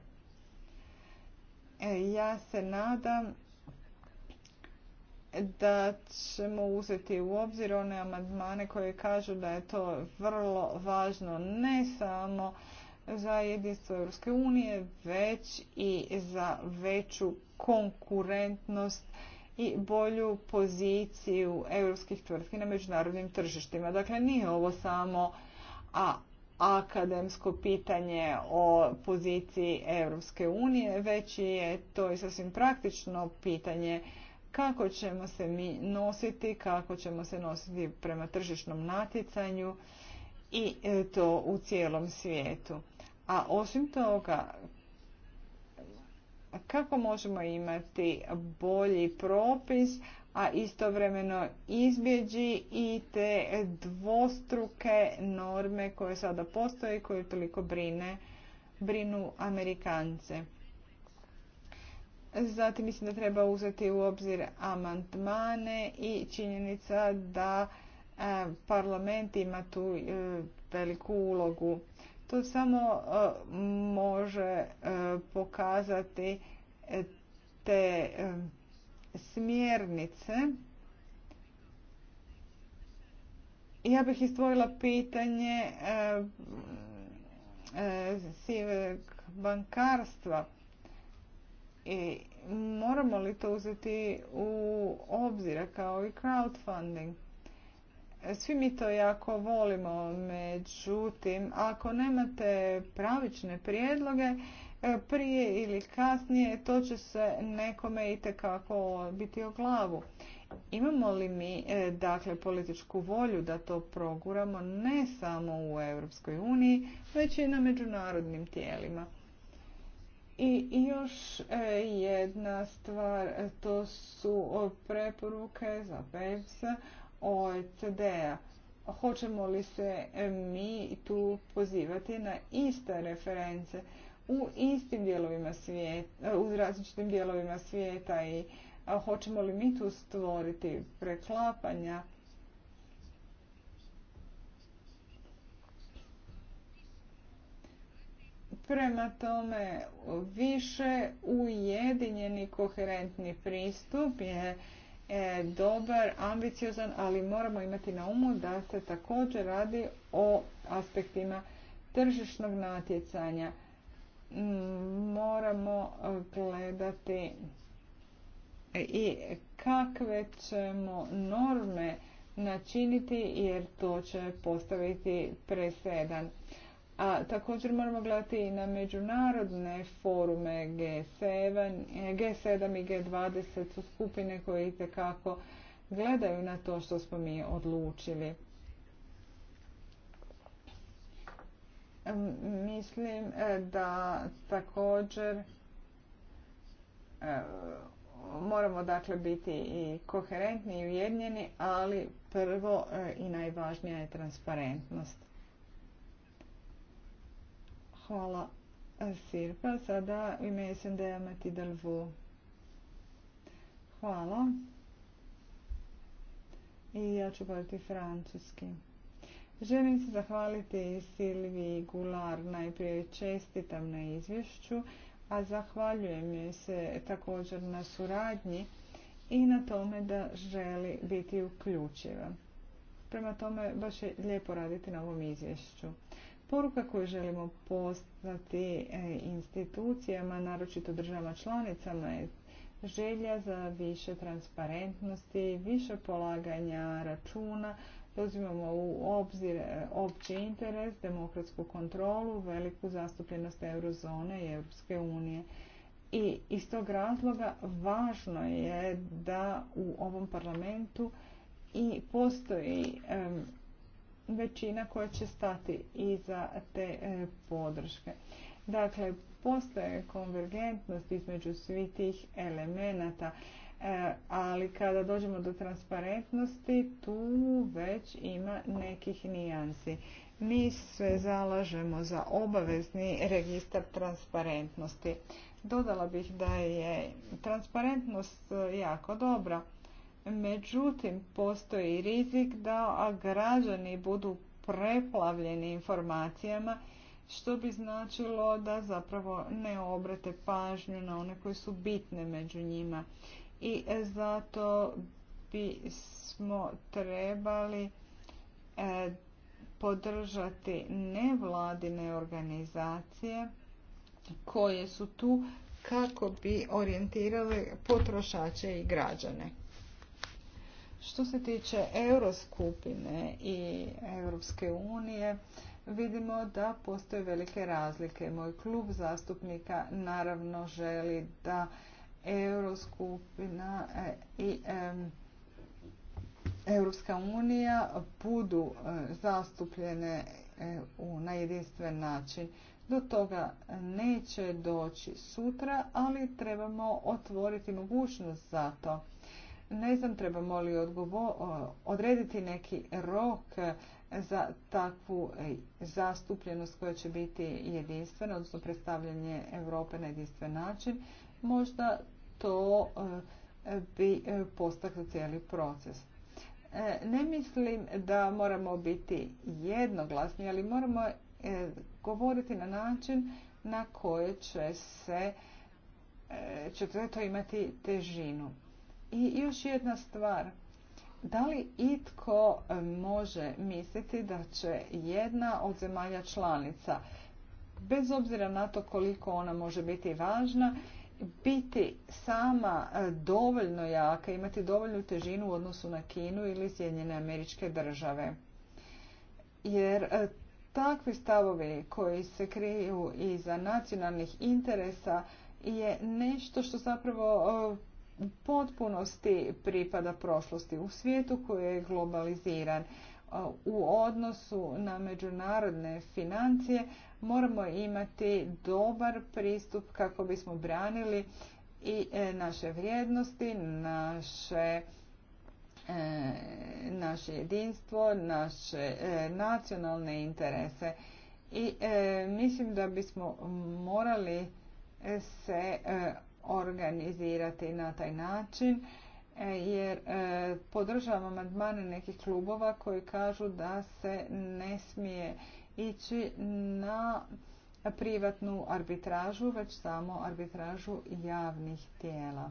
Ja se nadam da ćemo uzeti u obzir one amandmane koje kažu da je to vrlo važno ne samo za jedinstvo Europske unije, već i za veću konkurentnost i bolju poziciju europskih tvrtki na međunarodnim tržištima. Dakle, nije ovo samo a, akademsko pitanje o poziciji Europske unije, već je to i sasvim praktično pitanje kako ćemo se mi nositi, kako ćemo se nositi prema tržišnom natjecanju i e, to u cijelom svijetu. A osim toga, kako možemo imati bolji propis, a istovremeno izbjeđi i te dvostruke norme koje sada postoje i koje toliko brine, brinu Amerikance. Zatim mislim da treba uzeti u obzir amandmane i činjenica da e, parlament ima tu e, veliku ulogu. To samo e, može pokazati te smjernice. Ja bih istvojila pitanje siveg bankarstva i moramo li to uzeti u obzira kao i crowdfunding? Svi mi to jako volimo, međutim, ako nemate pravične prijedloge, e, prije ili kasnije to će se nekome itekako biti o glavu. Imamo li mi e, dakle političku volju da to proguramo ne samo u Europskoj uniji, već i na međunarodnim tijelima? I još e, jedna stvar, e, to su preporuke za BEPS OECD-a. Hoćemo li se e, mi tu pozivati na iste reference u istim dijelovima svijeta, u različitim dijelovima svijeta i hoćemo li mi tu stvoriti preklapanja Prema tome, više ujedinjeni koherentni pristup je e, dobar, ambiciozan, ali moramo imati na umu da se također radi o aspektima tržišnog natjecanja. Mm, moramo e, gledati e, i kakve ćemo norme načiniti jer to će postaviti presedan. A također moramo gledati i na međunarodne forume G7, G7 i G20 su skupine koje itekako gledaju na to što smo mi odlučili. Mislim e, da također e, moramo dakle biti i koherentni i ujednjeni, ali prvo e, i najvažnija je transparentnost. Hvala e, Sirpa. Sada u ime SND-a Hvala. I ja ću govoriti francuski. Želim se zahvaliti Silvi Gular najprije čestitam na izvješću, a zahvaljujem joj se također na suradnji i na tome da želi biti uključiva. Prema tome baš je lijepo raditi na ovom izvješću. Poruka koju želimo postati e, institucijama, naročito državama članicama, je želja za više transparentnosti, više polaganja računa, uzimamo u obzir e, opći interes, demokratsku kontrolu, veliku zastupljenost eurozone i Europske unije. I iz tog razloga važno je da u ovom parlamentu i postoji većina koja će stati iza te e, podrške. Dakle, postoje konvergentnost između svih tih elemenata, e, ali kada dođemo do transparentnosti, tu već ima nekih nijansi. Mi se zalažemo za obavezni registar transparentnosti. Dodala bih da je transparentnost e, jako dobra Međutim, postoji rizik da građani budu preplavljeni informacijama, što bi značilo da zapravo ne obrate pažnju na one koje su bitne među njima. I zato smo trebali e, podržati nevladine organizacije koje su tu kako bi orijentirali potrošače i građane. Što se tiče euroskupine i Europske unije, vidimo da postoje velike razlike. Moj klub zastupnika naravno želi da euroskupina e, i Europska unija budu e, zastupljene e, na jedinstven način. Do toga neće doći sutra, ali trebamo otvoriti mogućnost za to. Ne znam trebamo li odrediti neki rok za takvu e, zastupljenost koja će biti jedinstvena, odnosno predstavljanje Europe na jedinstven način. Možda to e, bi e, postaklo cijeli proces. Ne mislim da moramo biti jednoglasni, ali moramo govoriti na način na koje će se će to imati težinu. I još jedna stvar. Da li itko e, može misliti da će jedna od zemalja članica, bez obzira na to koliko ona može biti važna, biti sama e, dovoljno jaka, imati dovoljnu težinu u odnosu na Kinu ili Sjedinjene američke države. Jer e, takvi stavovi koji se kriju iza nacionalnih interesa je nešto što zapravo u potpunosti pripada prošlosti u svijetu koji je globaliziran. U odnosu na međunarodne financije moramo imati dobar pristup kako bismo branili i e, naše vrijednosti, naše e, naše jedinstvo, naše e, nacionalne interese. I mislim da bismo morali se organizirati na taj način e, jer e, podržavam amandmane nekih klubova koji kažu da se ne smije ići na privatnu arbitražu, već samo arbitražu javnih tijela.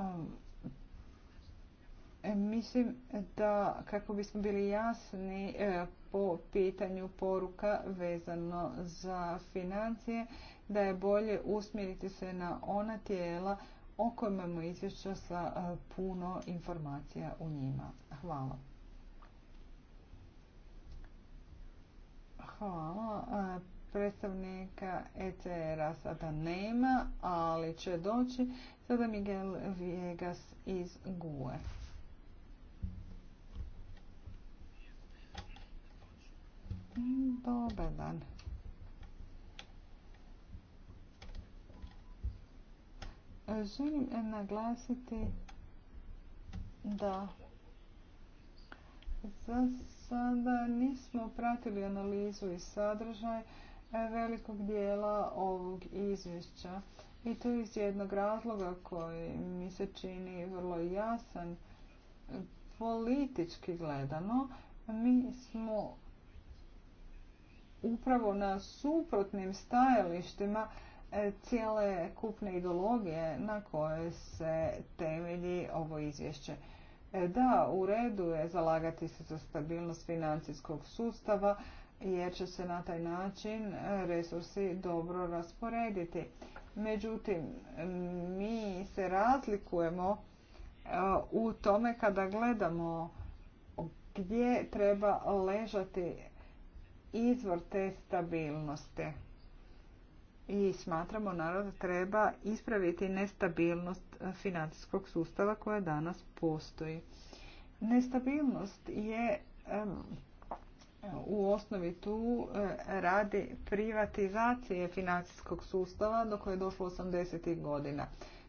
Ehm, e, mislim da kako bismo bili jasni po pitanju poruka vezano za financije, da je bolje usmjeriti se na ona tijela o kojima imamo izvješća sa e, puno informacija u njima. Hvala. Hvala. E, predstavnika ECR-a sada nema, ali će doći. Sada Miguel Viegas iz GUE. Dobar dan. Želim naglasiti da za sada nismo pratili analizu i sadržaj e, velikog dijela ovog izvješća. I to iz jednog razloga koji mi se čini vrlo jasan. Politički gledano, mi smo upravo na suprotnim stajalištima E, cijele kupne ideologije na koje se temelji ovo izvješće. E, da, u redu je zalagati se za stabilnost financijskog sustava jer će se na taj način e, resursi dobro rasporediti. Međutim, mi se razlikujemo u tome kada gledamo gdje treba ležati izvor te stabilnosti i smatramo naravno da treba ispraviti nestabilnost financijskog sustava koja danas postoji. Nestabilnost je u osnovi tu eh, radi privatizacije financijskog sustava do koje je došlo 80. godina.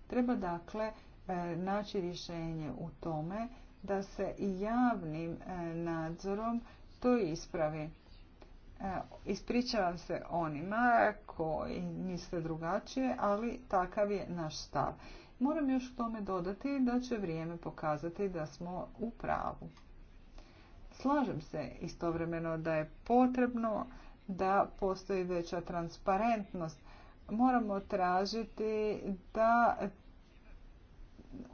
Treba dakle eh, naći rješenje u tome da se javnim eh, nadzorom to ispravi. E, ispričavam se onima koji misle drugačije, ali takav je naš stav. Moram još tome dodati da će vrijeme pokazati da smo u pravu. Slažem se istovremeno da je potrebno da postoji veća transparentnost. Moramo tražiti da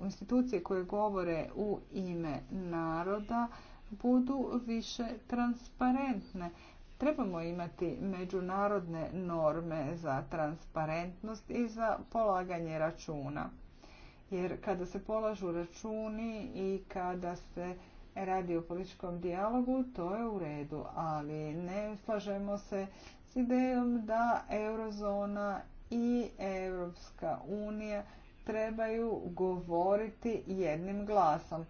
institucije koje govore u ime naroda budu više transparentne Trebamo imati međunarodne norme za transparentnost i za polaganje računa. Jer kada se polažu računi i kada se radi o političkom dijalogu, to je u redu, ali ne slažemo se s idejom da eurozona i Europska unija trebaju govoriti jednim glasom.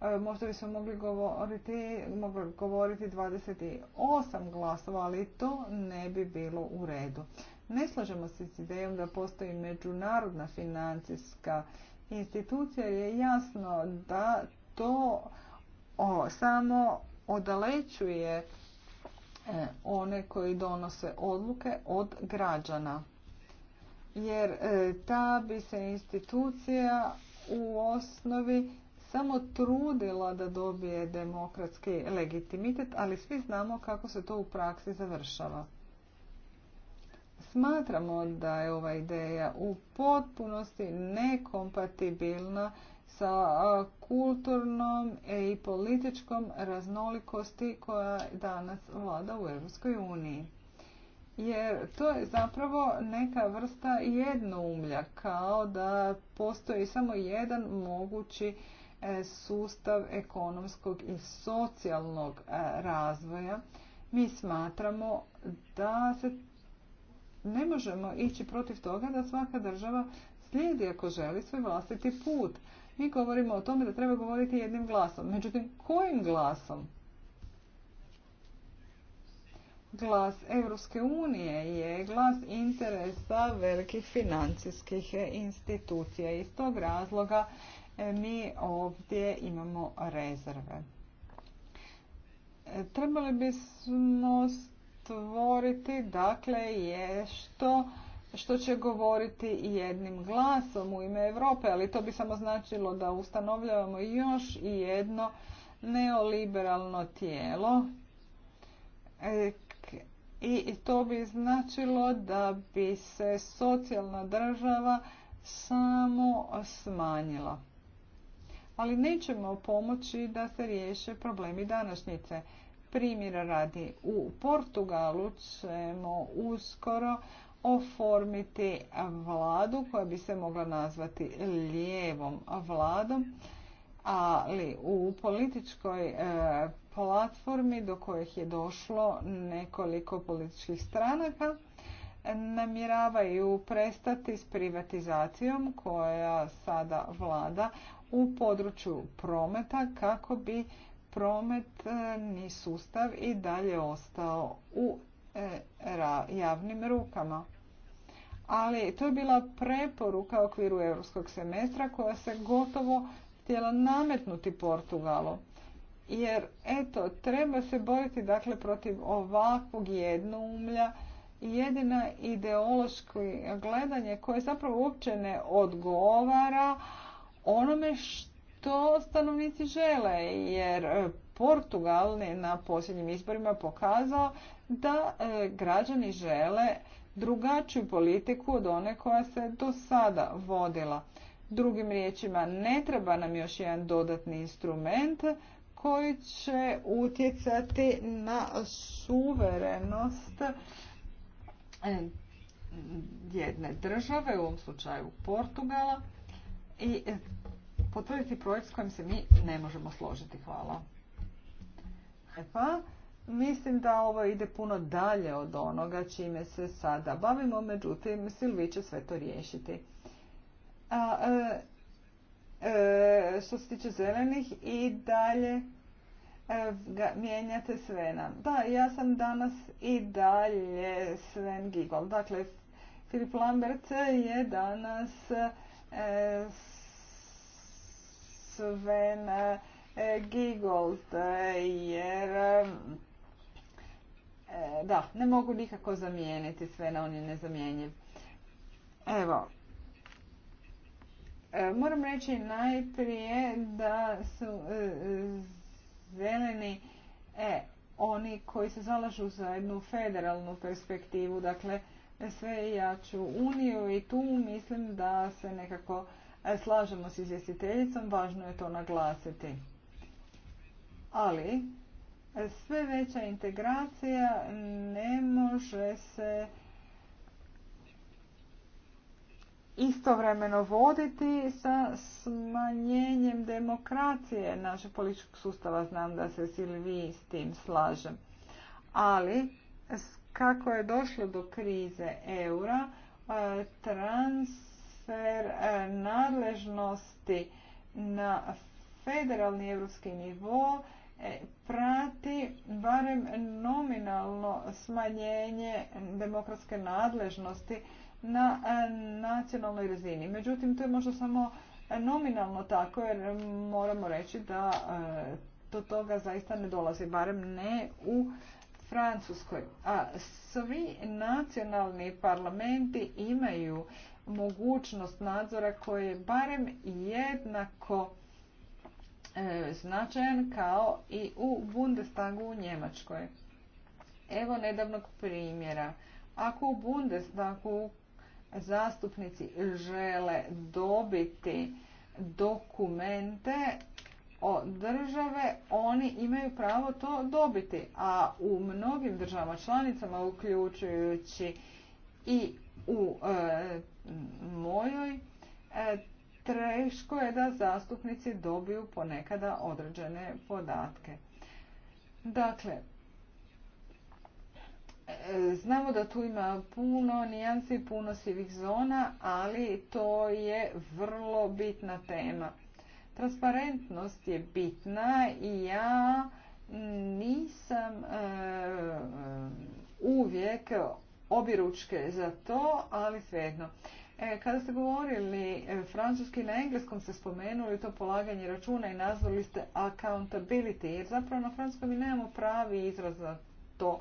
E, možda bismo mogli govoriti, mogli govoriti 28 glasova, ali to ne bi bilo u redu. Ne slažemo se s idejom da postoji međunarodna financijska institucija je jasno da to samo odalećuje e, one koji donose odluke od građana. Jer e, ta bi se institucija u osnovi samo trudila da dobije demokratski legitimitet, ali svi znamo kako se to u praksi završava. Smatramo da je ova ideja u potpunosti nekompatibilna sa kulturnom i političkom raznolikosti koja danas vlada u Europskoj uniji. Jer to je zapravo neka vrsta jednoumlja, kao da postoji samo jedan mogući E, sustav ekonomskog i socijalnog e, razvoja, mi smatramo da se ne možemo ići protiv toga da svaka država slijedi ako želi svoj vlastiti put. Mi govorimo o tome da treba govoriti jednim glasom. Međutim, kojim glasom? Glas Europske unije je glas interesa velikih financijskih institucija. Iz tog razloga mi ovdje imamo rezerve. E, trebali bismo stvoriti dakle je što što će govoriti jednim glasom u ime Europe, ali to bi samo značilo da ustanovljavamo još jedno neoliberalno tijelo e, i to bi značilo da bi se socijalna država samo smanjila ali nećemo pomoći da se riješe problemi današnjice. Primjera radi, u Portugalu ćemo uskoro oformiti vladu koja bi se mogla nazvati lijevom vladom, ali u političkoj e, platformi do kojih je došlo nekoliko političkih stranaka namjeravaju prestati s privatizacijom koja sada vlada, u području prometa kako bi prometni e, sustav i dalje ostao u e, javnim rukama. Ali to je bila preporuka u okviru europskog semestra koja se gotovo htjela nametnuti Portugalu. Jer eto, treba se boriti dakle protiv ovakvog jednoumlja jedina ideološko gledanje koje zapravo uopće ne odgovara onome što stanovnici žele, jer Portugal je na posljednjim izborima pokazao da e, građani žele drugačiju politiku od one koja se do sada vodila. Drugim riječima, ne treba nam još jedan dodatni instrument koji će utjecati na suverenost e, jedne države, u ovom slučaju Portugala, i e, potvrditi projekt s kojim se mi ne možemo složiti. Hvala. E pa, mislim da ovo ide puno dalje od onoga čime se sada bavimo, međutim, Silvi će sve to riješiti. A, e, e što se tiče zelenih i dalje e, ga, mijenjate Svena. Da, ja sam danas i dalje Sven Gigol. Dakle, Filip Lambert je danas Svena eh, Giegold, eh, jer eh, da, ne mogu nikako zamijeniti Svena, on je nezamjenjiv. Evo, moram reći najprije da su zeleni e, oni koji se zalažu za jednu federalnu perspektivu, dakle sve jaču uniju i tu mislim da se nekako e, slažemo s izvjestiteljicom, važno je to naglasiti. Ali e, sve veća integracija ne može se istovremeno voditi sa smanjenjem demokracije našeg političkog sustava. Znam da se Silvi s tim slažem. Ali kako je došlo do krize eura, e, transfer e, nadležnosti na federalni europski nivo e, prati barem nominalno smanjenje demokratske nadležnosti na nacionalnoj razini. Međutim, to je možda samo nominalno tako jer moramo reći da do toga zaista ne dolazi, barem ne u Francuskoj. A svi nacionalni parlamenti imaju mogućnost nadzora koji je barem jednako e, značajan kao i u Bundestagu u Njemačkoj. Evo nedavnog primjera. Ako u Bundestagu zastupnici žele dobiti dokumente od države, oni imaju pravo to dobiti, a u mnogim državama članicama, uključujući i u e, mojoj, e, teško je da zastupnici dobiju ponekada određene podatke. Dakle, e, Znamo da tu ima puno nijansi, puno sivih zona, ali to je vrlo bitna tema. Transparentnost je bitna i ja nisam e, e, uvijek obiručke za to, ali svejedno. E, kada ste govorili e, francuski na engleskom ste spomenuli to polaganje računa i nazvali ste accountability, jer zapravo na francuskom mi nemamo pravi izraz za to.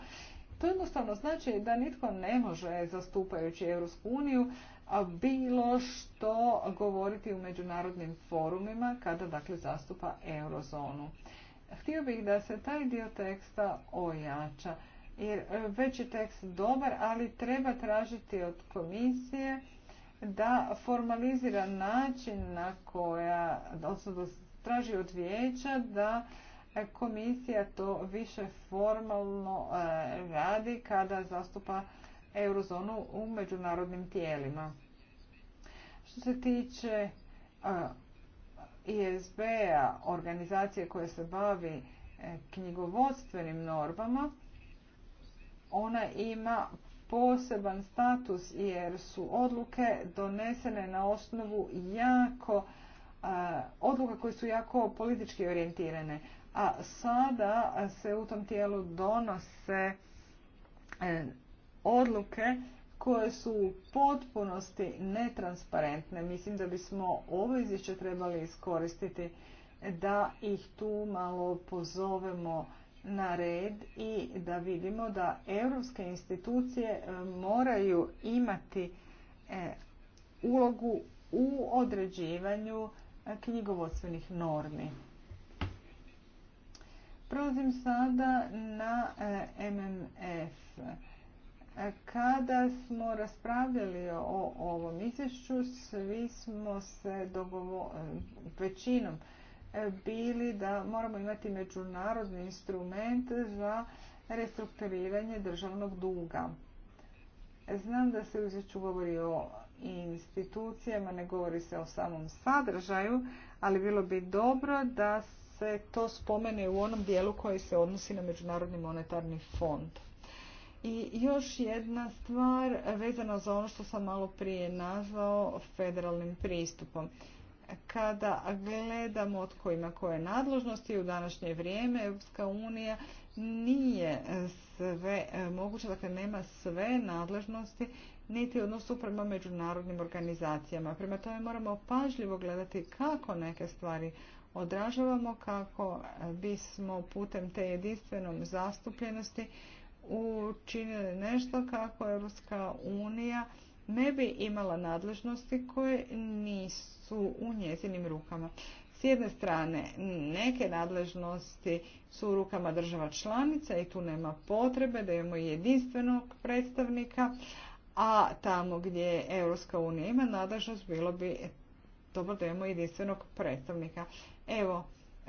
To jednostavno znači da nitko ne može, zastupajući Europsku uniju, bilo što govoriti u međunarodnim forumima kada dakle zastupa eurozonu. Htio bih da se taj dio teksta ojača jer već je tekst dobar, ali treba tražiti od komisije da formalizira način na koja, odnosno traži od vijeća da komisija to više formalno e, radi kada zastupa eurozonu u međunarodnim tijelima. Što se tiče ISB-a, organizacije koja se bavi e, knjigovodstvenim normama, ona ima poseban status jer su odluke donesene na osnovu jako odluka koje su jako politički orijentirane. A sada se u tom tijelu donose e, odluke koje su u potpunosti netransparentne. Mislim da bismo ovo izvješće trebali iskoristiti da ih tu malo pozovemo na red i da vidimo da europske institucije e, moraju imati e, ulogu u određivanju e, knjigovodstvenih normi. Prelazim sada na MMF. Kada smo raspravljali o ovom izvješću, svi smo se većinom e, bili da moramo imati međunarodni instrument za restrukturiranje državnog duga. Znam da se izvješću govori o institucijama, ne govori se o samom sadržaju, ali bilo bi dobro da se to spomene u onom dijelu koji se odnosi na Međunarodni monetarni fond. I još jedna stvar vezana za ono što sam malo prije nazvao federalnim pristupom. Kada gledamo od kojima koje nadležnosti u današnje vrijeme, Europska unija nije sve moguće, dakle nema sve nadležnosti niti odnosu prema međunarodnim organizacijama. Prema tome moramo pažljivo gledati kako neke stvari odražavamo, kako bismo putem te jedinstvenom zastupljenosti učinili nešto kako Europska unija ne bi imala nadležnosti koje nisu u njezinim rukama. S jedne strane, neke nadležnosti su u rukama država članica i tu nema potrebe da imamo jedinstvenog predstavnika, a tamo gdje Europska unija ima nadležnost bilo bi dobro da imamo jedinstvenog predstavnika. Evo,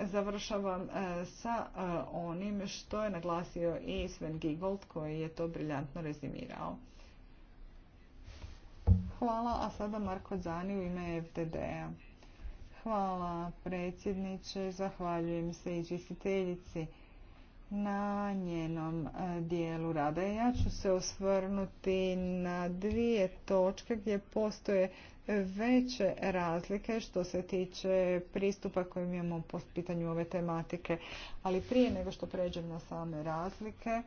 završavam e, sa e, onim što je naglasio i Sven Giegold koji je to briljantno rezimirao. Hvala, a sada Marko Zani u ime FDD-a. Hvala predsjedniče, zahvaljujem se i čistiteljici na njenom e, dijelu rada. Ja ću se osvrnuti na dvije točke gdje postoje veće razlike što se tiče pristupa kojim imamo po pitanju ove tematike. Ali prije nego što pređem na same razlike, e,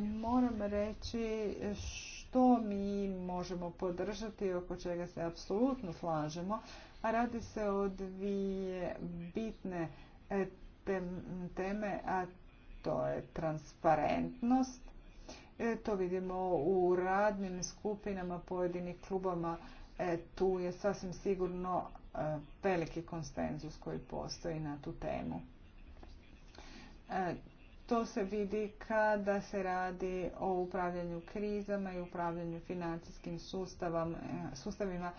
moram reći što mi možemo podržati, i oko čega se apsolutno slažemo, a radi se o dvije bitne e, teme, a to je transparentnost. E, to vidimo u radnim skupinama pojedinih klubama E, tu je sasvim sigurno e, veliki konsenzus koji postoji na tu temu. E, to se vidi kada se radi o upravljanju krizama i upravljanju financijskim sustavima.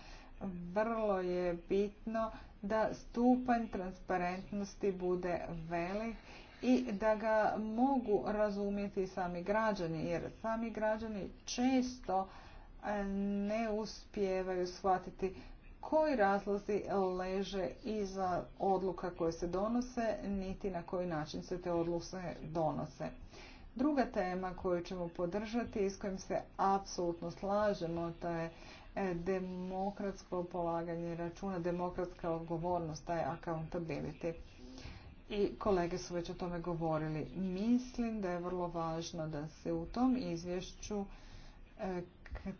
Vrlo je bitno da stupanj transparentnosti bude velik i da ga mogu razumjeti sami građani, jer sami građani često ne uspijevaju shvatiti koji razlozi leže iza odluka koje se donose, niti na koji način se te odluke donose. Druga tema koju ćemo podržati i s kojim se apsolutno slažemo, to je e, demokratsko polaganje računa, demokratska odgovornost, taj accountability. I kolege su već o tome govorili. Mislim da je vrlo važno da se u tom izvješću e,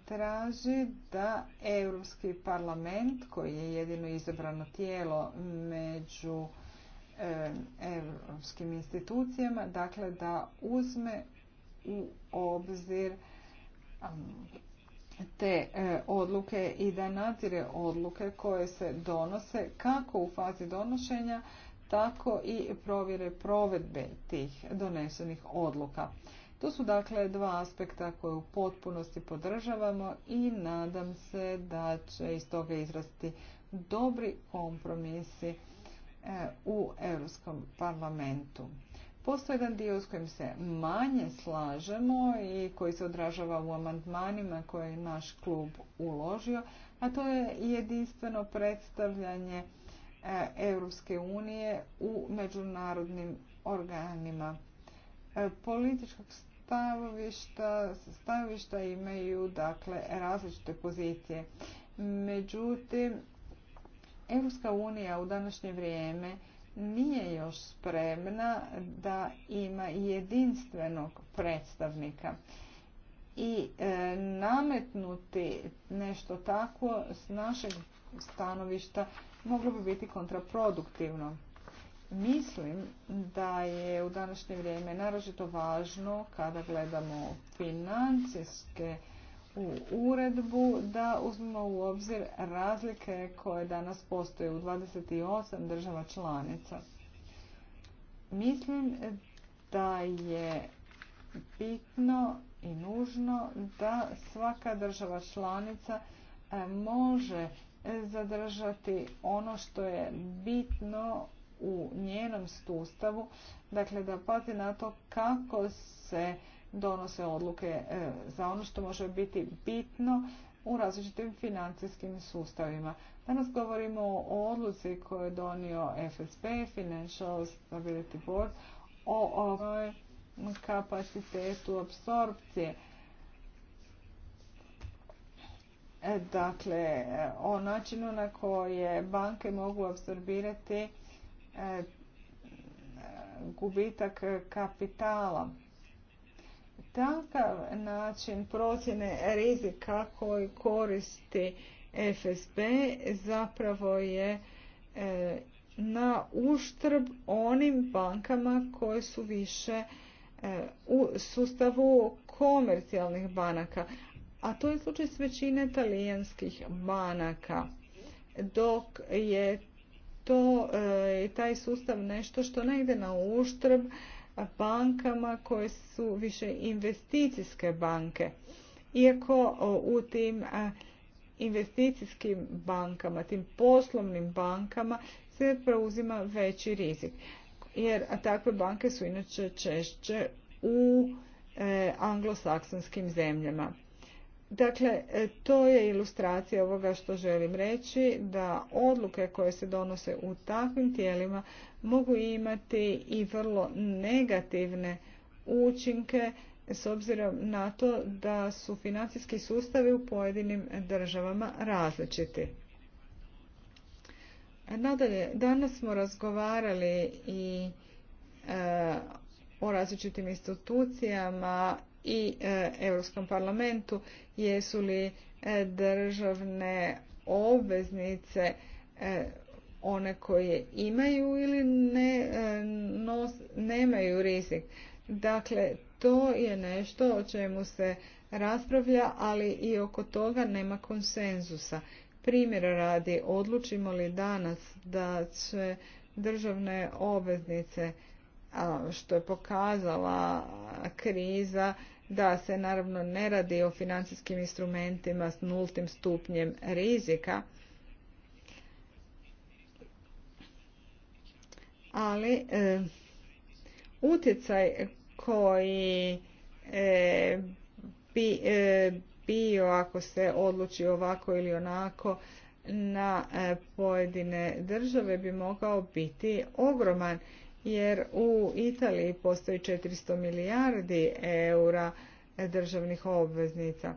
traži da Europski parlament, koji je jedino izabrano tijelo među europskim institucijama, dakle da uzme u obzir te e, odluke i da nadzire odluke koje se donose kako u fazi donošenja, tako i provjere provedbe tih donesenih odluka. To su dakle dva aspekta koje u potpunosti podržavamo i nadam se da će iz toga izrasti dobri kompromisi e, u Europskom parlamentu. Postoji jedan dio s kojim se manje slažemo i koji se odražava u amandmanima koje je naš klub uložio, a to je jedinstveno predstavljanje e, Europske unije u međunarodnim organima. E, političkog stajališta, imaju dakle različite pozicije. Međutim, Europska unija u današnje vrijeme nije još spremna da ima jedinstvenog predstavnika i e, nametnuti nešto tako s našeg stanovišta moglo bi biti kontraproduktivno. Mislim da je u današnje vrijeme naročito važno kada gledamo financijske u uredbu da uzmemo u obzir razlike koje danas postoje u 28 država članica. Mislim da je bitno i nužno da svaka država članica e, može zadržati ono što je bitno u njenom sustavu, dakle da pazi na to kako se donose odluke e, za ono što može biti bitno u različitim financijskim sustavima. Danas govorimo o odluci koju je donio FSB, Financial Stability Board, o, o kapacitetu apsorpcije. E, dakle, o načinu na koje banke mogu apsorbirati gubitak kapitala. Takav način procjene rizika koji koristi FSB zapravo je e, na uštrb onim bankama koje su više e, u sustavu komercijalnih banaka. A to je slučaj s većine talijanskih banaka, dok je to e, je taj sustav nešto što ne ide na uštrb bankama koje su više investicijske banke. Iako u tim e, investicijskim bankama, tim poslovnim bankama se preuzima veći rizik. Jer takve banke su inače češće u e, anglosaksonskim zemljama. Dakle, e, to je ilustracija ovoga što želim reći, da odluke koje se donose u takvim tijelima mogu imati i vrlo negativne učinke s obzirom na to da su financijski sustavi u pojedinim državama različiti. Nadalje, danas smo razgovarali i e, o različitim institucijama i e, Europskom parlamentu jesu li e, državne obveznice e, one koje imaju ili ne, nemaju rizik. Dakle, to je nešto o čemu se raspravlja, ali i oko toga nema konsenzusa. Primjera radi, odlučimo li danas da će državne obveznice, što je pokazala kriza, da se naravno ne radi o financijskim instrumentima s nultim stupnjem rizika, ali e, utjecaj koji e, bi e, bio ako se odluči ovako ili onako na pojedine države bi mogao biti ogroman jer u Italiji postoji 400 milijardi eura državnih obveznica.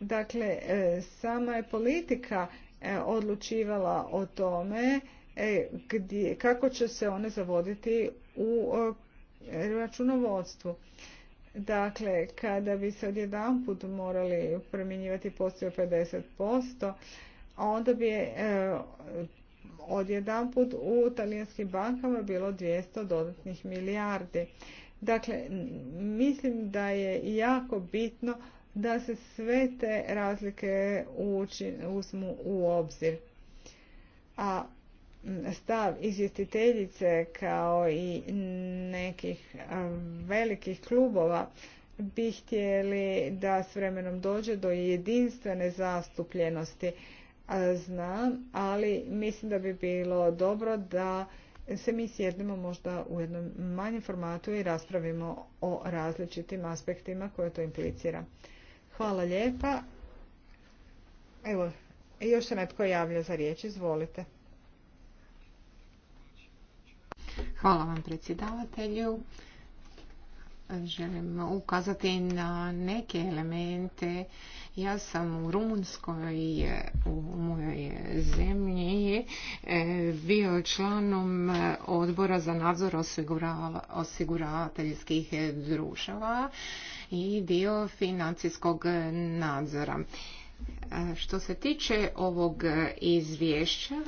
Dakle, e, sama je politika e, odlučivala o tome e, gdje, kako će se one zavoditi u računovodstvu. Dakle, kada bi se odjedanput morali promjenjivati postoje 50%, onda bi odjedanput u talijanskim bankama bilo 200 dodatnih milijardi. Dakle, mislim da je jako bitno da se sve te razlike uzmu u obzir. A stav izvjestiteljice kao i nekih velikih klubova bi htjeli da s vremenom dođe do jedinstvene zastupljenosti znam, ali mislim da bi bilo dobro da se mi sjednemo možda u jednom manjem formatu i raspravimo o različitim aspektima koje to implicira. Hvala lijepa. Evo, još se netko javlja za riječ, izvolite. Hvala vam predsjedavatelju želim ukazati na neke elemente. Ja sam u Rumunskoj, e, u mojoj zemlji, e, bio članom e, odbora za nadzor osiguravateljskih društava i dio financijskog nadzora. Što se tiče ovog e, izvješća, e,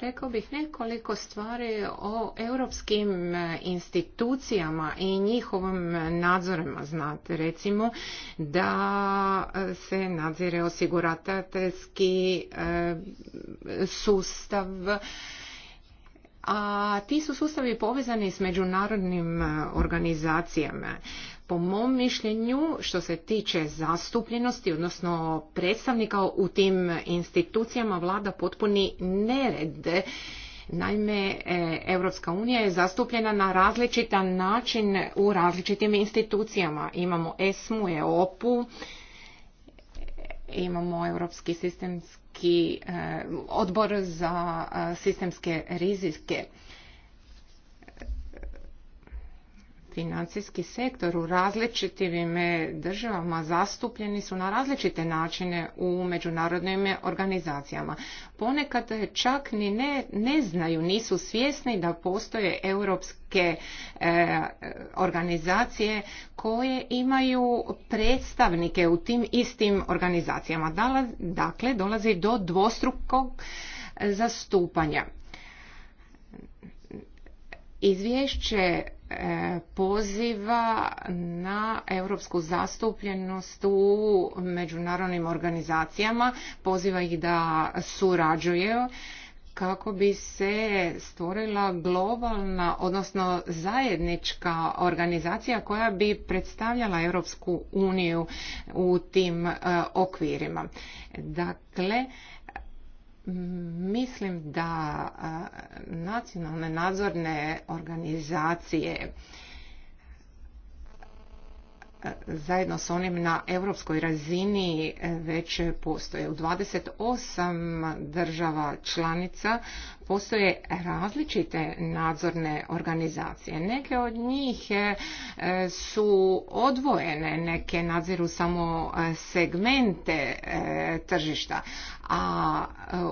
rekao bih nekoliko stvari o europskim e, institucijama i njihovim nadzorima. Znate, recimo, da se nadzire osiguratateljski sustav, a ti su sustavi povezani s međunarodnim organizacijama po mom mišljenju što se tiče zastupljenosti, odnosno predstavnika u tim institucijama vlada potpuni nered. Naime, e, Europska unija je zastupljena na različitan način u različitim institucijama. Imamo ESMU, EOPU, imamo Europski sistemski e, odbor za e, sistemske rizike. financijski sektor u različitim e, državama zastupljeni su na različite načine u međunarodnim e, organizacijama. Ponekad e, čak ni ne, ne znaju, nisu svjesni da postoje europske organizacije koje imaju predstavnike u tim istim organizacijama. Dakle, dolazi do dvostrukog zastupanja izvješće poziva na europsku zastupljenost u međunarodnim organizacijama, poziva ih da surađuju kako bi se stvorila globalna, odnosno zajednička organizacija koja bi predstavljala Europsku uniju u tim e, okvirima. Dakle, Mislim da nacionalne nadzorne organizacije zajedno s onim na europskoj razini e, već postoje. U 28 država članica postoje različite nadzorne organizacije. Neke od njih e, su odvojene, neke nadziru samo e, segmente tržišta, a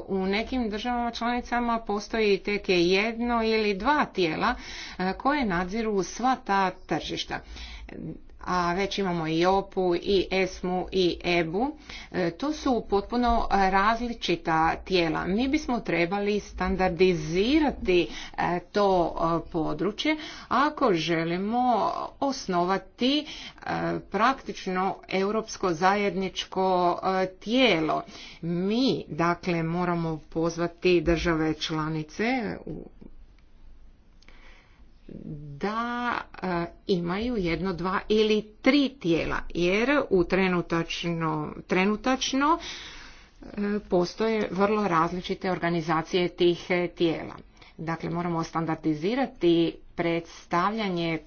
u nekim državama članicama postoji tek jedno ili dva tijela koje nadziru sva ta tržišta a već imamo i OPU i ESMU i EBU. E, to su potpuno različita tijela. Mi bismo trebali standardizirati e, to e, područje ako želimo osnovati praktično europsko zajedničko tijelo. Mi dakle moramo pozvati države članice u da e, imaju jedno, dva ili tri tijela, jer u trenutačno, trenutačno e, postoje vrlo različite organizacije tih e, tijela. Dakle, moramo standardizirati predstavljanje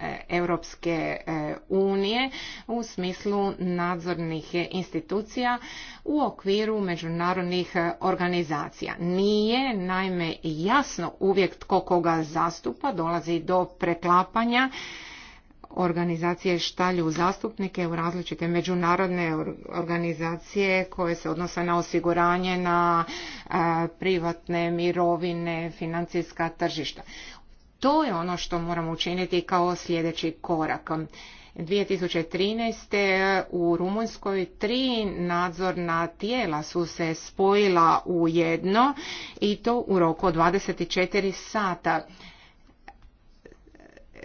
Eh, Europske eh, unije u smislu nadzornih institucija u okviru međunarodnih eh, organizacija. Nije naime jasno uvijek tko koga zastupa, dolazi do preklapanja organizacije štalju zastupnike u različite međunarodne organizacije koje se odnose na osiguranje na privatne mirovine, financijska tržišta. To je ono što moramo učiniti kao sljedeći korak. 2013. u Rumunjskoj tri nadzorna tijela su se spojila u jedno i to u roku od 24 sata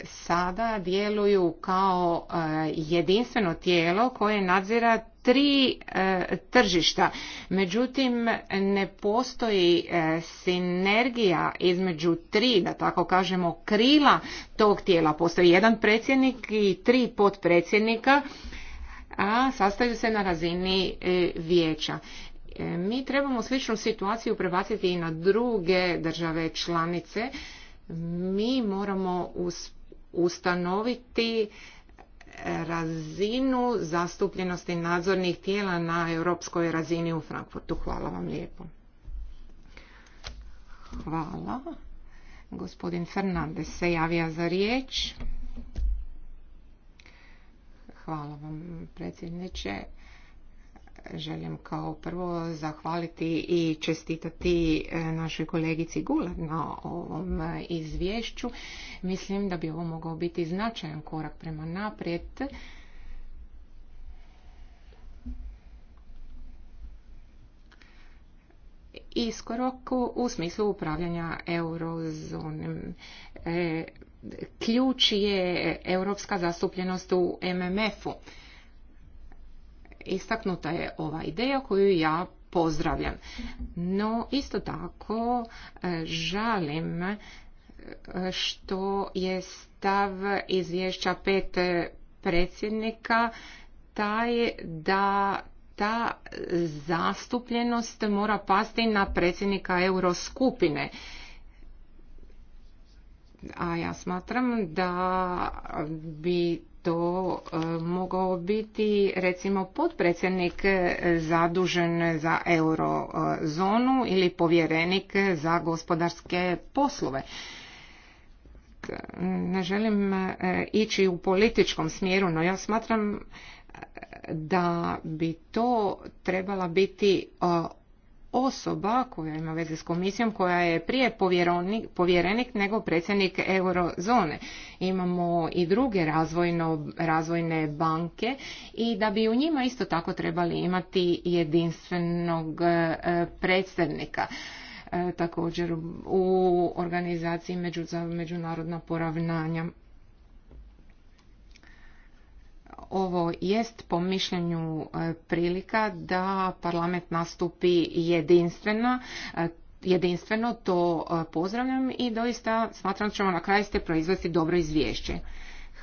sada djeluju kao e, jedinstveno tijelo koje nadzira tri e, tržišta. Međutim, ne postoji e, sinergija između tri, da tako kažemo, krila tog tijela. Postoji jedan predsjednik i tri potpredsjednika, a sastaju se na razini e, vijeća. Mi trebamo sličnu situaciju prebaciti i na druge države članice. Mi moramo ustanoviti razinu zastupljenosti nadzornih tijela na europskoj razini u Frankfurtu. Hvala vam lijepo. Hvala. Gospodin Fernandez se javija za riječ. Hvala vam predsjedniče želim kao prvo zahvaliti i čestitati e, našoj kolegici Gular na ovom e, izvješću. Mislim da bi ovo mogao biti značajan korak prema naprijed. iskorak u smislu upravljanja eurozonom. E, ključ je europska zastupljenost u MMF-u istaknuta je ova ideja koju ja pozdravljam. No isto tako e, žalim e, što je stav izvješća pet predsjednika taj da ta zastupljenost mora pasti na predsjednika euroskupine. A ja smatram da bi to e, mogao biti recimo potpredsjednik e, zadužen za eurozonu ili povjerenik za gospodarske poslove ne želim e, ići u političkom smjeru, no ja smatram da bi to trebala biti osoba koja ima veze s komisijom koja je prije povjerenik nego predsjednik eurozone. Imamo i druge razvojno, razvojne banke i da bi u njima isto tako trebali imati jedinstvenog e, predstavnika e, također u organizaciji za međunarodna poravnanja ovo jest po mišljenju e, prilika da parlament nastupi jedinstveno, e, jedinstveno to e, pozdravljam i doista smatram ćemo na kraju ste proizvesti dobro izvješće.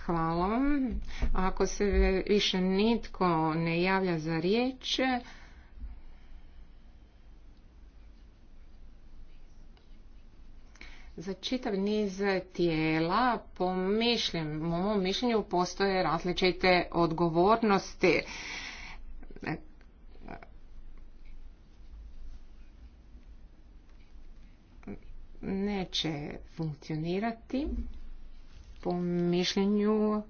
Hvala vam. Ako se više nitko ne javlja za riječ, Za čitav niz tijela, po mišljenju, mom mišljenju, postoje različite odgovornosti. Neće funkcionirati po mišljenju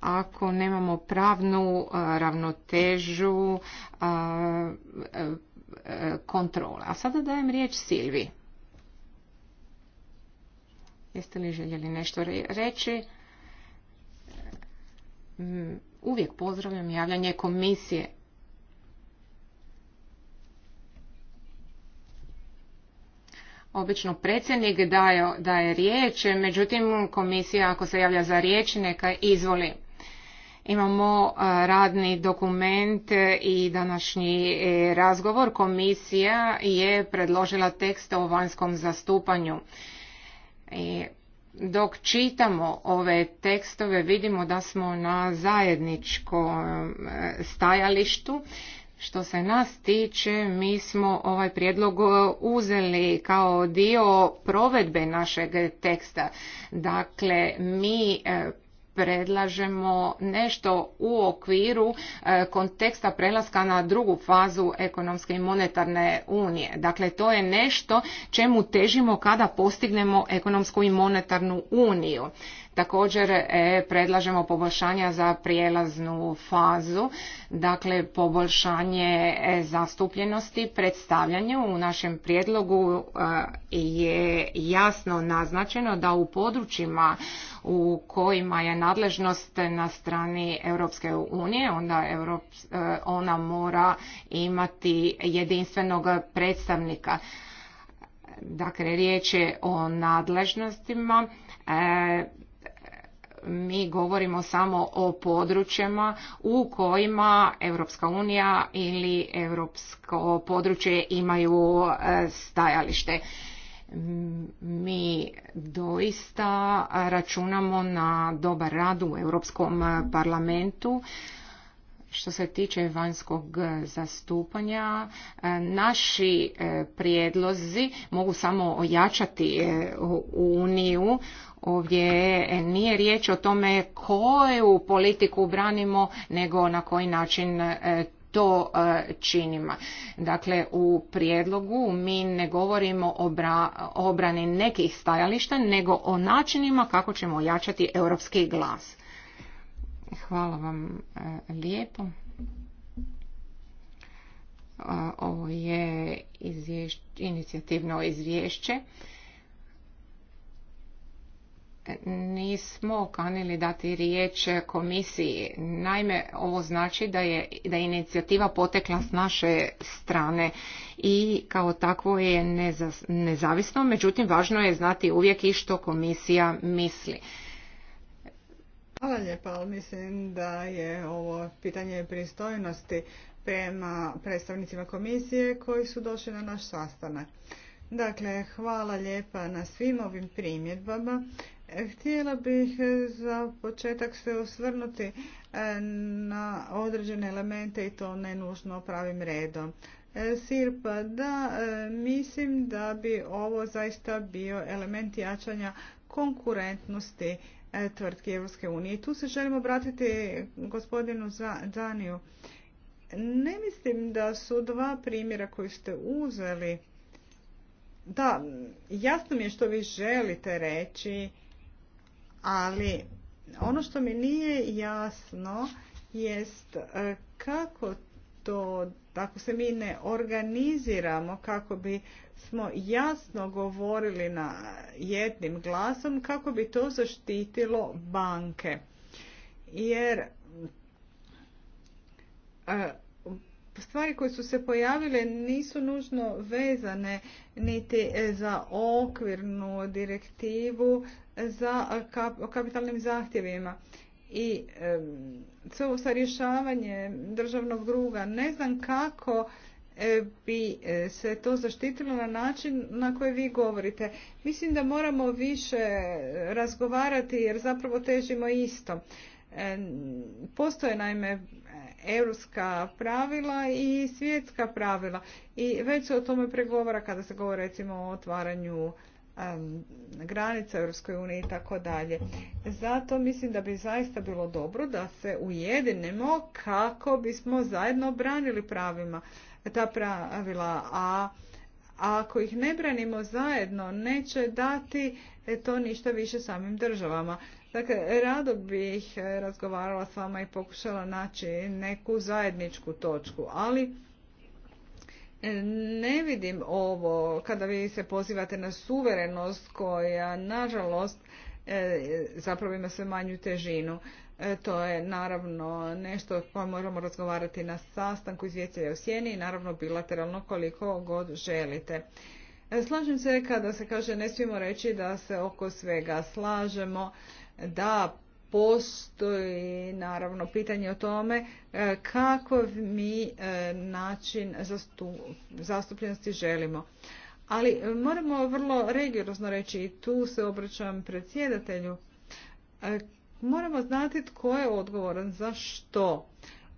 ako nemamo pravnu ravnotežu kontrole. A sada dajem riječ Silvi. Jeste li željeli nešto reći? Mm, uvijek pozdravljam javljanje komisije. Obično predsjednik daje, riječ, međutim komisija ako se javlja za riječ neka izvoli. Imamo radni dokument i današnji e, razgovor. Komisija je predložila tekst o vanjskom zastupanju. I dok čitamo ove tekstove vidimo da smo na zajedničkom eh, stajalištu. Što se nas tiče, mi smo ovaj prijedlog eh, uzeli kao dio provedbe našeg teksta. Dakle, mi eh, predlažemo nešto u okviru e, konteksta prelaska na drugu fazu ekonomske i monetarne unije. Dakle, to je nešto čemu težimo kada postignemo ekonomsku i monetarnu uniju. Također e, predlažemo poboljšanja za prijelaznu fazu, dakle poboljšanje e, zastupljenosti predstavljanju. U našem prijedlogu e, je jasno naznačeno da u područjima u kojima je nadležnost na strani Europske unije, onda ona mora imati jedinstvenog predstavnika. Dakle, riječ je o nadležnostima mi govorimo samo o područjima u kojima Europska unija ili europsko područje imaju e, stajalište. Mi doista računamo na dobar rad u Europskom parlamentu što se tiče vanjskog e, zastupanja, e, naši e, prijedlozi mogu samo ojačati Uniju. Ovdje nije riječ o tome koju politiku branimo, nego na koji način to činimo. Dakle, u prijedlogu mi ne govorimo o obrani nekih stajališta, nego o načinima kako ćemo ojačati europski glas. Hvala vam e, lijepo. Ovo je inicijativno izvješće. Nismo kanili dati riječ komisiji. Naime, ovo znači da je, inicijativa potekla s naše strane i kao takvo je nezavisno, međutim važno je znati uvijek i što komisija misli. Hvala lijepa, ali mislim da je ovo pitanje pristojnosti prema predstavnicima komisije koji su došli na naš sastanak. Dakle, hvala lijepa na svim ovim primjedbama. Htjela bih za početak se osvrnuti e, na određene elemente i to ne nužno pravim redom. E, Sirpa, da, e, mislim da bi ovo zaista bio element jačanja konkurentnosti E, tvrtki Europske unije. Tu se želim obratiti gospodinu Daniju. Ne mislim da su dva primjera koji ste uzeli. Da, jasno mi je što vi želite reći, ali ono što mi nije jasno jest e, kako to tako se mi ne organiziramo kako bi smo jasno govorili na jednim glasom, kako bi to zaštitilo banke. Jer e, stvari koje su se pojavile nisu nužno vezane niti za okvirnu direktivu za kapitalnim zahtjevima i e, sa rješavanje državnog druga. Ne znam kako e, bi e, se to zaštitilo na način na koji vi govorite. Mislim da moramo više razgovarati jer zapravo težimo isto. E, postoje naime europska pravila i svjetska pravila i već se o tome pregovara kada se govori recimo o otvaranju granica EU i tako dalje. Zato mislim da bi zaista bilo dobro da se ujedinimo kako bismo zajedno branili pravima ta pravila, a ako ih ne branimo zajedno neće dati e, to ništa više samim državama. Dakle, rado bih e, razgovarala s vama i pokušala naći neku zajedničku točku, ali ne vidim ovo kada vi se pozivate na suverenost koja nažalost e, zapravo ima sve manju težinu. E, to je naravno nešto o pa moramo razgovarati na sastanku izvjestitelja u sjeni i naravno bilateralno koliko god želite. E, slažem se kada se kaže ne smijemo reći da se oko svega slažemo, da postoji naravno pitanje o tome e, kako mi e, način zastupljenosti želimo. Ali moramo vrlo regiozno reći i tu se obraćam predsjedatelju. E, moramo znati tko je odgovoran za što.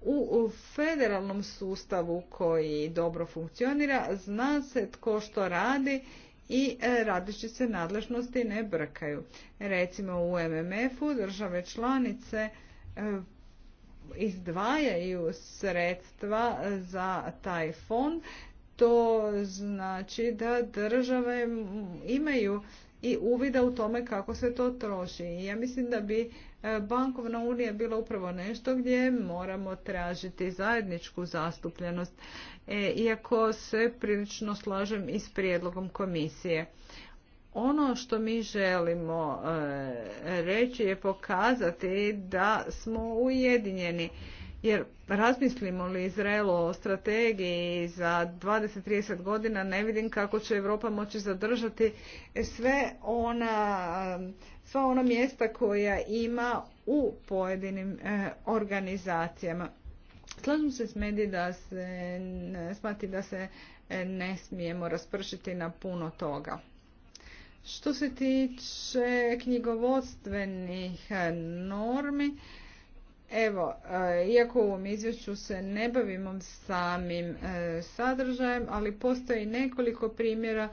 U federalnom sustavu koji dobro funkcionira zna se tko što radi i e, se nadležnosti ne brkaju. Recimo u MMF-u države članice e, izdvajaju sredstva za taj fond. To znači da države imaju i uvida u tome kako se to troši. Ja mislim da bi E, bankovna unija je bila upravo nešto gdje moramo tražiti zajedničku zastupljenost, e, iako se prilično slažem i s prijedlogom komisije. Ono što mi želimo e, reći je pokazati da smo ujedinjeni. Jer razmislimo li Izraelu o strategiji za 20-30 godina, ne vidim kako će Europa moći zadržati sve ona sva ona mjesta koja ima u pojedinim e, organizacijama. Slažem se s medi da se smati da se e, ne smijemo raspršiti na puno toga. Što se tiče knjigovodstvenih e, normi, Evo, iako u ovom izvješću se ne bavimo samim sadržajem, ali postoji nekoliko primjera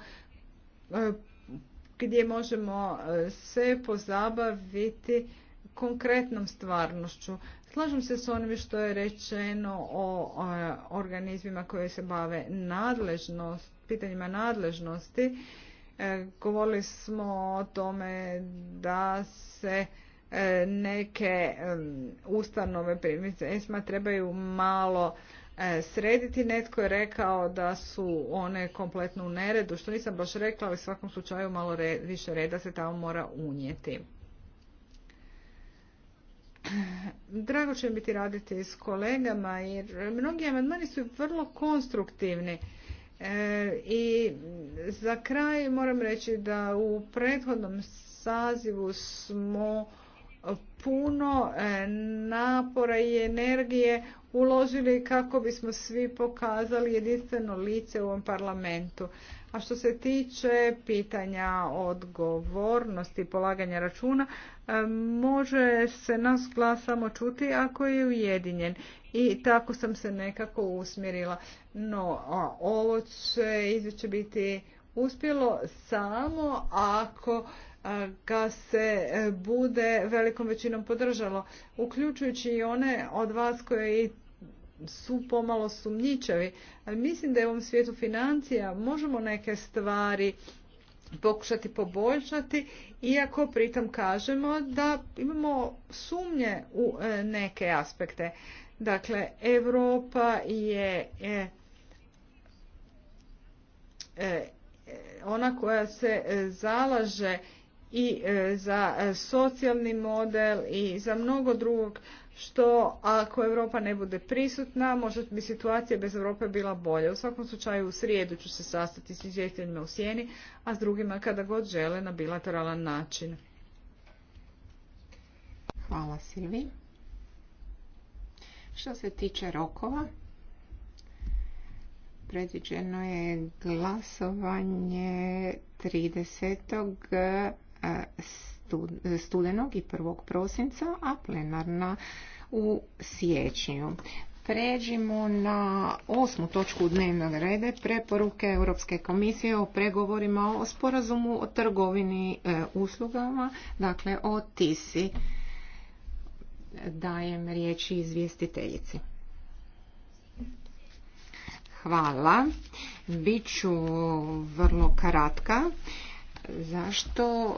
gdje možemo e, se pozabaviti konkretnom stvarnošću. Slažem se s onim što je rečeno o e, organizmima koji se bave nadležnost, pitanjima nadležnosti. E, govorili smo o tome da se neke ustanove primice trebaju malo E, srediti. Netko je rekao da su one kompletno u neredu, što nisam baš rekla, ali u svakom slučaju malo više reda se tamo mora unijeti. Drago će biti raditi s kolegama jer mnogi amandmani su vrlo konstruktivni. E, I za kraj moram reći da u prethodnom sazivu smo puno e, napora i energije uložili kako bismo svi pokazali jedinstveno lice u ovom parlamentu. A što se tiče pitanja odgovornosti i polaganja računa, može se nas glas samo čuti ako je ujedinjen. I tako sam se nekako usmjerila. No, ovo će izvješće biti uspjelo samo ako ga se e, bude velikom većinom podržalo, uključujući i one od vas koji su pomalo sumnjičevi. ali mislim da je u ovom svijetu financija možemo neke stvari pokušati poboljšati, iako pritom kažemo da imamo sumnje u e, neke aspekte. Dakle, Europa je e, e, ona koja se zalaže i za socijalni model i za mnogo drugog, što ako Europa ne bude prisutna, možda bi situacija bez Europe bila bolja. U svakom slučaju u srijedu ću se sastati s izvjestiteljima u sjeni, a s drugima kada god žele na bilateralan način. Hvala Silvi. Što se tiče rokova, predviđeno je glasovanje 30 studenog i 1. prosinca, a plenarna u siječnju. Pređimo na osmu točku dnevnog reda, preporuke Europske komisije o pregovorima o sporazumu o trgovini e, uslugama, dakle o TISI. Dajem riječi izvjestiteljici. Hvala. Biću vrlo kratka. Zašto?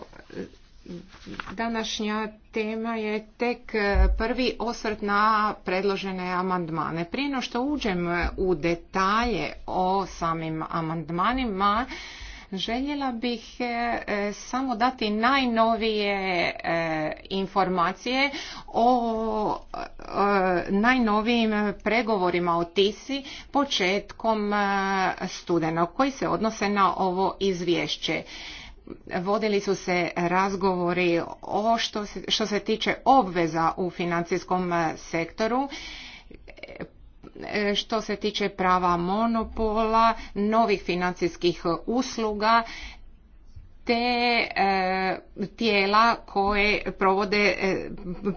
Današnja tema je tek e, prvi osvrt na predložene amandmane. Prije no što uđem u detalje o samim amandmanima, željela bih e, e, samo dati najnovije informacije o najnovijim pregovorima o TISI početkom studenog koji se odnose na ovo izvješće vodili su se razgovori o što se, što se tiče obveza u financijskom e, sektoru e, što se tiče prava monopola, novih financijskih usluga, te e, tijela koje provode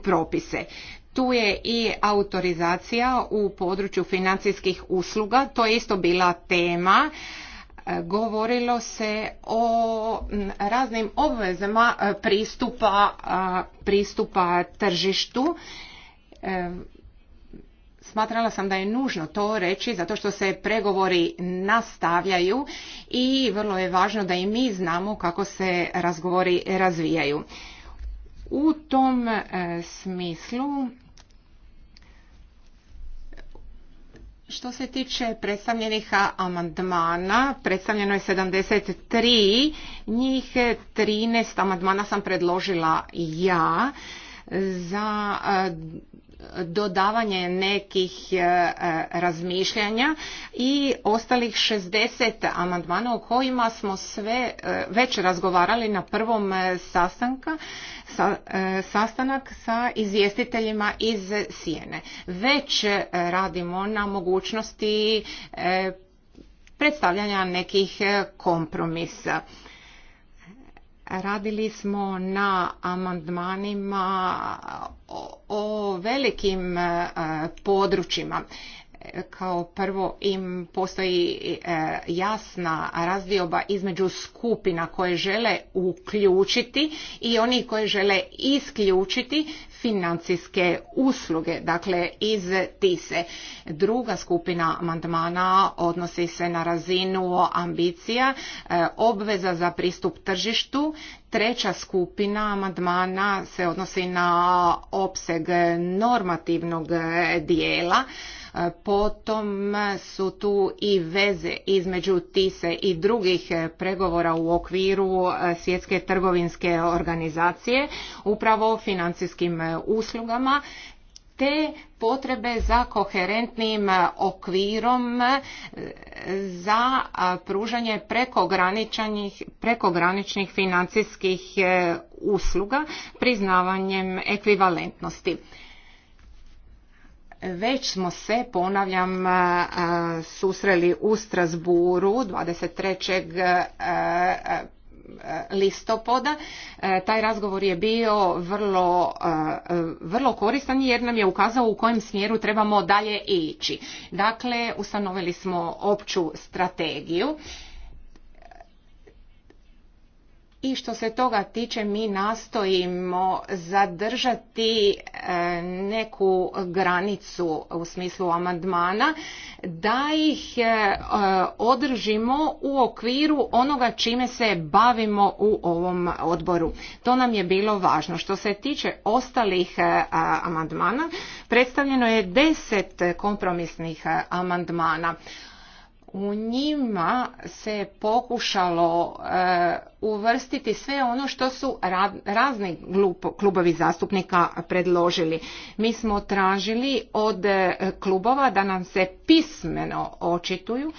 propise. Tu je i autorizacija u području financijskih usluga, to je isto bila tema govorilo se o raznim obvezama e, pristupa, pristupa tržištu. E, smatrala sam da je nužno to reći zato što se pregovori nastavljaju i vrlo je važno da i mi znamo kako se razgovori razvijaju. U tom e, smislu Što se tiče predstavljenih amandmana, predstavljeno je 73, njih 13 amandmana sam predložila ja za dodavanje nekih e, e, razmišljanja i ostalih 60 amandmana o kojima smo sve e, već razgovarali na prvom sastanka, sastanak sa izvjestiteljima iz Sijene. Već radimo na mogućnosti predstavljanja nekih kompromisa. Radili smo na amandmanima o velikim e, područjima kao prvo im postoji e, jasna razdioba između skupina koje žele uključiti i oni koje žele isključiti financijske usluge, dakle iz TISE. Druga skupina amandmana odnosi se na razinu ambicija, e, obveza za pristup tržištu. Treća skupina amandmana se odnosi na opseg normativnog dijela. Potom su tu i veze između TISE i drugih e, pregovora u okviru e, svjetske trgovinske organizacije, upravo o financijskim e, uslugama te potrebe za koherentnim okvirom za pružanje prekograničnih financijskih usluga priznavanjem ekvivalentnosti. Već smo se, ponavljam, susreli u Strasburu 23 listopada. E, taj razgovor je bio vrlo, vrlo koristan jer nam je ukazao u kojem smjeru trebamo dalje ići. Dakle, ustanovili smo opću strategiju i što se toga tiče mi nastojimo zadržati e, neku granicu u smislu amandmana da ih e, e, održimo u okviru onoga čime se bavimo u ovom odboru. To nam je bilo važno. Što se tiče ostalih amandmana, predstavljeno je deset kompromisnih amandmana u njima se pokušalo e, uvrstiti sve ono što su razni klubovi zastupnika predložili. Mi smo tražili od e, klubova da nam se pismeno očituju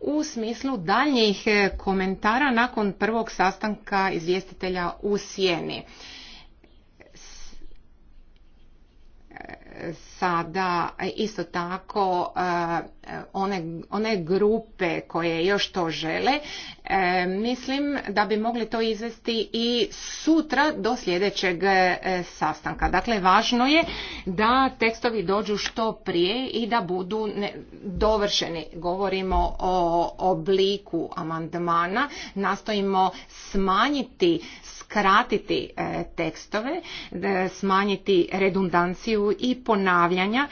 u smislu daljnjih e, komentara nakon prvog sastanka izvjestitelja u Sjeni. sada isto tako e, one, one grupe koje još to žele e, mislim da bi mogli to izvesti i sutra do sljedećeg e, sastanka dakle važno je da tekstovi dođu što prije i da budu dovršeni govorimo o obliku amandmana nastojimo smanjiti skratiti e, tekstove, e, smanjiti redundanciju i ponavljanja,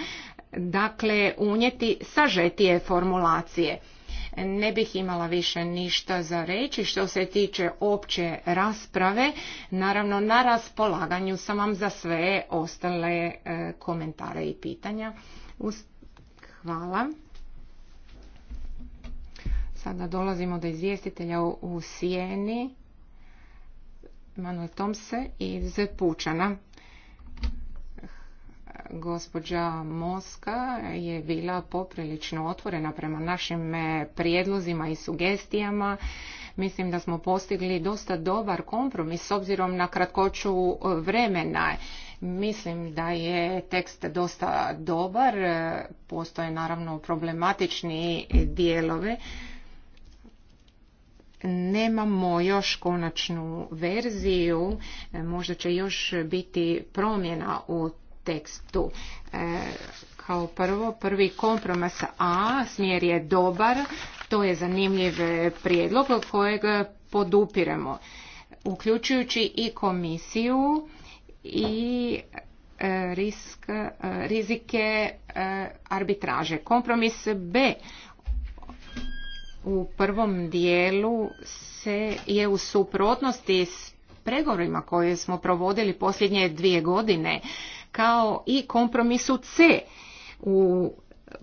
dakle unijeti sažetije formulacije. Ne bih imala više ništa za reći što se tiče opće rasprave. Naravno, na raspolaganju sam vam za sve ostale e, komentare i pitanja. Hvala. Sada dolazimo do izvjestitelja u Sijeni. Manuel Tomse i Pučana. Gospođa Moska je bila poprilično otvorena prema našim eh, prijedlozima i sugestijama. Mislim da smo postigli dosta dobar kompromis s obzirom na kratkoću eh, vremena. Mislim da je tekst dosta dobar, eh, postoje naravno problematični dijelove nemamo još konačnu verziju, e, možda će još biti promjena u tekstu. E, kao prvo, prvi kompromis A, smjer je dobar, to je zanimljiv prijedlog kojeg podupiremo, uključujući i komisiju i e, rizike arbitraže. Kompromis B u prvom dijelu se je u suprotnosti s pregovorima koje smo provodili posljednje dvije godine kao i kompromisu C. U,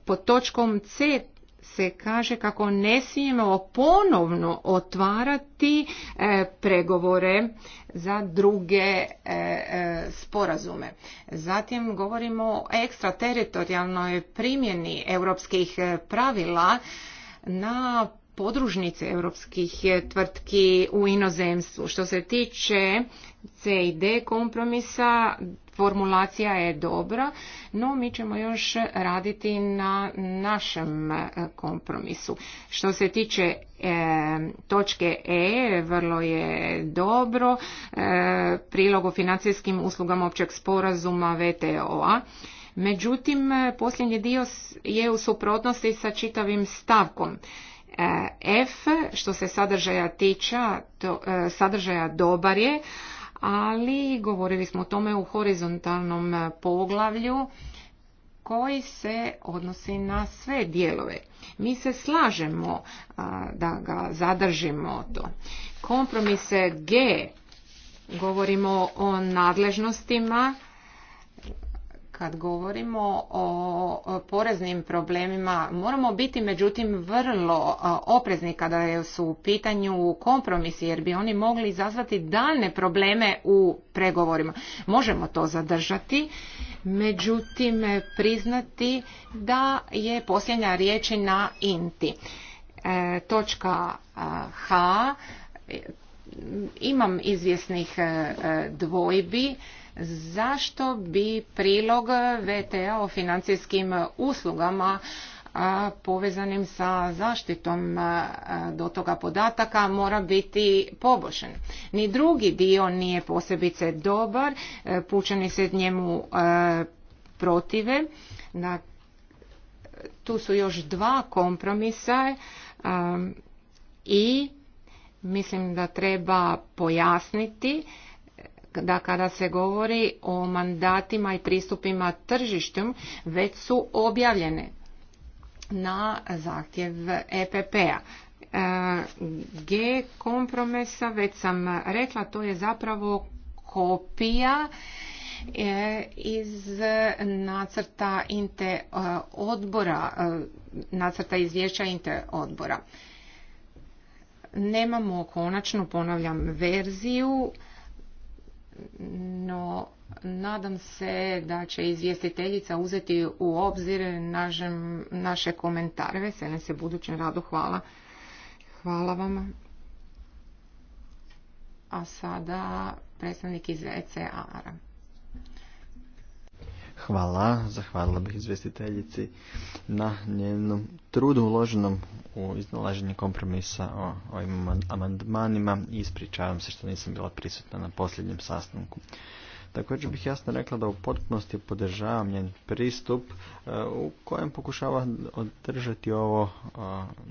pod točkom C se kaže kako ne smijemo ponovno otvarati e, pregovore za druge e, e, sporazume. Zatim govorimo o ekstrateritorijalnoj primjeni europskih pravila na podružnice europskih tvrtki u inozemstvu. Što se tiče C i D kompromisa, formulacija je dobra, no mi ćemo još raditi na našem e, kompromisu. Što se tiče e, točke E, vrlo je dobro, e, prilog o financijskim uslugama općeg sporazuma VTO-a, Međutim, e, posljednji dio je u suprotnosti sa čitavim stavkom. E, F, što se sadržaja tiče, e, sadržaja dobar je, ali govorili smo o tome u horizontalnom poglavlju koji se odnosi na sve dijelove. Mi se slažemo da ga zadržimo to. Kompromise G, govorimo o nadležnostima, kad govorimo o poreznim problemima, moramo biti međutim vrlo oprezni kada su u pitanju kompromisi, jer bi oni mogli izazvati daljne probleme u pregovorima. Možemo to zadržati, međutim priznati da je posljednja riječ na inti. E, točka H, imam izvjesnih e, dvojbi, zašto bi prilog VTA e o financijskim uslugama povezanim sa zaštitom do toga podataka mora biti poboljšan. Ni drugi dio nije posebice dobar, e, pučani se njemu e, protive. Tu su još dva kompromisa i mislim da treba pojasniti da kada se govori o mandatima i pristupima tržištem već su objavljene na zahtjev EPP-a. E, G kompromesa već sam rekla, to je zapravo kopija e, iz nacrta inte e, odbora, nacrta izvješća inte odbora. Nemamo konačnu, ponavljam, verziju no nadam se da će izvjestiteljica uzeti u obzir naše komentare. Veselim se budućem radu. Hvala. Hvala vam. A sada predstavnik iz ECA-a. Hvala, zahvalila bih izvjestiteljici na njenom trudu uloženom u iznalaženje kompromisa o ovim amandmanima i ispričavam se što nisam bila prisutna na posljednjem sastanku. Također bih jasno rekla da u potpunosti podržavam njen pristup e, u kojem pokušava održati ovo e,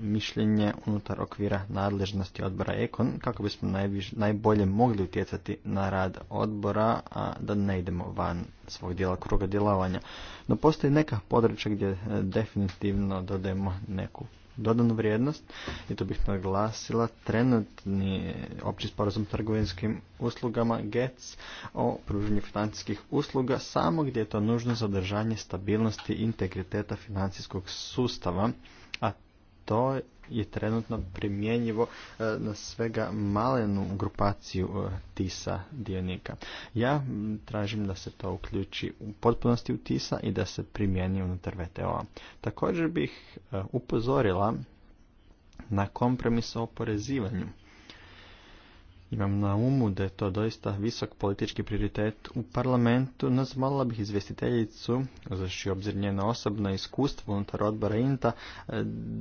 mišljenje unutar okvira nadležnosti odbora Ekon kako bismo najbolje mogli utjecati na rad odbora, a da ne idemo van svog dijela kruga djelovanja. No postoji neka područja gdje e, definitivno dodajemo neku dodanu vrijednost i to bih naglasila trenutni opći sporazum trgovinskim uslugama GETS o pružanju financijskih usluga samo gdje je to nužno za održanje stabilnosti i integriteta financijskog sustava to je trenutno primjenjivo e, na svega malenu grupaciju e, tisa dionika. Ja tražim da se to uključi u potpunosti u tisa i da se primjeni unutar VTO-a. Također bih e, upozorila na kompromis o oporezivanju imam na umu da je to doista visok politički prioritet u parlamentu, nazvala bih izvjestiteljicu, je obzir njena osobna iskustva unutar odbora INTA,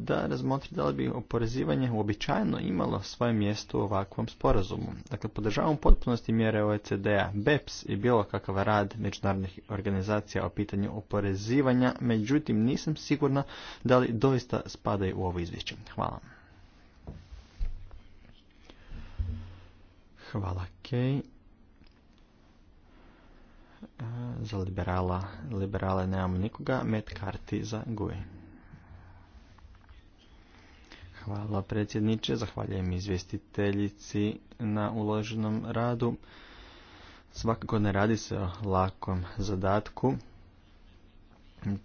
da razmotri da li bi oporezivanje uobičajeno imalo svoje mjesto u ovakvom sporazumu. Dakle, podržavam potpunosti mjere OECD-a, BEPS i bilo kakav rad međunarodnih organizacija o pitanju oporezivanja, međutim nisam sigurna da li doista spadaju u ovo izvješće. Hvala. Hvala, Kej. E, za liberala, liberale nemamo nikoga. Met karti za Guj. Hvala predsjedniče, zahvaljujem izvjestiteljici na uloženom radu. Svakako ne radi se o lakom zadatku.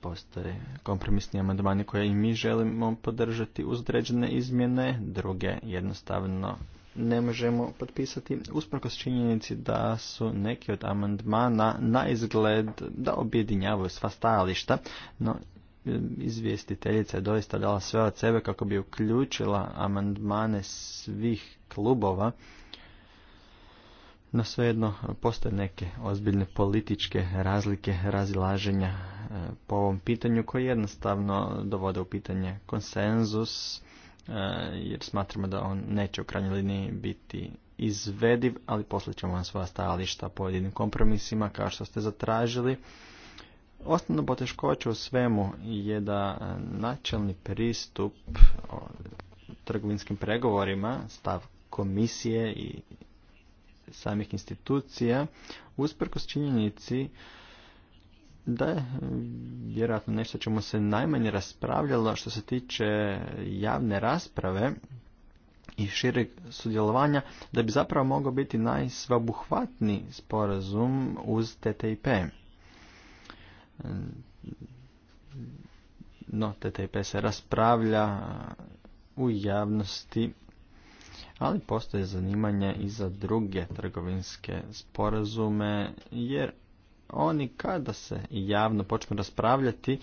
Postoje kompromisni amandmani koje i mi želimo podržati uz određene izmjene, druge jednostavno ne možemo potpisati, usprkos činjenici da su neki od amandmana na izgled da objedinjavaju sva stajališta, no izvjestiteljica je doista dala sve od sebe kako bi uključila amandmane svih klubova, no svejedno postoje neke ozbiljne političke razlike, razilaženja e, po ovom pitanju koji jednostavno dovode u pitanje konsenzus E, jer smatramo da on neće u krajnjoj liniji biti izvediv, ali poslije ćemo vam svoja stajališta pojedinim kompromisima kao što ste zatražili. Osnovna poteškoća u svemu je da e, načelni pristup o trgovinskim pregovorima, stav komisije i samih institucija, usprkos činjenici da je vjerojatno nešto čemu se najmanje raspravljalo što se tiče javne rasprave i šireg sudjelovanja, da bi zapravo mogao biti najsvabuhvatniji sporazum uz TTIP. E, no, TTIP se raspravlja u javnosti, ali postoje zanimanje i za druge trgovinske sporazume, jer oni kada se javno počnu raspravljati e,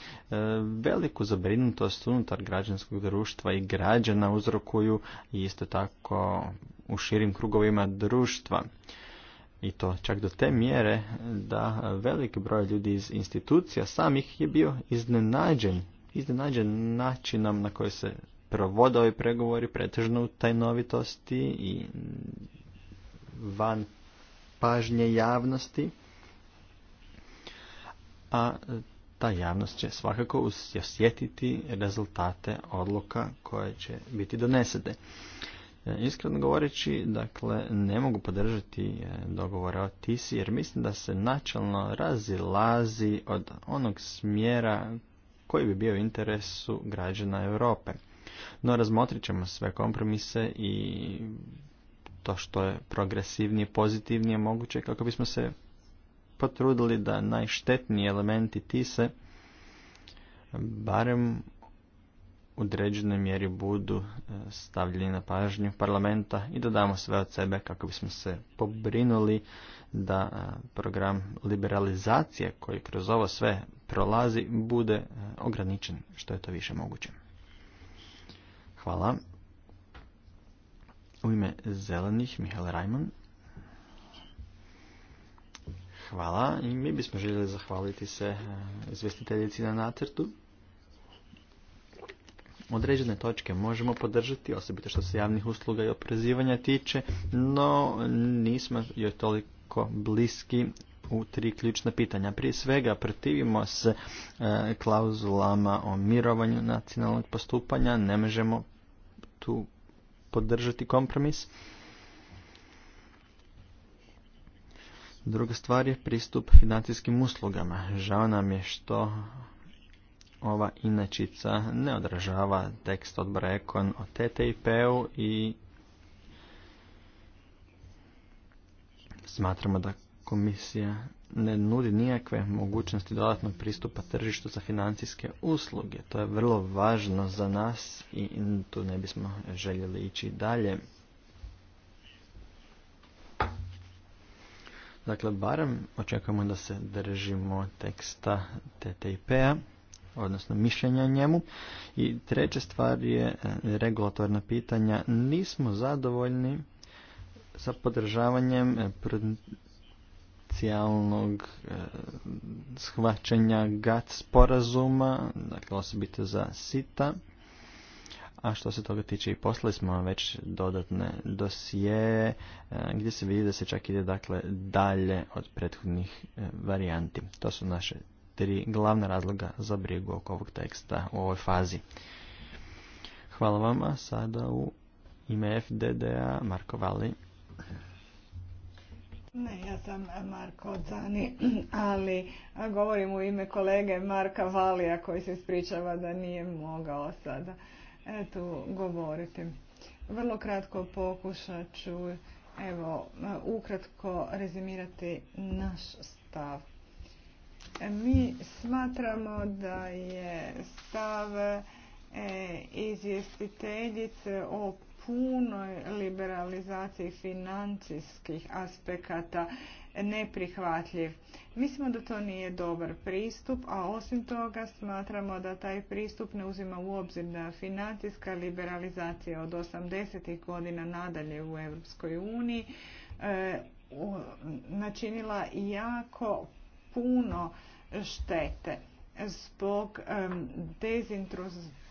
veliku zabrinutost unutar građanskog društva i građana uzrokuju i isto tako u širim krugovima društva. I to čak do te mjere da veliki broj ljudi iz institucija samih je bio iznenađen, iznenađen načinom na koji se provode ovi pregovori, pretežno u tajnovitosti i van pažnje javnosti a e, ta javnost će svakako osjetiti rezultate odluka koje će biti donesete. E, iskreno govoreći, dakle, ne mogu podržati e, dogovore o TISI jer mislim da se načalno razilazi od onog smjera koji bi bio interesu građana Europe. No razmotrit ćemo sve kompromise i to što je progresivnije, pozitivnije moguće kako bismo se potrudili da najštetniji elementi tise barem u određenoj mjeri budu e, stavljeni na pažnju parlamenta i da damo sve od sebe kako bismo se pobrinuli da e, program liberalizacije koji kroz ovo sve prolazi bude e, ograničen što je to više moguće. Hvala. U ime zelenih Mihael Rajman. Hvala i mi bismo željeli zahvaliti se e, izvestiteljici na nacrtu. Određene točke možemo podržati, osobito što se javnih usluga i oprezivanja tiče, no nismo joj toliko bliski u tri ključna pitanja. Prije svega protivimo se e, klauzulama o mirovanju nacionalnog postupanja, ne možemo tu podržati kompromis. Druga stvar je pristup financijskim uslugama. Žao nam je što ova inačica ne odražava tekst od Brekon o TTIP-u i smatramo da komisija ne nudi nijakve mogućnosti dodatnog pristupa tržištu za financijske usluge. To je vrlo važno za nas i tu ne bismo željeli ići dalje. Dakle, barem očekujemo da se držimo teksta TTIP-a, odnosno mišljenja njemu. I treća stvar je e, regulatorna pitanja. Nismo zadovoljni sa podržavanjem e, potencijalnog e, shvaćanja GATT sporazuma, dakle osobito za sita a što se toga tiče i poslali smo već dodatne dosije e, gdje se vidi da se čak ide dakle dalje od prethodnih e, varijanti. To su naše tri glavna razloga za brigu oko ovog teksta u ovoj fazi. Hvala vama. Sada u ime fdd Marko Vali. Ne, ja sam Marko Zani, ali govorim u ime kolege Marka Valija koji se ispričava da nije mogao sada tu govoriti. Vrlo kratko pokušat ću evo, ukratko rezimirati naš stav. E, mi smatramo da je stav e, izvjestiteljice o punoj liberalizaciji financijskih aspekata neprihvatljiv. Mislimo da to nije dobar pristup, a osim toga smatramo da taj pristup ne uzima u obzir da financijska liberalizacija od 80. godina nadalje u Europskoj uniji e, načinila jako puno štete zbog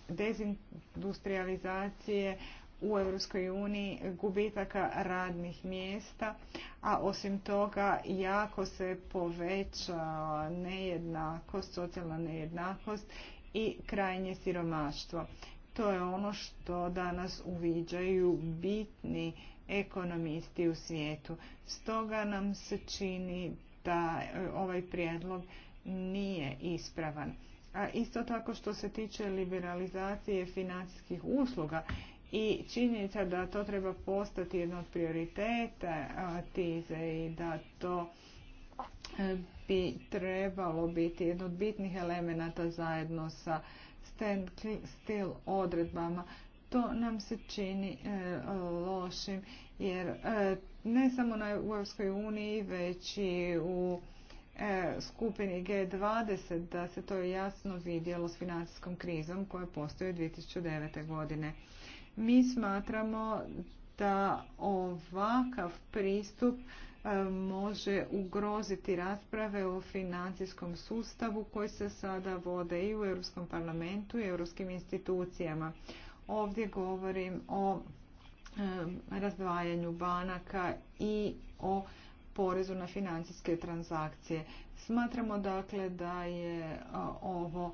dezindustrializacije u Europskoj uniji gubitaka radnih mjesta, a osim toga jako se poveća nejednakost, socijalna nejednakost i krajnje siromaštvo. To je ono što danas uviđaju bitni ekonomisti u svijetu. Stoga nam se čini da e, ovaj prijedlog nije ispravan. A isto tako što se tiče liberalizacije financijskih usluga, i činjenica da to treba postati jedna od prioriteta tize i da to e, bi trebalo biti jedan od bitnih elemenata zajedno sa stand odredbama. To nam se čini e, lošim jer e, ne samo na, u Europskoj uniji već i u skupini G20 da se to jasno vidjelo s financijskom krizom koja postoji 2009. godine. Mi smatramo da ovakav pristup e, može ugroziti rasprave o financijskom sustavu koji se sada vode i u Europskom parlamentu i europskim institucijama. Ovdje govorim o e, razdvajanju banaka i o porezu na financijske transakcije. Smatramo dakle da je e, ovo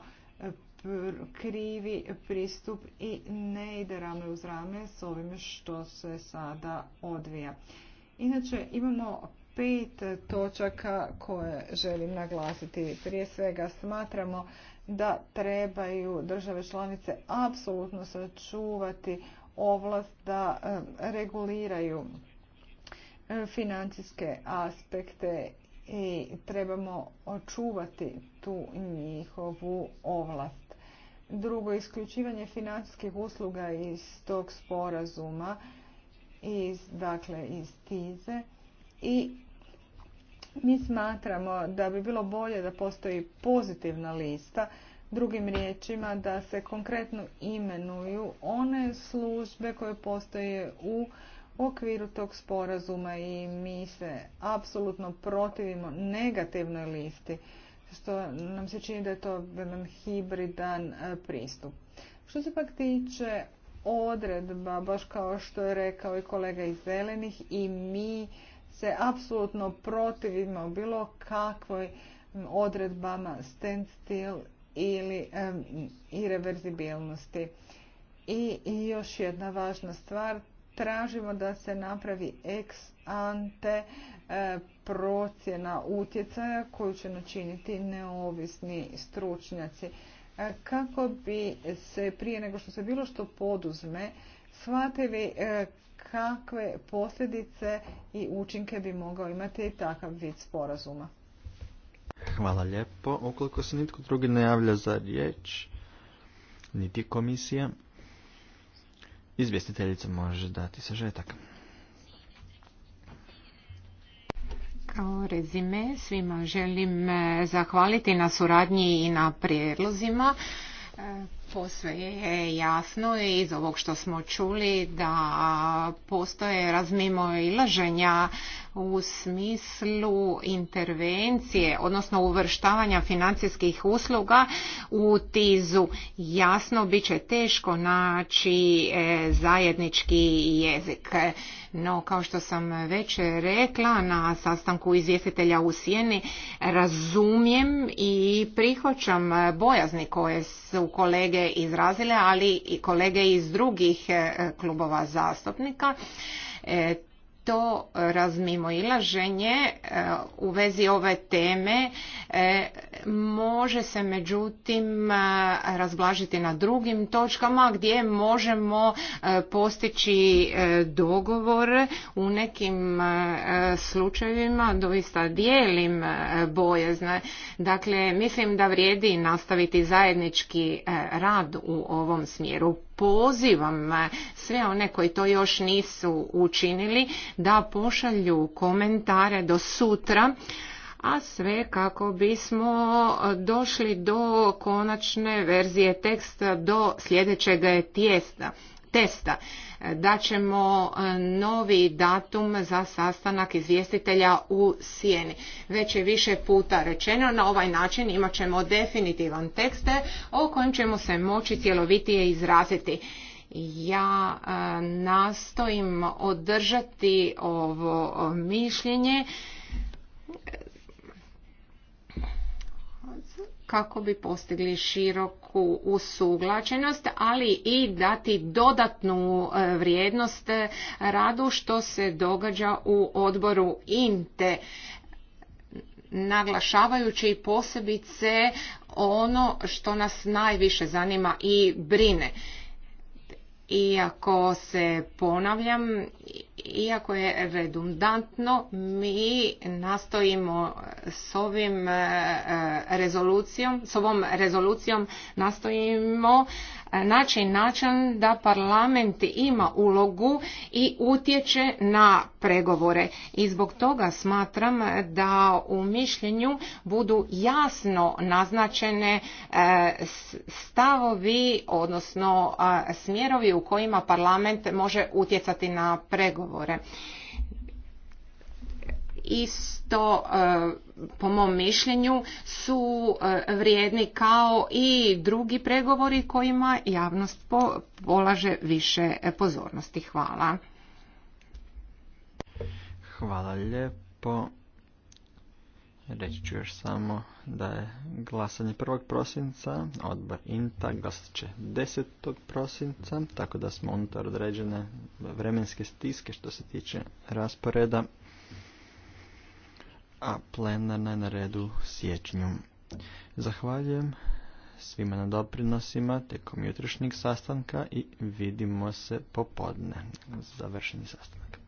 krivi pristup i ne ide rame uz rame s ovim što se sada odvija. Inače, imamo pet točaka koje želim naglasiti. Prije svega smatramo da trebaju države članice apsolutno sačuvati ovlast da eh, reguliraju eh, financijske aspekte i trebamo očuvati tu njihovu ovlast. Drugo, isključivanje financijskih usluga iz tog sporazuma, iz, dakle iz TIZE i mi smatramo da bi bilo bolje da postoji pozitivna lista, drugim riječima da se konkretno imenuju one službe koje postoje u okviru tog sporazuma i mi se apsolutno protivimo negativnoj listi što nam se čini da je to jedan hibridan e, pristup. Što se pak tiče odredba, baš kao što je rekao i kolega iz Zelenih, i mi se apsolutno protivimo bilo kakvoj odredbama standstill ili um, irreverzibilnosti. I, I još jedna važna stvar, tražimo da se napravi ex ante e, procjena utjecaja koju će načiniti neovisni stručnjaci e, kako bi se prije nego što se bilo što poduzme shvatili e, kakve posljedice i učinke bi mogao imati takav vid sporazuma. Hvala lijepo. Ukoliko se nitko drugi ne javlja za riječ, niti komisija, Izvjestiteljica može dati sažetak. Kao rezime svima želim e, zahvaliti na suradnji i na prijedlozima. E, posve je jasno iz ovog što smo čuli da postoje razmimo i laženja u smislu intervencije, odnosno uvrštavanja financijskih usluga u tizu. Jasno, bit će teško naći e, zajednički jezik. No, kao što sam već rekla na sastanku izvjestitelja u Sjeni, razumijem i prihvaćam bojazni koje su kolege izrazile, ali i kolege iz drugih e, klubova zastupnika. E, to razmimoilaženje e, u vezi ove teme e, može se međutim e, razblažiti na drugim točkama gdje možemo postići dogovor u nekim slučajevima doista dijelim bojezne. Dakle, mislim da vrijedi nastaviti zajednički rad u ovom smjeru pozivam e, sve one koji to još nisu učinili da pošalju komentare do sutra a sve kako bismo došli do konačne verzije teksta do sljedećeg tijesta, testa da ćemo e, novi datum za sastanak izvjestitelja u sjeni. Već je više puta rečeno, na ovaj način imat ćemo definitivan tekst o kojem ćemo se moći cjelovitije izraziti. Ja e, nastojim održati ovo mišljenje e, kako bi postigli širok u usuglačenost, ali i dati dodatnu e, vrijednost e, radu što se događa u odboru INTE naglašavajući posebice ono što nas najviše zanima i brine iako se ponavljam, iako je redundantno, mi nastojimo s ovim eh, eh, rezolucijom, s ovom rezolucijom nastojimo naći način da parlament ima ulogu i utječe na pregovore. I zbog toga smatram da u mišljenju budu jasno naznačene e, stavovi, odnosno smjerovi u kojima parlament može utjecati na pregovore. Isto e, po mom mišljenju su e, vrijedni kao i drugi pregovori kojima javnost polaže više e, pozornosti. Hvala. Hvala lijepo. Reći ću još samo da je glasanje 1. prosinca, odbor INTA glasat će 10. prosinca, tako da smo unutar određene vremenske stiske što se tiče rasporeda a plenarna je na redu siječnju. Zahvaljujem svima na doprinosima tijekom jutrišnjeg sastanka i vidimo se popodne. Završeni sastanak.